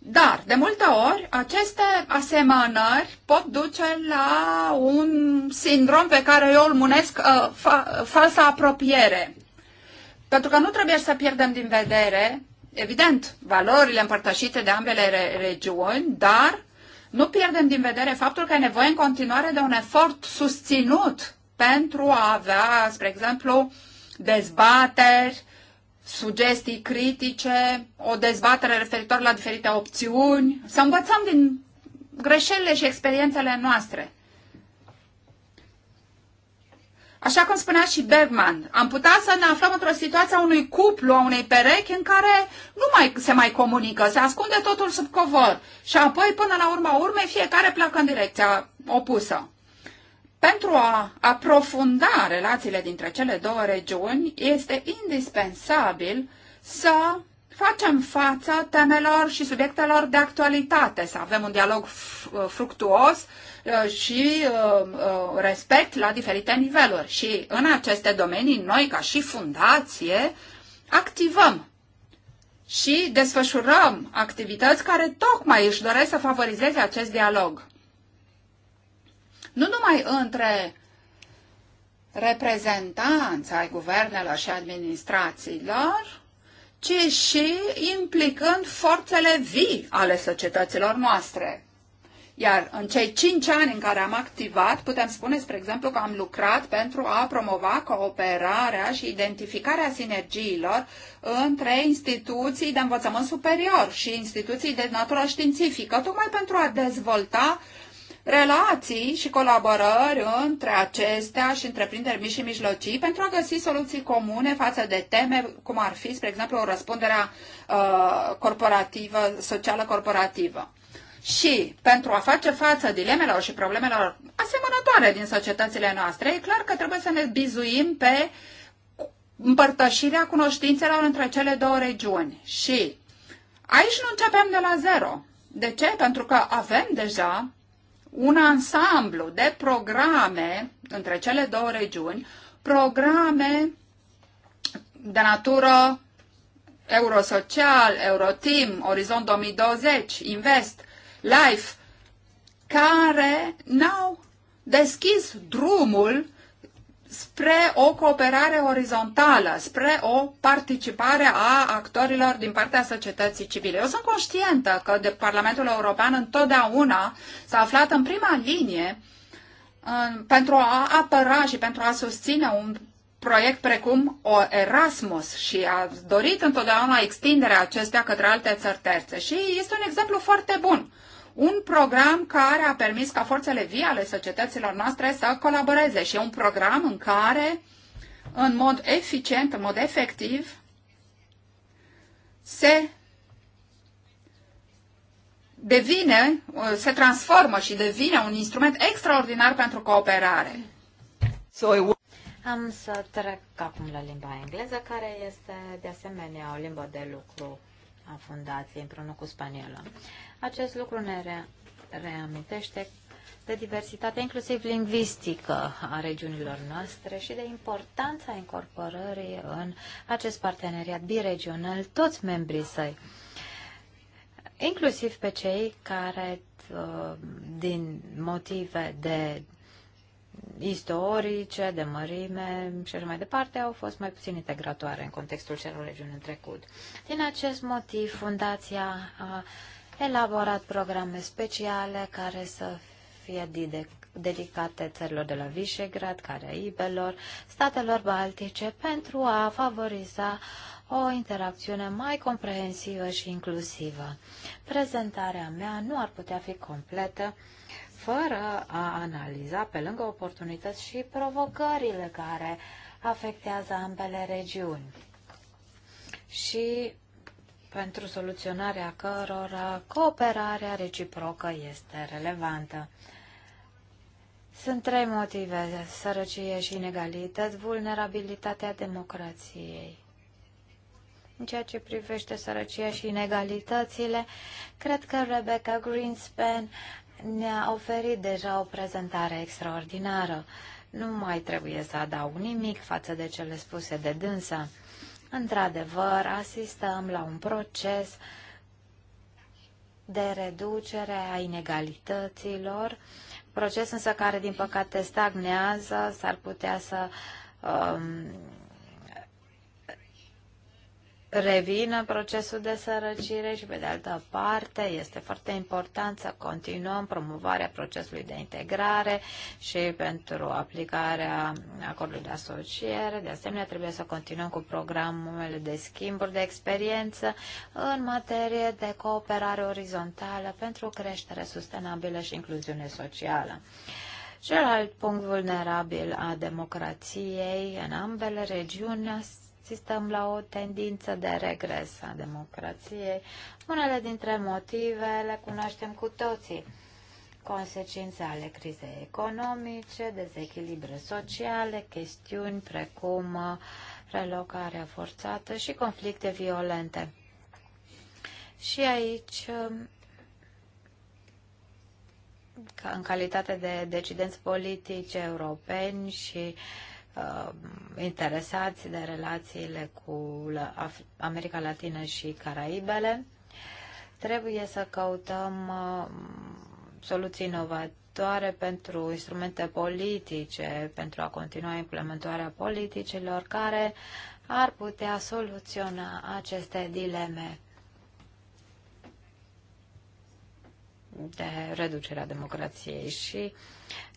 Dar, de multe ori, aceste asemănări pot duce la un sindrom pe care eu îl munesc uh, fa- falsa apropiere. Pentru că nu trebuie să pierdem din vedere, evident, valorile împărtășite de ambele re- regiuni, dar nu pierdem din vedere faptul că e nevoie în continuare de un efort susținut pentru a avea, spre exemplu, dezbateri sugestii critice, o dezbatere referitor la diferite opțiuni, să învățăm din greșelile și experiențele noastre. Așa cum spunea și Bergman, am putea să ne aflăm într-o situație a unui cuplu, a unei perechi în care nu mai se mai comunică, se ascunde totul sub covor și apoi până la urma urmei fiecare pleacă în direcția opusă. Pentru a aprofunda relațiile dintre cele două regiuni, este indispensabil să facem față temelor și subiectelor de actualitate, să avem un dialog uh, fructuos uh, și uh, respect la diferite niveluri. Și în aceste domenii, noi, ca și fundație, activăm și desfășurăm activități care tocmai își doresc să favorizeze acest dialog nu numai între reprezentanți ai guvernelor și administrațiilor, ci și implicând forțele vii ale societăților noastre. Iar în cei cinci ani în care am activat, putem spune, spre exemplu, că am lucrat pentru a promova cooperarea și identificarea sinergiilor între instituții de învățământ superior și instituții de natură științifică, tocmai pentru a dezvolta relații și colaborări între acestea și întreprinderi mici și mijlocii pentru a găsi soluții comune față de teme cum ar fi, spre exemplu, o răspunderea uh, corporativă, socială corporativă. Și pentru a face față dilemelor și problemelor asemănătoare din societățile noastre, e clar că trebuie să ne bizuim pe împărtășirea cunoștințelor între cele două regiuni. Și aici nu începem de la zero. De ce? Pentru că avem deja un ansamblu de programe între cele două regiuni, programe de natură Eurosocial, Euroteam, Orizont 2020, Invest, Life, care n-au deschis drumul spre o cooperare orizontală, spre o participare a actorilor din partea societății civile. Eu sunt conștientă că de Parlamentul European întotdeauna s-a aflat în prima linie în, pentru a apăra și pentru a susține un proiect precum o Erasmus și a dorit întotdeauna extinderea acestea către alte țări terțe. Și este un exemplu foarte bun un program care a permis ca forțele vii ale societăților noastre să colaboreze și e un program în care, în mod eficient, în mod efectiv, se devine, se transformă și devine un instrument extraordinar pentru cooperare. Am să trec acum la limba engleză, care este de asemenea o limbă de lucru a fundației împreună cu spaniola. Acest lucru ne re- reamintește de diversitatea inclusiv lingvistică a regiunilor noastre și de importanța incorporării în acest parteneriat biregional toți membrii săi, inclusiv pe cei care uh, din motive de istorice, de mărime și așa mai departe, au fost mai puțin integratoare în contextul celor regiuni în trecut. Din acest motiv, Fundația a elaborat programe speciale care să fie didec dedicate țărilor de la Visegrad, Caraibelor, statelor baltice, pentru a favoriza o interacțiune mai comprehensivă și inclusivă. Prezentarea mea nu ar putea fi completă fără a analiza pe lângă oportunități și provocările care afectează ambele regiuni și pentru soluționarea cărora cooperarea reciprocă este relevantă. Sunt trei motive, sărăcie și inegalități, vulnerabilitatea democrației. În ceea ce privește sărăcia și inegalitățile, cred că Rebecca Greenspan ne-a oferit deja o prezentare extraordinară. Nu mai trebuie să adaug nimic față de cele spuse de dânsă. Într-adevăr, asistăm la un proces de reducere a inegalităților, proces însă care, din păcate, stagnează, s-ar putea să um, revină procesul de sărăcire și, pe de altă parte, este foarte important să continuăm promovarea procesului de integrare și pentru aplicarea acordului de asociere. De asemenea, trebuie să continuăm cu programele de schimburi de experiență în materie de cooperare orizontală pentru creștere sustenabilă și incluziune socială. Celălalt punct vulnerabil a democrației în ambele regiuni asistăm la o tendință de regres a democrației. Unele dintre motive le cunoaștem cu toții. Consecințe ale crizei economice, dezechilibre sociale, chestiuni precum uh, relocarea forțată și conflicte violente. Și aici um, ca în calitate de decidenți politici europeni și uh, interesați de relațiile cu America Latină și Caraibele. Trebuie să căutăm uh, soluții inovatoare pentru instrumente politice, pentru a continua implementarea politicilor care ar putea soluționa aceste dileme de reducerea democrației. Și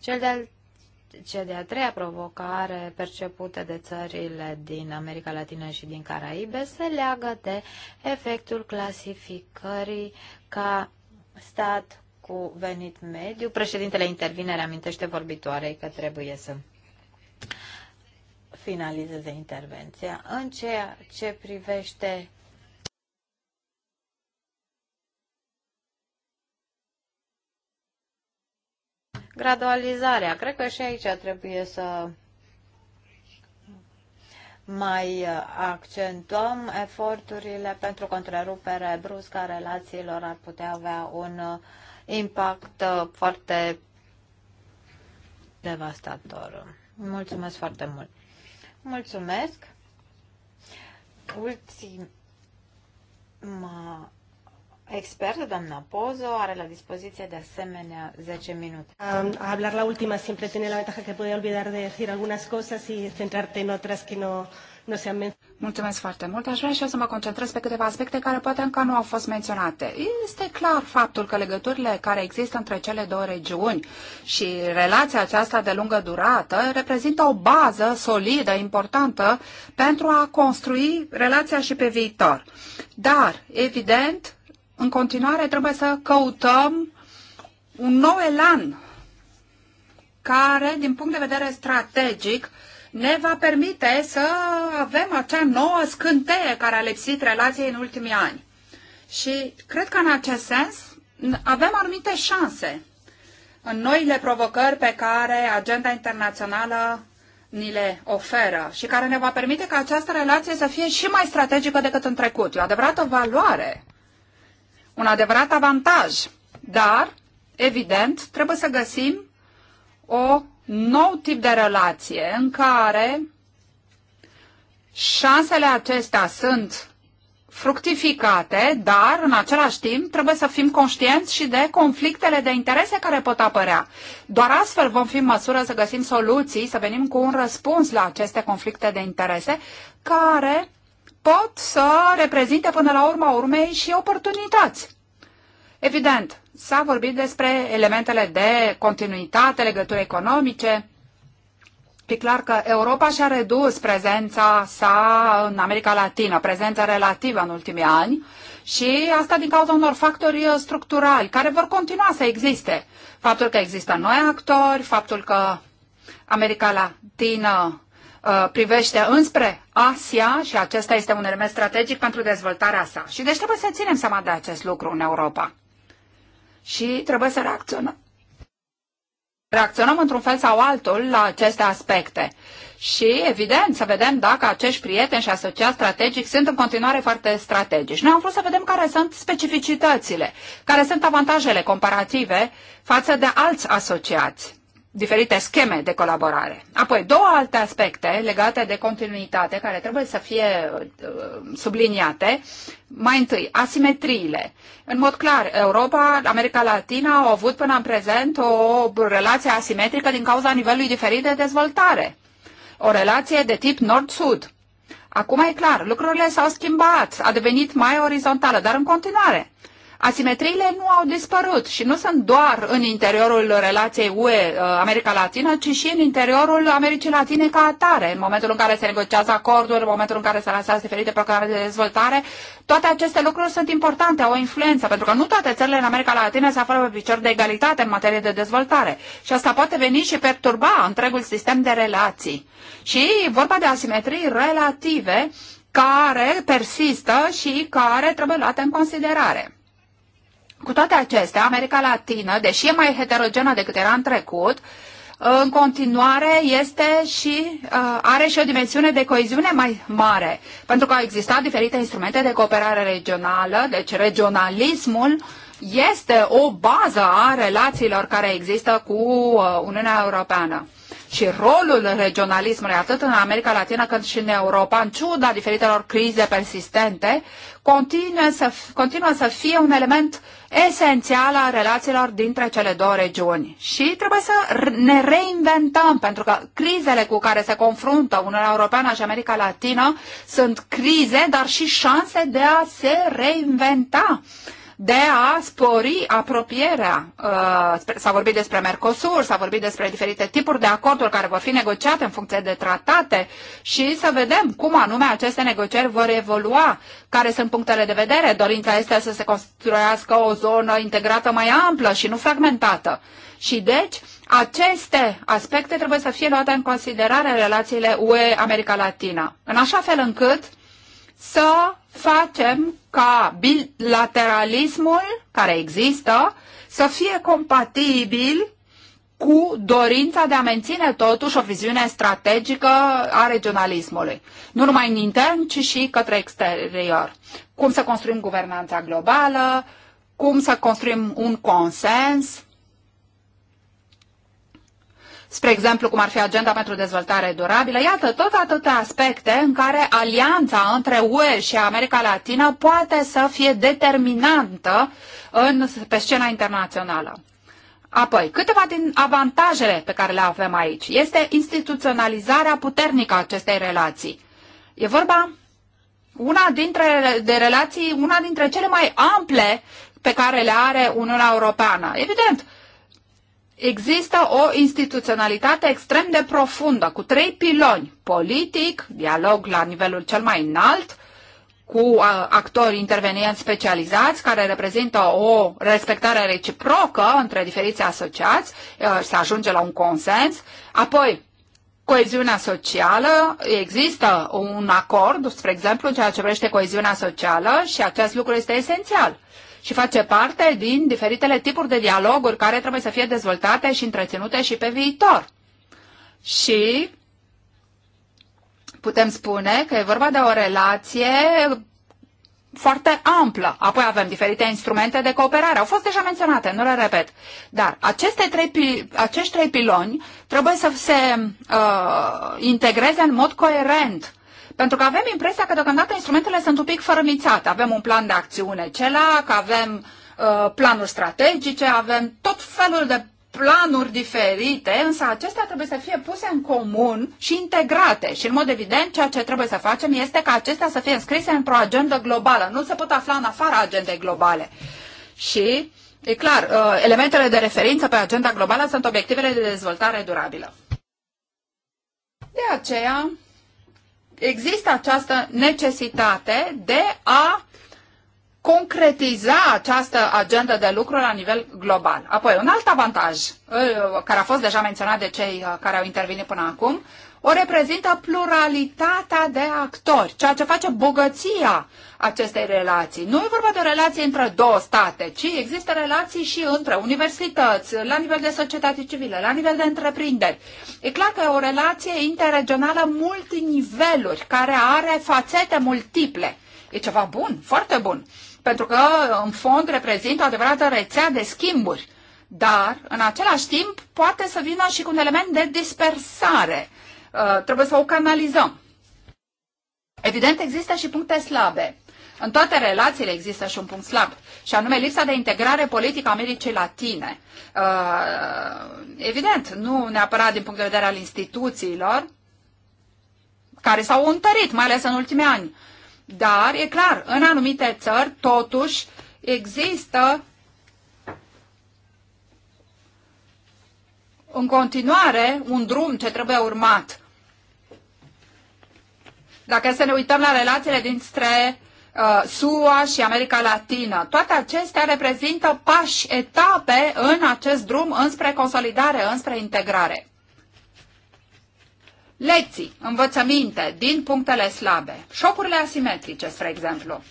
cel de-al cea de-a treia provocare percepută de țările din America Latină și din Caraibe se leagă de efectul clasificării ca stat cu venit mediu. Președintele intervine, reamintește vorbitoarei că trebuie să finalizeze intervenția. În ceea ce privește gradualizarea. Cred că și aici trebuie să mai uh, accentuăm eforturile pentru că întrerupere bruscă a relațiilor ar putea avea un uh, impact uh, foarte devastator. Mulțumesc foarte mult! Mulțumesc! Ultima Expert, doamna Pozo, are la dispoziție de asemenea 10 minute. Um, a hablar la última siempre tiene la ventaja que puede olvidar de decir algunas cosas y centrarte en otras que no, nu se men- Mulțumesc foarte mult. Aș vrea și eu să mă concentrez pe câteva aspecte care poate încă nu au fost menționate. Este clar faptul că legăturile care există între cele două regiuni și relația aceasta de lungă durată reprezintă o bază solidă, importantă pentru a construi relația și pe viitor. Dar, evident, în continuare trebuie să căutăm un nou elan care, din punct de vedere strategic, ne va permite să avem acea nouă scânteie care a lipsit relației în ultimii ani. Și cred că în acest sens avem anumite șanse în noile provocări pe care agenda internațională ni le oferă și care ne va permite ca această relație să fie și mai strategică decât în trecut. E o adevărată valoare un adevărat avantaj, dar, evident, trebuie să găsim o nou tip de relație în care șansele acestea sunt fructificate, dar în același timp trebuie să fim conștienți și de conflictele de interese care pot apărea. Doar astfel vom fi în măsură să găsim soluții, să venim cu un răspuns la aceste conflicte de interese care pot să reprezinte până la urma urmei și oportunități. Evident, s-a vorbit despre elementele de continuitate, legături economice. E clar că Europa și-a redus prezența sa în America Latină, prezența relativă în ultimii ani și asta din cauza unor factori structurali care vor continua să existe. Faptul că există noi actori, faptul că America Latină Uh, privește înspre Asia și acesta este un element strategic pentru dezvoltarea sa. Și deci trebuie să ținem seama de acest lucru în Europa. Și trebuie să reacționăm. Reacționăm într-un fel sau altul la aceste aspecte. Și, evident, să vedem dacă acești prieteni și asociați strategic sunt în continuare foarte strategici. Noi am vrut să vedem care sunt specificitățile, care sunt avantajele comparative față de alți asociați diferite scheme de colaborare. Apoi, două alte aspecte legate de continuitate care trebuie să fie uh, subliniate. Mai întâi, asimetriile. În mod clar, Europa, America Latina au avut până în prezent o relație asimetrică din cauza nivelului diferit de dezvoltare. O relație de tip nord-sud. Acum e clar, lucrurile s-au schimbat, a devenit mai orizontală, dar în continuare Asimetriile nu au dispărut și nu sunt doar în interiorul relației UE-America uh, Latină, ci și în interiorul Americii Latine ca atare. În momentul în care se negociază acorduri, în momentul în care se lansează diferite programe de dezvoltare, toate aceste lucruri sunt importante, au o influență, pentru că nu toate țările în America Latină se află pe picior de egalitate în materie de dezvoltare. Și asta poate veni și perturba întregul sistem de relații. Și vorba de asimetrii relative care persistă și care trebuie luate în considerare. Cu toate acestea, America Latină, deși e mai heterogenă decât era în trecut, în continuare este și uh, are și o dimensiune de coeziune mai mare, pentru că au existat diferite instrumente de cooperare regională, deci regionalismul este o bază a relațiilor care există cu uh, Uniunea Europeană și rolul regionalismului atât în America Latină cât și în Europa, în ciuda diferitelor crize persistente, continuă să, continuă să fie un element esențial al relațiilor dintre cele două regiuni. Și trebuie să ne reinventăm, pentru că crizele cu care se confruntă Uniunea Europeană și America Latină sunt crize, dar și șanse de a se reinventa de a spori apropierea. Uh, s-a vorbit despre Mercosur, s-a vorbit despre diferite tipuri de acorduri care vor fi negociate în funcție de tratate și să vedem cum anume aceste negocieri vor evolua, care sunt punctele de vedere. Dorința este să se construiască o zonă integrată mai amplă și nu fragmentată. Și deci, aceste aspecte trebuie să fie luate în considerare în relațiile UE-America Latina, în așa fel încât să facem ca bilateralismul care există să fie compatibil cu dorința de a menține totuși o viziune strategică a regionalismului, nu numai în intern, ci și către exterior. Cum să construim guvernanța globală, cum să construim un consens, spre exemplu cum ar fi agenda pentru dezvoltare durabilă, iată tot atâtea aspecte în care alianța între UE și America Latină poate să fie determinantă în, pe scena internațională. Apoi, câteva din avantajele pe care le avem aici este instituționalizarea puternică a acestei relații. E vorba una dintre, de relații, una dintre cele mai ample pe care le are Uniunea Europeană. Evident, uh, există o instituționalitate extrem de profundă, cu trei piloni, politic, dialog la nivelul cel mai înalt, cu actori intervenienți specializați care reprezintă o respectare reciprocă între diferiți asociați, se ajunge la un consens, apoi coeziunea socială, există un acord, spre exemplu, în ceea ce vrește coeziunea socială și acest lucru este esențial și face parte din diferitele tipuri de dialoguri care trebuie să fie dezvoltate și întreținute și pe viitor. Și putem spune că e vorba de o relație foarte amplă. Apoi avem diferite instrumente de cooperare. Au fost deja menționate, nu le repet. Dar aceste trei, acești trei piloni trebuie să se uh, integreze în mod coerent pentru că avem impresia că deocamdată instrumentele sunt un pic fărămițate. Avem un plan de acțiune CELAC, avem uh, planuri strategice, avem tot felul de planuri diferite, însă acestea trebuie să fie puse în comun și integrate. Și, în mod evident, ceea ce trebuie să facem este ca acestea să fie înscrise într-o agendă globală. Nu se pot afla în afara agendei globale. Și, e clar, uh, elementele de referință pe agenda globală sunt obiectivele de dezvoltare durabilă. De aceea, există această necesitate de a concretiza această agendă de lucru la nivel global. Apoi, un alt avantaj uh, care a fost deja menționat de cei uh, care au intervenit până acum, o reprezintă pluralitatea de actori, ceea ce face bogăția acestei relații. Nu e vorba de o relație între două state, ci există relații și între universități, la nivel de societate civilă, la nivel de întreprinderi. E clar că e o relație interregională multiniveluri, care are fațete multiple. E ceva bun, foarte bun, pentru că în fond reprezintă o adevărată rețea de schimburi dar, în același timp, poate să vină și cu un element de dispersare. Uh, trebuie să o canalizăm. Evident, există și puncte slabe. În toate relațiile există și un punct slab, și anume lipsa de integrare politică a Americii Latine. Uh, evident, nu neapărat din punct de vedere al instituțiilor, care s-au întărit, mai ales în ultimii ani. Dar, e clar, în anumite țări, totuși, există în continuare un drum ce trebuie urmat dacă să ne uităm la relațiile dintre uh, SUA și America Latină, toate acestea reprezintă pași, etape în acest drum înspre consolidare, înspre integrare. Lecții, învățăminte din punctele slabe, șocurile asimetrice, spre exemplu.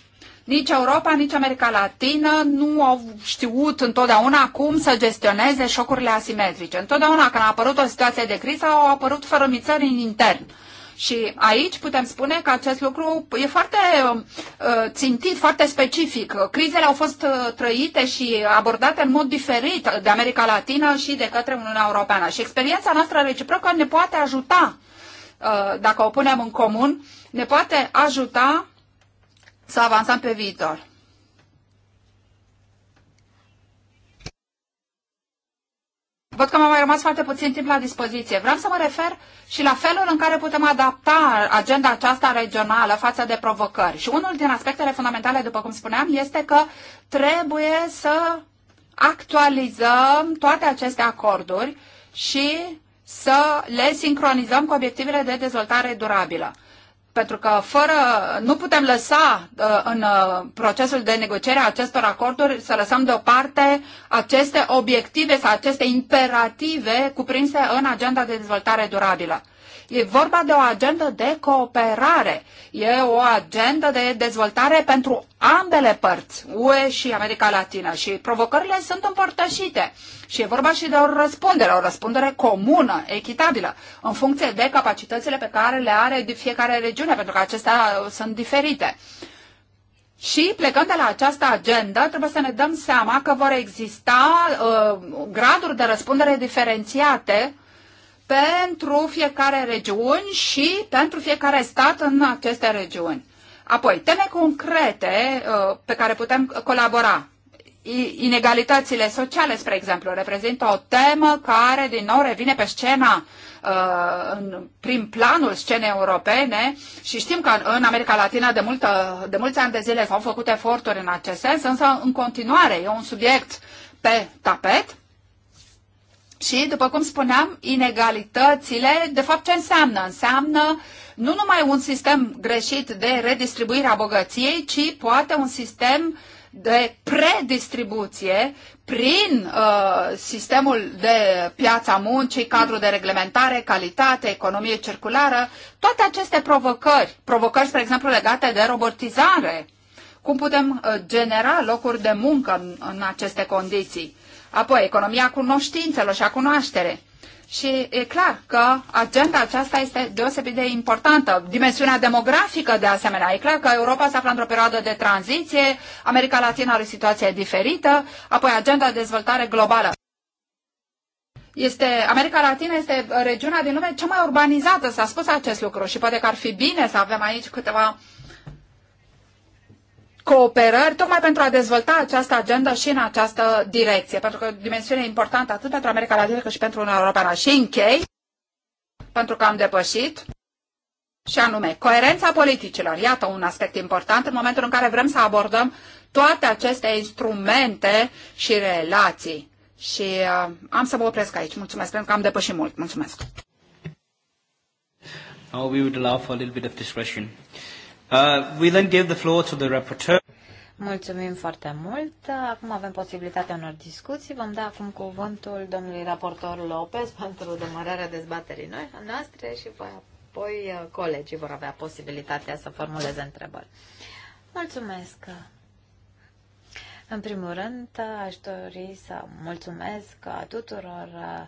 Nici Europa, nici America Latină nu au știut întotdeauna cum să gestioneze șocurile asimetrice. Întotdeauna când a apărut o situație de criză, au apărut fărămițări în intern. Și aici putem spune că acest lucru e foarte uh, țintit, foarte specific. Crizele au fost uh, trăite și abordate în mod diferit de America Latină și de către Uniunea Europeană. Și experiența noastră reciprocă ne poate ajuta, uh, dacă o punem în comun, ne poate ajuta să avansăm pe viitor. Văd că m-a mai rămas foarte puțin timp la dispoziție. Vreau să mă refer și la felul în care putem adapta agenda aceasta regională față de provocări. Și unul din aspectele fundamentale, după cum spuneam, este că trebuie să actualizăm toate aceste acorduri și să le sincronizăm cu obiectivele de dezvoltare durabilă pentru că fără, nu putem lăsa uh, în uh, procesul de negociere a acestor acorduri să lăsăm deoparte aceste obiective sau aceste imperative cuprinse în agenda de dezvoltare durabilă. E vorba de o agendă de cooperare. E o agendă de dezvoltare pentru ambele părți, UE și America Latină. Și provocările sunt împărtășite. Și e vorba și de o răspundere, o răspundere comună, echitabilă, în funcție de capacitățile pe care le are fiecare regiune, pentru că acestea sunt diferite. Și plecând de la această agendă, trebuie să ne dăm seama că vor exista uh, graduri de răspundere diferențiate pentru fiecare regiune și pentru fiecare stat în aceste regiuni. Apoi, teme concrete uh, pe care putem colabora. Inegalitățile sociale, spre exemplu, reprezintă o temă care, din nou, revine pe scena uh, în, prin planul scenei europene și știm că în America Latina de, multă, de mulți ani de zile s-au făcut eforturi în acest sens, însă în continuare e un subiect pe tapet și, după cum spuneam, inegalitățile, de fapt, ce înseamnă? Înseamnă nu numai un sistem greșit de redistribuire a bogăției, ci poate un sistem de predistribuție prin uh, sistemul de piața muncii, cadru de reglementare, calitate, economie circulară, toate aceste provocări, provocări, spre exemplu, legate de robotizare, cum putem uh, genera locuri de muncă în, în aceste condiții? Apoi, economia cunoștințelor și a cunoaștere. Și e clar că agenda aceasta este deosebit de importantă. Dimensiunea demografică, de asemenea. E clar că Europa se află într-o perioadă de tranziție, America Latină are o situație diferită, apoi agenda de dezvoltare globală. Este, America Latină este uh, regiunea din lume cea mai urbanizată, s-a spus acest lucru și poate că ar fi bine să avem aici câteva uh, cooperări tocmai pentru a dezvolta această agendă și în această direcție, pentru că e o dimensiune importantă atât pentru America Latină cât și pentru Uniunea Europeană. Și închei, pentru că am depășit, și anume, coerența politicilor. Iată un aspect important în momentul în care vrem să abordăm toate aceste instrumente și relații. Și uh, am să mă opresc aici. Mulțumesc pentru că am depășit mult. Mulțumesc. Now we would allow for a little bit of discretion. Uh, we then give the floor to the rapporteur. Mulțumim foarte mult. Acum avem posibilitatea unor discuții. Vom da acum cuvântul domnului raportor Lopez pentru demararea dezbaterii noi, noastre și apoi uh, colegii vor avea posibilitatea să formuleze întrebări. Mulțumesc! În primul rând, uh, aș dori să mulțumesc tuturor uh,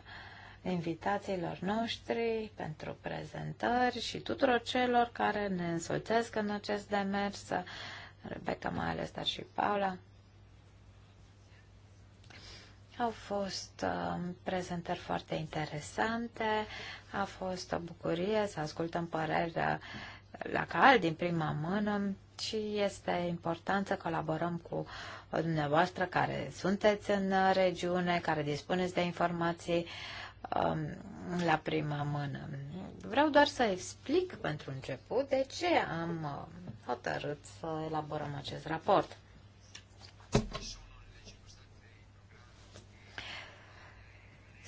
invitațiilor noștri pentru prezentări și tuturor celor care ne însoțesc în acest demers, Rebecca mai ales, dar și Paula. Au fost uh, prezentări foarte interesante, a fost o bucurie să ascultăm părerea uh, la cal din prima mână și este important să colaborăm cu uh, dumneavoastră care sunteți în uh, regiune, care dispuneți de informații uh, Um, la prima mână. Vreau doar să explic pentru început de ce am uh, hotărât să elaborăm acest raport.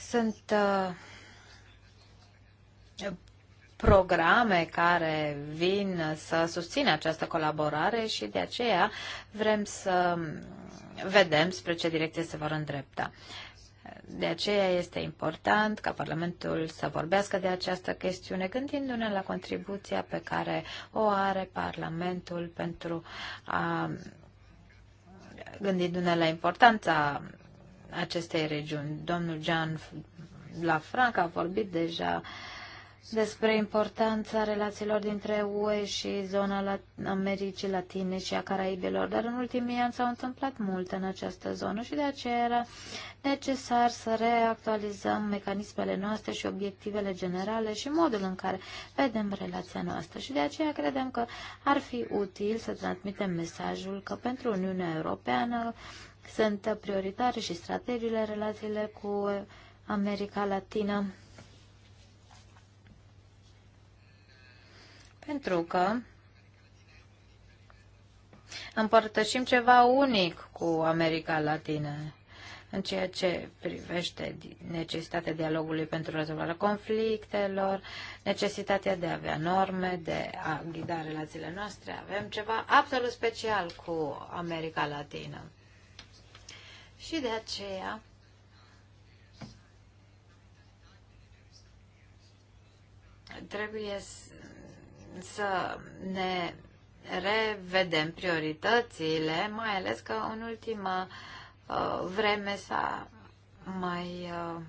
Sunt uh, programe care vin să susțină această colaborare și de aceea vrem să vedem spre ce direcție se vor îndrepta. Uh, de aceea este important ca Parlamentul să vorbească de această chestiune, gândindu-ne la contribuția pe care o are Parlamentul pentru a gândindu-ne la importanța acestei regiuni. Domnul Jean Lafranc a vorbit deja uh, despre importanța relațiilor dintre UE și zona Americii Latine și a Caraibelor, dar în ultimii ani s-au întâmplat multe în această zonă și de aceea era necesar să reactualizăm mecanismele noastre și obiectivele generale și modul în care vedem relația noastră. Și de aceea credem că ar fi util să transmitem mesajul că pentru Uniunea Europeană sunt prioritare și strategiile relațiile cu America Latină. pentru că împărtășim ceva unic cu America Latină în ceea ce privește necesitatea dialogului pentru rezolvarea conflictelor, necesitatea de a avea norme, de a ghida relațiile noastre. Avem ceva absolut special cu America Latină. Și de aceea trebuie să să ne revedem prioritățile, mai ales că în ultima uh, vreme s-a mai uh,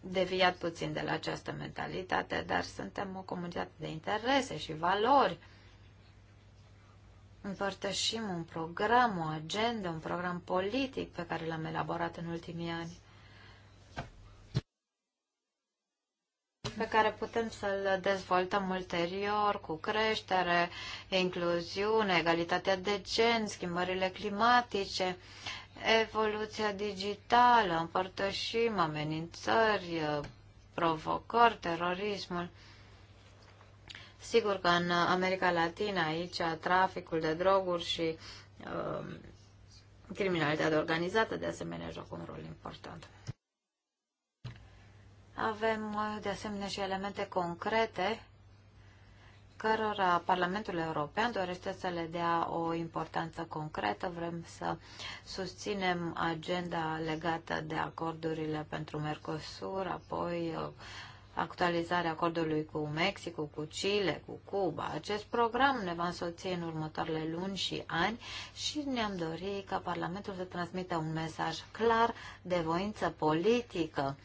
deviat puțin de la această mentalitate, dar suntem o comunitate de interese și valori. Împărtășim un program, o agendă, un program politic pe care l-am elaborat în ultimii ani. pe care putem să-l dezvoltăm ulterior cu creștere, incluziune, egalitatea de gen, schimbările climatice, evoluția digitală, împărtășim amenințări, provocări, terorismul. Sigur că în America Latina aici traficul de droguri și uh, criminalitatea organizată de asemenea joacă un rol important. Avem uh, de asemenea și elemente concrete cărora Parlamentul European dorește să le dea o importanță concretă. Vrem să susținem agenda legată de acordurile pentru Mercosur, apoi uh, actualizarea acordului cu Mexicul, cu Chile, cu Cuba. Acest program ne va însoți în următoarele luni și ani și ne-am dorit ca Parlamentul să transmită un mesaj clar de voință politică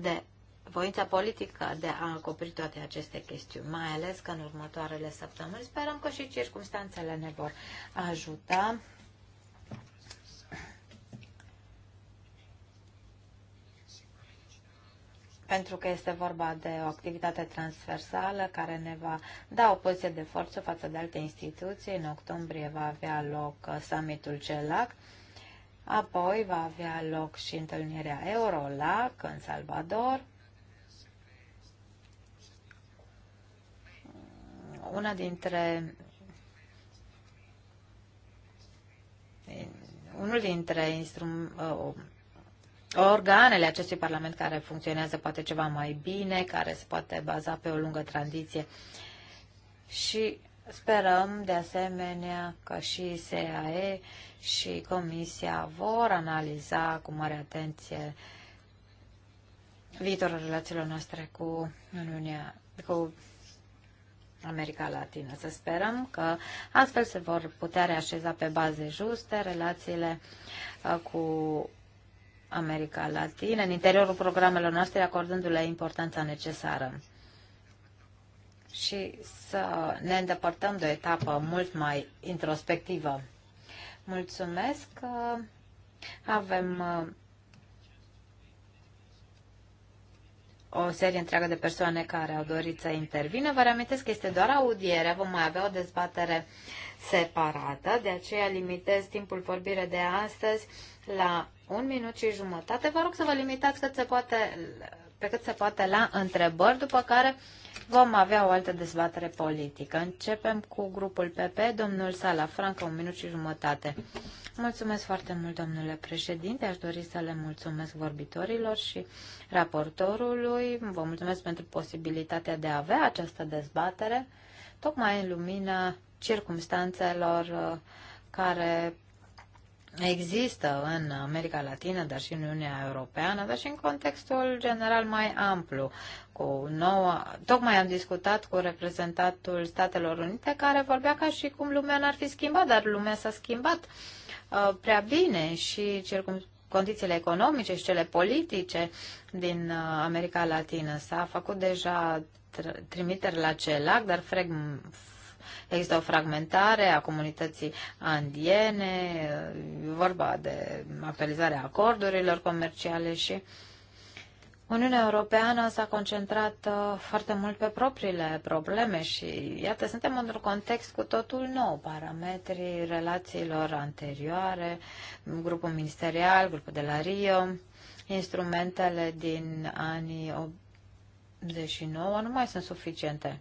de voința politică de a acoperi toate aceste chestiuni, mai ales că în următoarele săptămâni sperăm că și circunstanțele ne vor ajuta pentru că este vorba de o activitate transversală care ne va da o poziție de forță față de alte instituții. În octombrie va avea loc uh, summitul CELAC Apoi va avea loc și întâlnirea Eurolac în Salvador. Una dintre unul dintre instrum, uh, organele acestui Parlament care funcționează poate ceva mai bine, care se poate baza pe o lungă tradiție Și Sperăm de asemenea că și SAE și Comisia vor analiza cu mare atenție viitorul relațiilor noastre cu Uniunea, cu America Latină. Să sperăm că astfel se vor putea reașeza pe baze juste relațiile uh, cu America Latină, în interiorul programelor noastre, acordându-le importanța necesară și să ne îndepărtăm de o etapă mult mai introspectivă. Mulțumesc! Avem uh, o serie întreagă de persoane care au dorit să intervină. Vă reamintesc că este doar audiere, vom mai avea o dezbatere separată, de aceea limitez timpul vorbire de astăzi la un minut și jumătate. Vă rog să vă limitați cât se poate pe cât se poate la întrebări, după care vom avea o altă dezbatere politică. Începem cu grupul PP, domnul Sala Franca, un minut și jumătate. Mulțumesc foarte mult, domnule președinte. Aș dori să le mulțumesc vorbitorilor și raportorului. Vă mulțumesc pentru posibilitatea de a avea această dezbatere, tocmai în lumina circumstanțelor uh, care există în America Latină, dar și în Uniunea Europeană, dar și în contextul general mai amplu. Cu nouă, tocmai am discutat cu reprezentatul Statelor Unite care vorbea ca și cum lumea n-ar fi schimbat, dar lumea s-a schimbat uh, prea bine și circum condițiile economice și cele politice din uh, America Latină. S-a făcut deja tr trimiteri la CELAC, dar freg Există o fragmentare a comunității andiene, vorba de actualizarea acordurilor comerciale și Uniunea Europeană s-a concentrat uh, foarte mult pe propriile probleme și, iată, suntem într-un context cu totul nou. Parametrii relațiilor anterioare, grupul ministerial, grupul de la Rio, instrumentele din anii 89 nu mai sunt suficiente.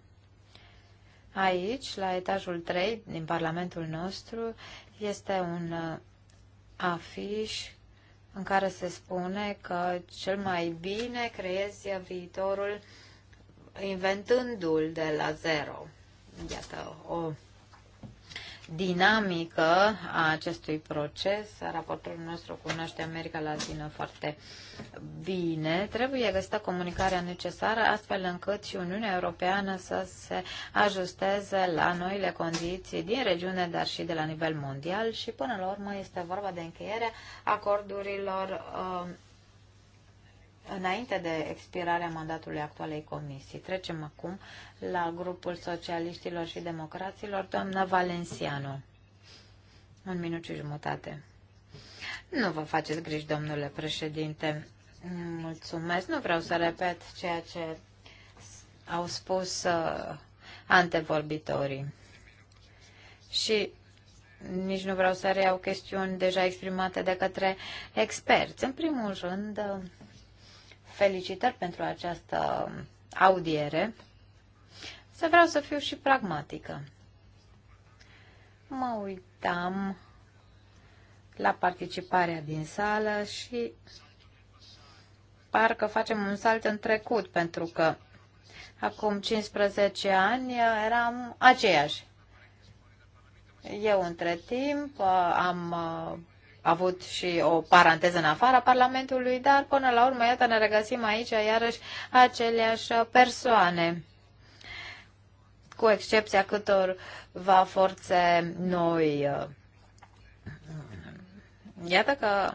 Aici, la etajul 3 din Parlamentul nostru, este un uh, afiș în care se spune că cel mai bine creezi viitorul inventându-l de la zero. Iată o dinamică a acestui proces. Raportorul nostru cunoaște America Latină foarte bine. Trebuie găsită comunicarea necesară astfel încât și Uniunea Europeană să se ajusteze la noile condiții din regiune, dar și de la nivel mondial și până la urmă este vorba de încheierea acordurilor uh, înainte de expirarea mandatului actualei comisii. Trecem acum la grupul socialiștilor și democraților, doamna Valenciano. Un minut și jumătate. Nu vă faceți griji, domnule președinte. Mulțumesc. Nu vreau să repet ceea ce au spus uh, antevorbitorii. Și nici nu vreau să reiau chestiuni deja exprimate de către experți. În primul rând, uh, felicitări pentru această audiere, să vreau să fiu și pragmatică. Mă uitam la participarea din sală și parcă facem un salt în trecut, pentru că acum 15 ani eram aceiași. Eu între timp uh, am uh, avut și o paranteză în afara Parlamentului, dar până la urmă, iată, ne regăsim aici iarăși aceleași persoane cu excepția va forțe noi. Uh, iată că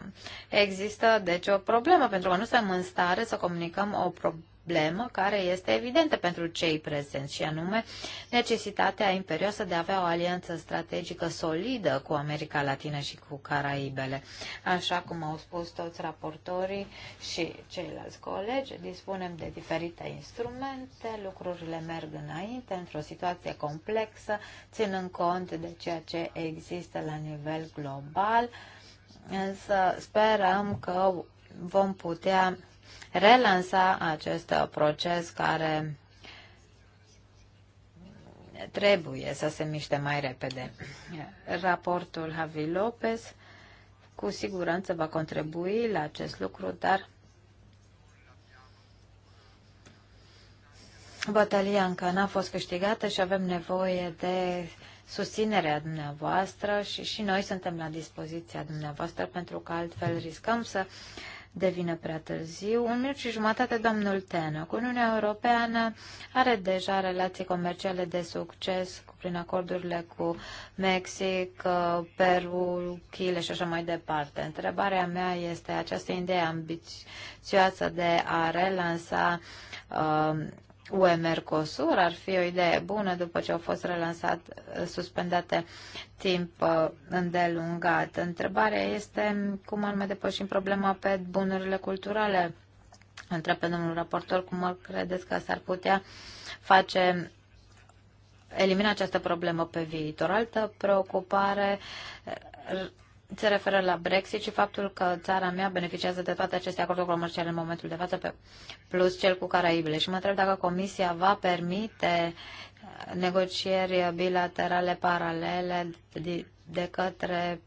există, deci, o problemă, pentru că nu suntem în stare să comunicăm o problemă problemă care este evidentă pentru cei prezenți și anume necesitatea imperioasă de a avea o alianță strategică solidă cu America Latină și cu Caraibele. Așa cum au spus toți raportorii și ceilalți colegi, dispunem de diferite instrumente, lucrurile merg înainte într-o situație complexă, ținând cont de ceea ce există la nivel global, însă sperăm că vom putea relansa acest proces care trebuie să se miște mai repede. Raportul Javi Lopez cu siguranță va contribui la acest lucru, dar bătălia încă n-a fost câștigată și avem nevoie de susținerea dumneavoastră și și noi suntem la dispoziția dumneavoastră pentru că altfel riscăm să uh, devine prea târziu. Un minut și jumătate, domnul Cu Uniunea Europeană are deja relații comerciale de succes prin acordurile cu Mexic, Peru, Chile și așa mai departe. Întrebarea mea este această idee ambițioasă de a relansa uh, UE-Mercosur ar fi o idee bună după ce au fost relansat, suspendate timp uh, îndelungat. Întrebarea este cum ar anume depășim problema pe bunurile culturale. Întreb pe domnul raportor cum ar credeți că s-ar putea face elimina această problemă pe viitor. Altă preocupare se referă la Brexit și faptul că țara mea beneficiază de toate aceste acorduri comerciale în momentul de față, pe plus cel cu Caraibile. Și mă întreb dacă Comisia va permite negocieri bilaterale paralele de către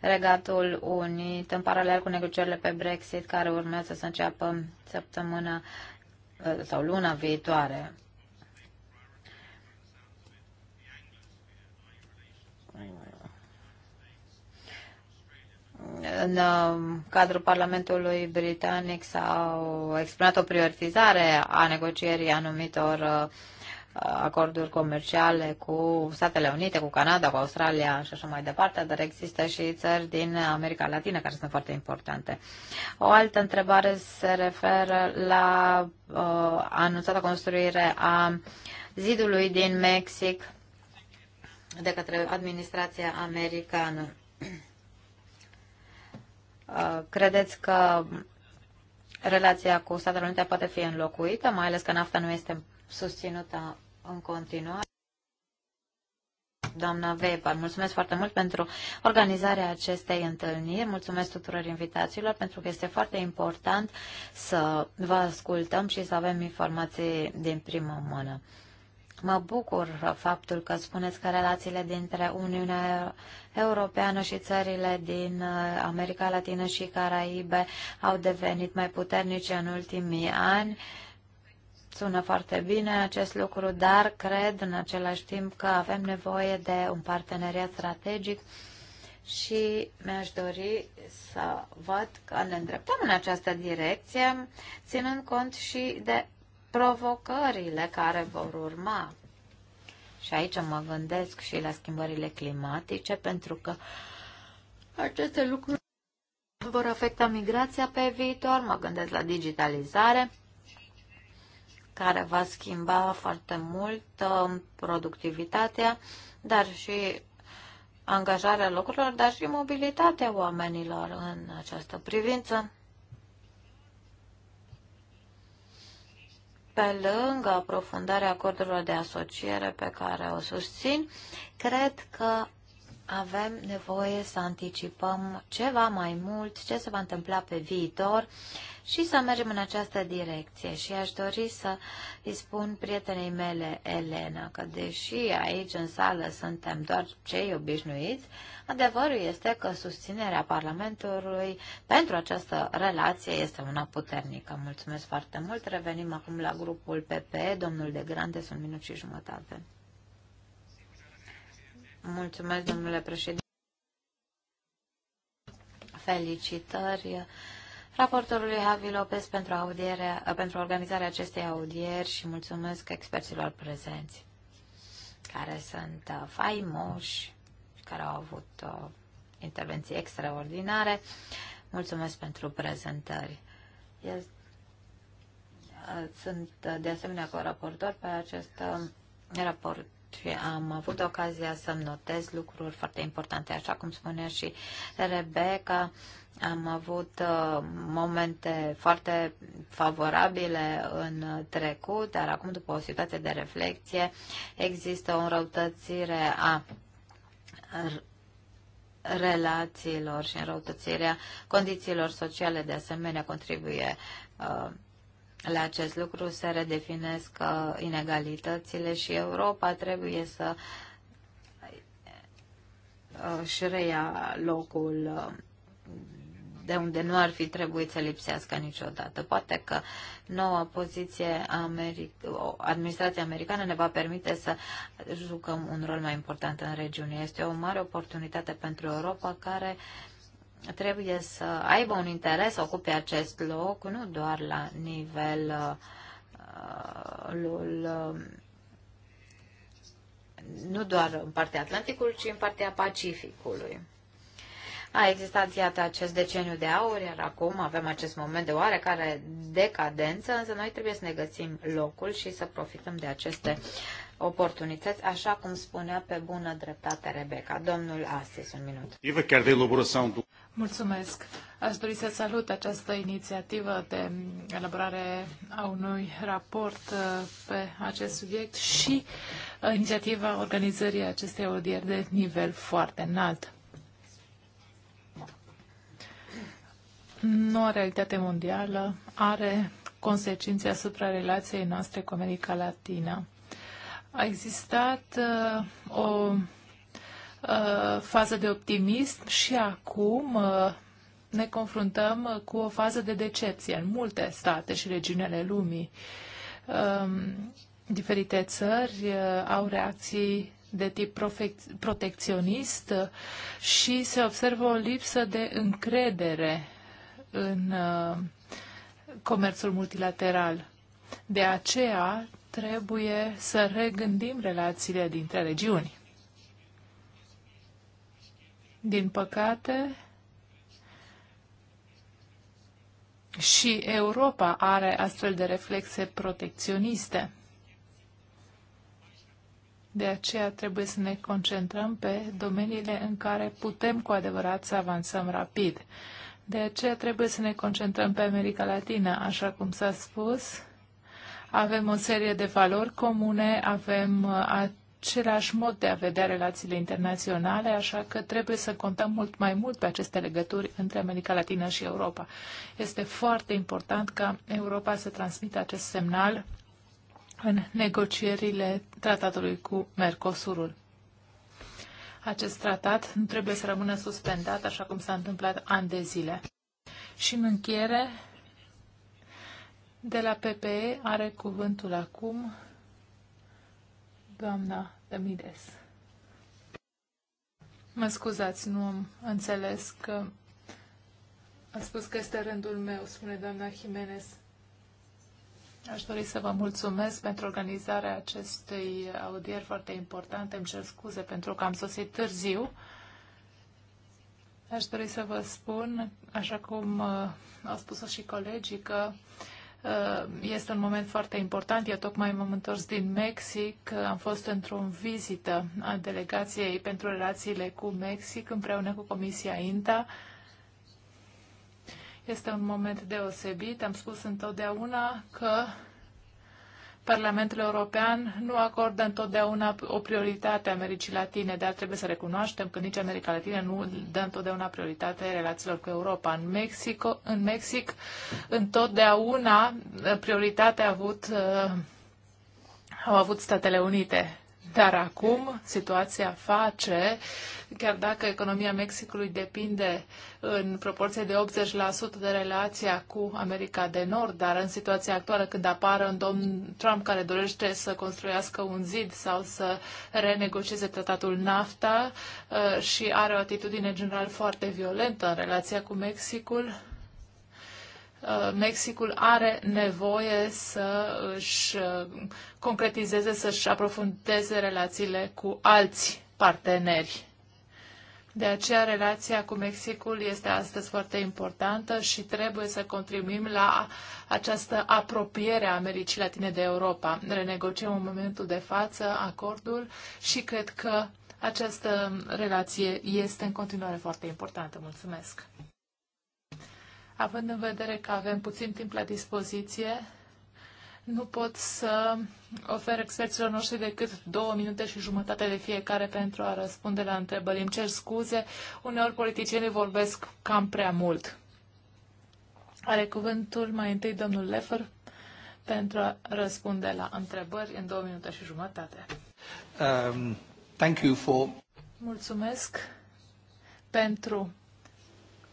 Regatul Unit, în paralel cu negocierile pe Brexit, care urmează să înceapă săptămâna sau luna viitoare. în uh, cadrul Parlamentului Britanic s-au exprimat o prioritizare a negocierii anumitor uh, acorduri comerciale cu Statele Unite, cu Canada, cu Australia și așa mai departe, dar există și țări din America Latină care sunt foarte importante. O altă întrebare se referă la uh, anunțata construire a zidului din Mexic de către administrația americană. Uh, credeți că relația cu Statele Unite poate fi înlocuită, mai ales că NAFTA nu este susținută în continuare? Doamna Weber, mulțumesc foarte mult pentru organizarea acestei întâlniri, mulțumesc tuturor invitațiilor, pentru că este foarte important să vă ascultăm și să avem informații din primă mână. Mă bucur faptul că spuneți că relațiile dintre Uniunea europeană și țările din uh, America Latină și Caraibe au devenit mai puternice în ultimii ani. Sună foarte bine acest lucru, dar cred în același timp că avem nevoie de un parteneriat strategic și mi-aș dori să văd că ne îndreptăm în această direcție, ținând cont și de provocările care vor urma și aici mă gândesc și la schimbările climatice, pentru că aceste lucruri vor afecta migrația pe viitor. Mă gândesc la digitalizare, care va schimba foarte mult um, productivitatea, dar și angajarea locurilor, dar și mobilitatea oamenilor în această privință. pe lângă aprofundarea acordurilor de asociere pe care o susțin, cred că avem nevoie să anticipăm ceva mai mult ce se va întâmpla pe viitor și să mergem în această direcție. Și aș dori să îi spun prietenei mele, Elena, că deși aici în sală suntem doar cei obișnuiți, adevărul este că susținerea Parlamentului pentru această relație este una puternică. Mulțumesc foarte mult. Revenim acum la grupul PP. Domnul de Grande, sunt minut și jumătate. Mulțumesc, domnule președinte. Felicitări raportorului Javi Lopez pentru, audierea, pentru organizarea acestei audieri și mulțumesc experților prezenți care sunt uh, faimoși, care au avut uh, intervenții extraordinare. Mulțumesc pentru prezentări. Eu uh, sunt de asemenea cu raportor pe acest raport și am avut ocazia să-mi notez lucruri foarte importante. Așa cum spunea și Rebecca, am avut uh, momente foarte favorabile în trecut, dar acum, după o situație de reflexie, există o înrăutățire a relațiilor și înrăutățirea condițiilor sociale de asemenea contribuie uh, la acest lucru se redefinesc uh, inegalitățile și Europa trebuie să uh, își reia locul uh, de unde nu ar fi trebuit să lipsească niciodată. Poate că noua poziție americ- administrația americană ne va permite să jucăm un rol mai important în regiune. Este o mare oportunitate pentru Europa care uh, trebuie să aibă un interes să ocupe acest loc, nu doar la uh, uh, uh, nu doar în partea Atlanticului, ci în partea Pacificului. A existat, iată, acest deceniu de aur, iar acum avem acest moment de oarecare decadență, însă noi trebuie să ne găsim locul și să profităm de aceste oportunități, așa cum spunea pe bună dreptate Rebecca. Domnul Astis, un minut. Mulțumesc. Aș dori să salut această inițiativă de elaborare a unui raport uh, pe acest subiect și uh, inițiativa organizării acestei audieri de nivel foarte înalt. Noua realitate mondială are consecințe asupra relației noastre cu America Latina. A existat uh, o Uh, fază de optimism și acum uh, ne confruntăm cu o fază de decepție în multe state și regiuni ale lumii. Um, diferite țări uh, au reacții de tip protecționist și se observă o lipsă de încredere în comerțul multilateral. De aceea trebuie să regândim relațiile dintre regiuni. Din păcate, și Europa are astfel de reflexe protecționiste. De aceea trebuie să ne concentrăm pe domeniile în care putem cu adevărat să avansăm rapid. De aceea trebuie să ne concentrăm pe America Latină, așa cum s-a spus. Avem o serie de valori comune, avem uh, același mod de a vedea relațiile internaționale, așa că trebuie să contăm mult mai mult pe aceste legături între America Latină și Europa. Este foarte important ca Europa să transmită acest semnal în negocierile tratatului cu Mercosurul. Acest tratat nu trebuie să rămână suspendat, așa cum s-a întâmplat ani de zile. Și în încheiere, de la PPE are cuvântul acum doamna Mides. Mă scuzați, nu am înțeles că a spus că este rândul meu, spune doamna Jimenez. Aș dori să vă mulțumesc pentru organizarea acestei audieri foarte importante. Îmi cer scuze pentru că am sosit târziu. Aș dori să vă spun, așa cum uh, au spus-o și colegii, că uh, Uh, este un moment foarte important. Eu tocmai m-am întors din Mexic. Am fost într-o vizită a delegației pentru relațiile cu Mexic împreună cu Comisia INTA. Este un moment deosebit. Am spus întotdeauna că Parlamentul European nu acordă întotdeauna o prioritate Americii Latine, dar trebuie să recunoaștem că nici America Latină nu dă întotdeauna prioritate relațiilor cu Europa. În, Mexico, în Mexic, întotdeauna prioritatea a avut, uh, au avut Statele Unite. Dar acum situația face, chiar dacă economia Mexicului depinde în proporție de 80% de relația cu America de Nord, dar în situația actuală când apare un domn Trump care dorește să construiască un zid sau să renegocieze tratatul NAFTA uh, și are o atitudine general foarte violentă în relația cu Mexicul, Uh, Mexicul are nevoie să își uh, concretizeze, să-și aprofundeze relațiile cu alți parteneri. De aceea relația cu Mexicul este astăzi foarte importantă și trebuie să contribuim la această apropiere a Americii Latine de Europa. Renegociem în momentul de față acordul și cred că această relație este în continuare foarte importantă. Mulțumesc! având în vedere că avem puțin timp la dispoziție, nu pot să ofer experților noștri decât două minute și jumătate de fiecare pentru a răspunde la întrebări. Îmi cer scuze, uneori politicienii vorbesc cam prea mult. Are cuvântul mai întâi domnul Lefer pentru a răspunde la întrebări în două minute și jumătate. Um, thank you for... Mulțumesc pentru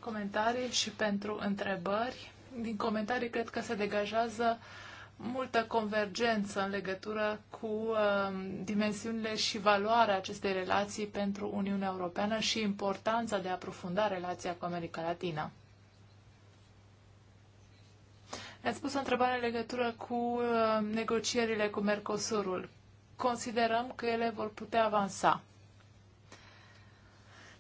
comentarii și pentru întrebări. Din comentarii cred că se degajează multă convergență în legătură cu uh, dimensiunile și valoarea acestei relații pentru Uniunea Europeană și importanța de a aprofunda relația cu America Latina. Ne-ați pus o întrebare în legătură cu uh, negocierile cu Mercosurul. Considerăm că ele vor putea avansa.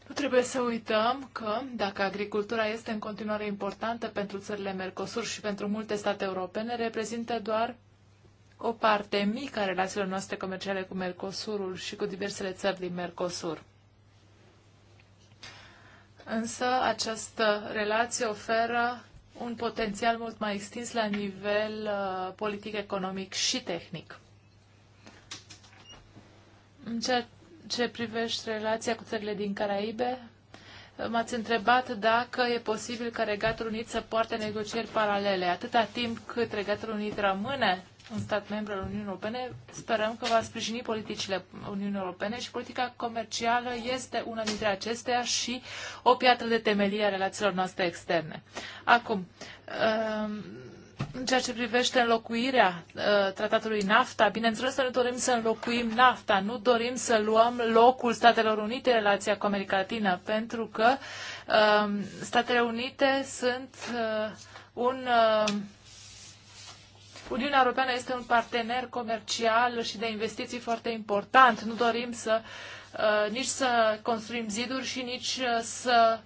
Nu trebuie să uităm că dacă agricultura este în continuare importantă pentru țările Mercosur și pentru multe state europene, reprezintă doar o parte mică a relațiilor noastre comerciale cu Mercosurul și cu diversele țări din Mercosur. Însă această relație oferă un potențial mult mai extins la nivel uh, politic, economic și tehnic. În ceea ce privește relația cu țările din Caraibe, m-ați întrebat dacă e posibil ca Regatul Unit să poarte negocieri paralele. Atâta timp cât Regatul Unit rămâne un stat membru al Uniunii Europene, sperăm că va sprijini politicile Uniunii Europene și politica comercială este una dintre acestea și o piatră de temelie a relațiilor noastre externe. Acum, um, în ceea ce privește înlocuirea uh, tratatului NAFTA, bineînțeles că nu dorim să înlocuim NAFTA, nu dorim să luăm locul Statelor Unite în relația cu America Latină, pentru că um, Statele Unite sunt uh, un... Uh, Uniunea Europeană este un partener comercial și de investiții foarte important. Nu dorim să nici să construim ziduri și nici să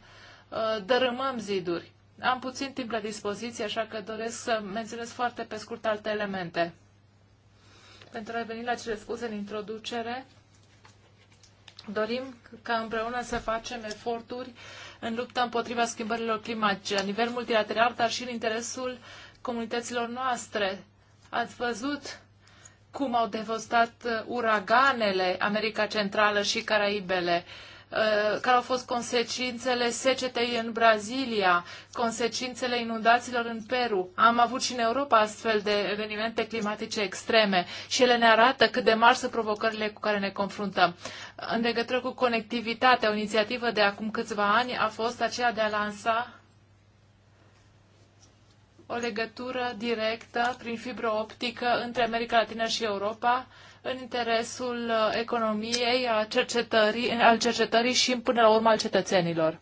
dărâmăm ziduri. Am puțin timp la dispoziție, așa că doresc să menționez foarte pe scurt alte elemente. Pentru a reveni la cele spuse în introducere, dorim ca împreună să facem eforturi în lupta împotriva schimbărilor climatice, la nivel multilateral, dar și în interesul comunităților noastre. Ați văzut cum au devastat uraganele America Centrală și Caraibele. Uh, Uh, care au fost consecințele secetei în Brazilia, consecințele inundațiilor în Peru. Am avut și în Europa astfel de evenimente climatice extreme și ele ne arată cât de mari sunt provocările cu care ne confruntăm. În legătură cu conectivitatea, o inițiativă de acum câțiva ani a fost aceea de a lansa o legătură directă prin fibră optică între America Latină și Europa, în interesul uh, economiei, a cercetării, al cercetării și până la urmă al cetățenilor.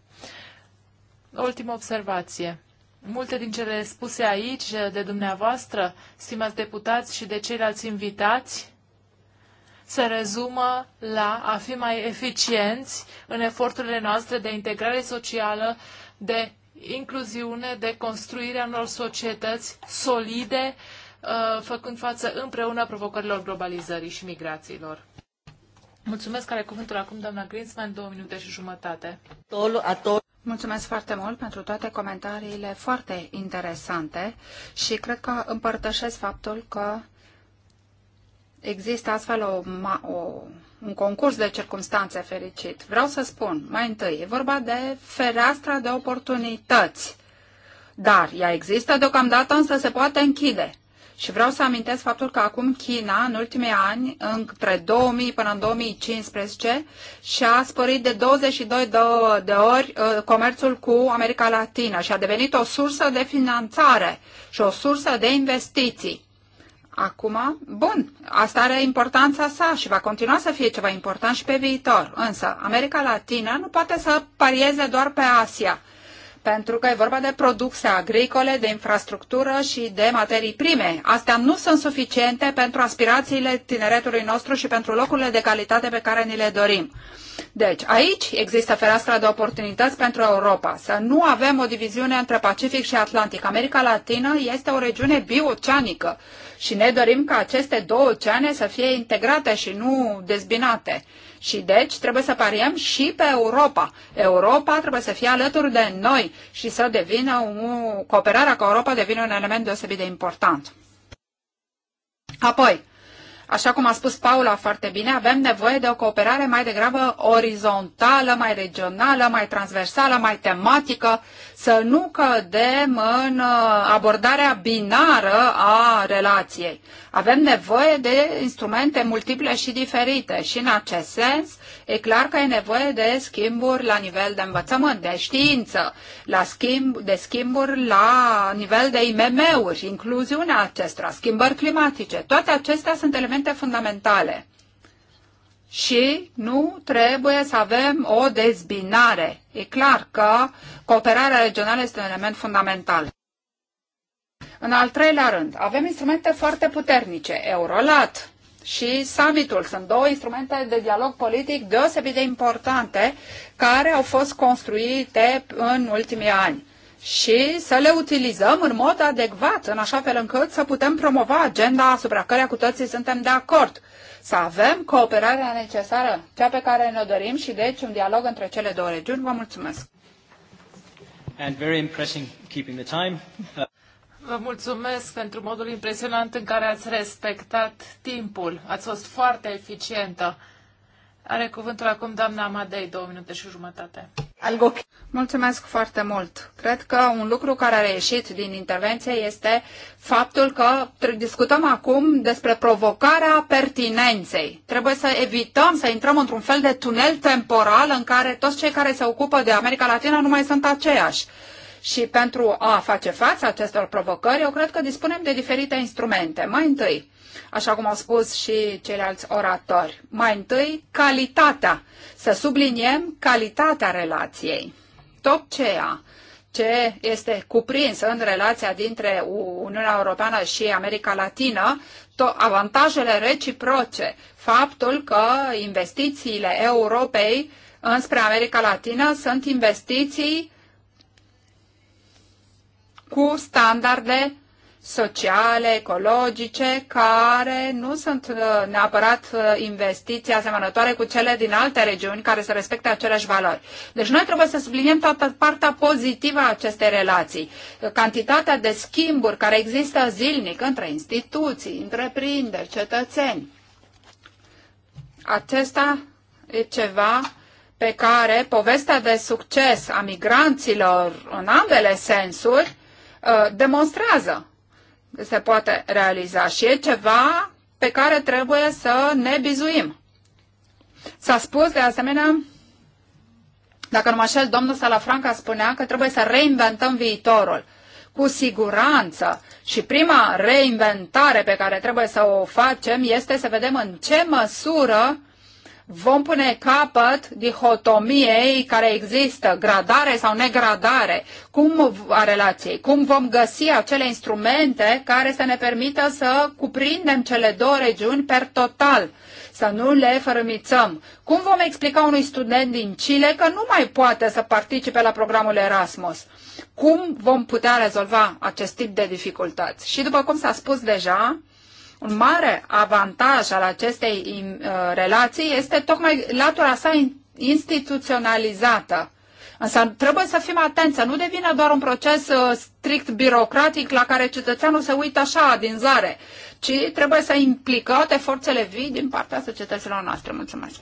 Ultimă observație. Multe din cele spuse aici uh, de dumneavoastră, stimați deputați și de ceilalți invitați, se rezumă la a fi mai eficienți în eforturile noastre de integrare socială, de incluziune, de construirea unor societăți solide, Uh, făcând față împreună provocărilor globalizării și migrațiilor. Mulțumesc, care cuvântul acum, doamna Greensman, două minute și jumătate. Mulțumesc foarte mult pentru toate comentariile foarte interesante și cred că împărtășesc faptul că există astfel o, o, un concurs de circunstanțe fericit. Vreau să spun, mai întâi, e vorba de fereastra de oportunități, dar ea există deocamdată, însă se poate închide. Și vreau să amintesc faptul că acum China, în ultimii ani, între 2000 până în 2015, și-a spărit de 22 de ori uh, comerțul cu America Latină și a devenit o sursă de finanțare și o sursă de investiții. Acum, bun, asta are importanța sa și va continua să fie ceva important și pe viitor. Însă, America Latină nu poate să parieze doar pe Asia pentru că e vorba de produse agricole, de infrastructură și de materii prime. Astea nu sunt suficiente pentru aspirațiile tineretului nostru și pentru locurile de calitate pe care ni le dorim. Deci, aici există fereastra de oportunități pentru Europa. Să nu avem o diviziune între Pacific și Atlantic. America Latină este o regiune bioceanică și ne dorim ca aceste două oceane să fie integrate și nu dezbinate. Și deci trebuie să pariem și pe Europa. Europa trebuie să fie alături de noi și să devină o cooperarea cu Europa devine un element deosebit de important. Apoi, Așa cum a spus Paula foarte bine, avem nevoie de o cooperare mai degrabă orizontală, mai regională, mai transversală, mai tematică, să nu cădem în uh, abordarea binară a relației. Avem nevoie de instrumente multiple și diferite și în acest sens E clar că e nevoie de schimburi la nivel de învățământ, de știință, la schimb, de schimburi la nivel de IMM-uri, incluziunea acestora, schimbări climatice. Toate acestea sunt elemente fundamentale. Și nu trebuie să avem o dezbinare. E clar că cooperarea regională este un element fundamental. În al treilea rând, avem instrumente foarte puternice, Eurolat, și summitul. Sunt două instrumente de dialog politic deosebit de importante care au fost construite în ultimii ani și să le utilizăm în mod adecvat, în așa fel încât să putem promova agenda asupra căreia cu toții suntem de acord. Să avem cooperarea necesară, cea pe care ne-o dorim și deci un dialog între cele două regiuni. Vă mulțumesc! And very impressive keeping the time. Uh, Vă mulțumesc pentru modul impresionant în care ați respectat timpul. Ați fost foarte eficientă. Are cuvântul acum doamna Amadei, două minute și jumătate. Mulțumesc foarte mult. Cred că un lucru care a reieșit din intervenție este faptul că discutăm acum despre provocarea pertinenței. Trebuie să evităm să intrăm într-un fel de tunel temporal în care toți cei care se ocupă de America Latină nu mai sunt aceiași. Și pentru a face față acestor provocări, eu cred că dispunem de diferite instrumente. Mai întâi, așa cum au spus și ceilalți oratori, mai întâi, calitatea. Să subliniem calitatea relației. Tot ceea ce este cuprins în relația dintre Uniunea Europeană și America Latină, avantajele reciproce, faptul că investițiile Europei înspre America Latină sunt investiții cu standarde sociale, ecologice, care nu sunt uh, neapărat uh, investiții asemănătoare cu cele din alte regiuni care să respecte aceleași valori. Deci noi trebuie să subliniem toată partea pozitivă a acestei relații. Cantitatea de schimburi care există zilnic între instituții, întreprinderi, cetățeni. Acesta e ceva pe care povestea de succes a migranților în ambele sensuri Uh, demonstrează că se poate realiza și e ceva pe care trebuie să ne bizuim. S-a spus de asemenea, dacă nu mă șel, domnul Salafranca spunea că trebuie să reinventăm viitorul. Cu siguranță și prima reinventare pe care trebuie să o facem este să vedem în ce măsură uh, vom pune capăt dihotomiei care există, gradare sau negradare, cum a relației, cum vom găsi acele instrumente care să ne permită să cuprindem cele două regiuni per total să nu le fărâmițăm. Cum vom explica unui student din Chile că nu mai poate să participe la programul Erasmus? Cum vom putea rezolva acest tip de dificultăți? Și după cum s-a spus deja, un mare avantaj al acestei uh, relații este tocmai latura sa instituționalizată. Însă trebuie să fim atenți, să nu devină doar un proces uh, strict birocratic la care cetățeanul se uită așa, din zare, ci trebuie să implică toate forțele vii din partea societăților noastre. Mulțumesc!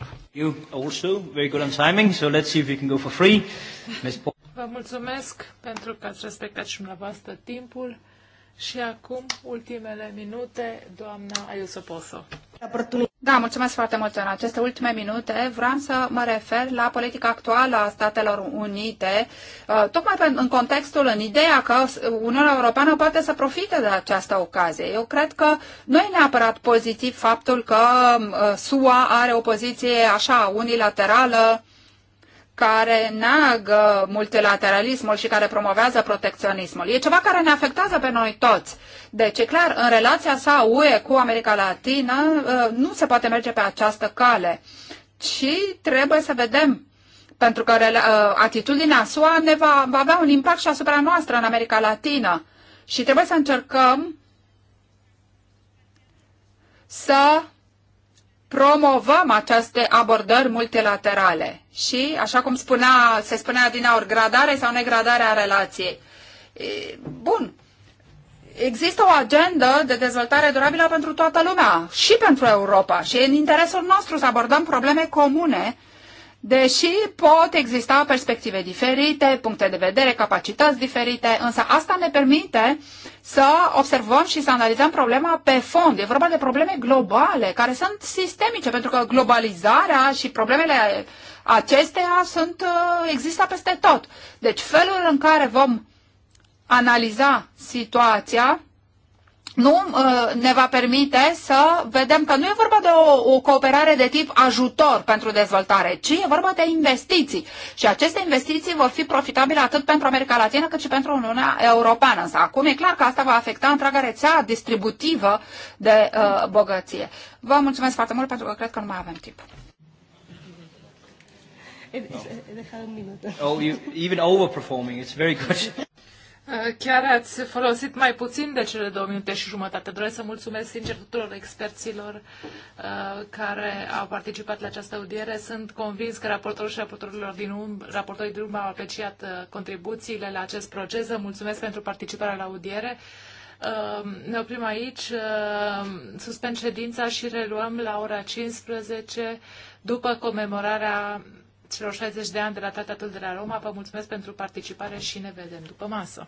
Vă mulțumesc pentru că ați respectat și dumneavoastră timpul. Și acum, ultimele minute, doamna Ayuso Poso. Da, mulțumesc foarte mult. În aceste ultime minute vreau să mă refer la politica actuală a Statelor Unite, uh, tocmai în contextul, în ideea că Uniunea Europeană poate să profite de această ocazie. Eu cred că nu e neapărat pozitiv faptul că uh, SUA are o poziție așa unilaterală care neagă multilateralismul și care promovează protecționismul. E ceva care ne afectează pe noi toți. Deci, e clar, în relația sa UE cu America Latină ă, nu se poate merge pe această cale, ci trebuie să vedem pentru că ă, atitudinea SUA ne va, va avea un impact și asupra noastră în America Latină. Și trebuie să încercăm să promovăm aceste abordări multilaterale. Și, așa cum spunea, se spunea din aur, gradare sau negradare a relației. Bun, există o agendă de dezvoltare durabilă pentru toată lumea și pentru Europa și e în interesul nostru să abordăm probleme comune uh, Deși pot exista perspective diferite, puncte de vedere, capacități diferite, însă asta ne permite să observăm și să analizăm problema pe fond. E vorba de probleme globale, care sunt sistemice, pentru că globalizarea și problemele acesteia sunt, uh, există peste tot. Deci felul în care vom analiza situația nu uh, ne va permite să vedem că nu e vorba de o, o cooperare de tip ajutor pentru dezvoltare, ci e vorba de investiții. Și aceste investiții vor fi profitabile atât pentru America Latină cât și pentru Uniunea Europeană. Însă acum e clar că asta va afecta întreaga rețea distributivă de uh, bogăție. Vă mulțumesc foarte mult pentru că cred că nu mai avem timp. Uh, no. Oh, you, even overperforming, it's very good. Uh, chiar ați folosit mai puțin de cele două minute și jumătate. Doresc să mulțumesc sincer tuturor experților uh, care au participat la această audiere. Sunt convins că raportorul și raportorilor din um, raportorii din UM au apreciat uh, contribuțiile la acest proces. Vă mulțumesc pentru participarea la audiere. ne oprim aici, suspend ședința și reluăm la ora 15 după comemorarea celor 60 de ani de la Tratatul de la Roma. Vă mulțumesc pentru participare și ne vedem după masă.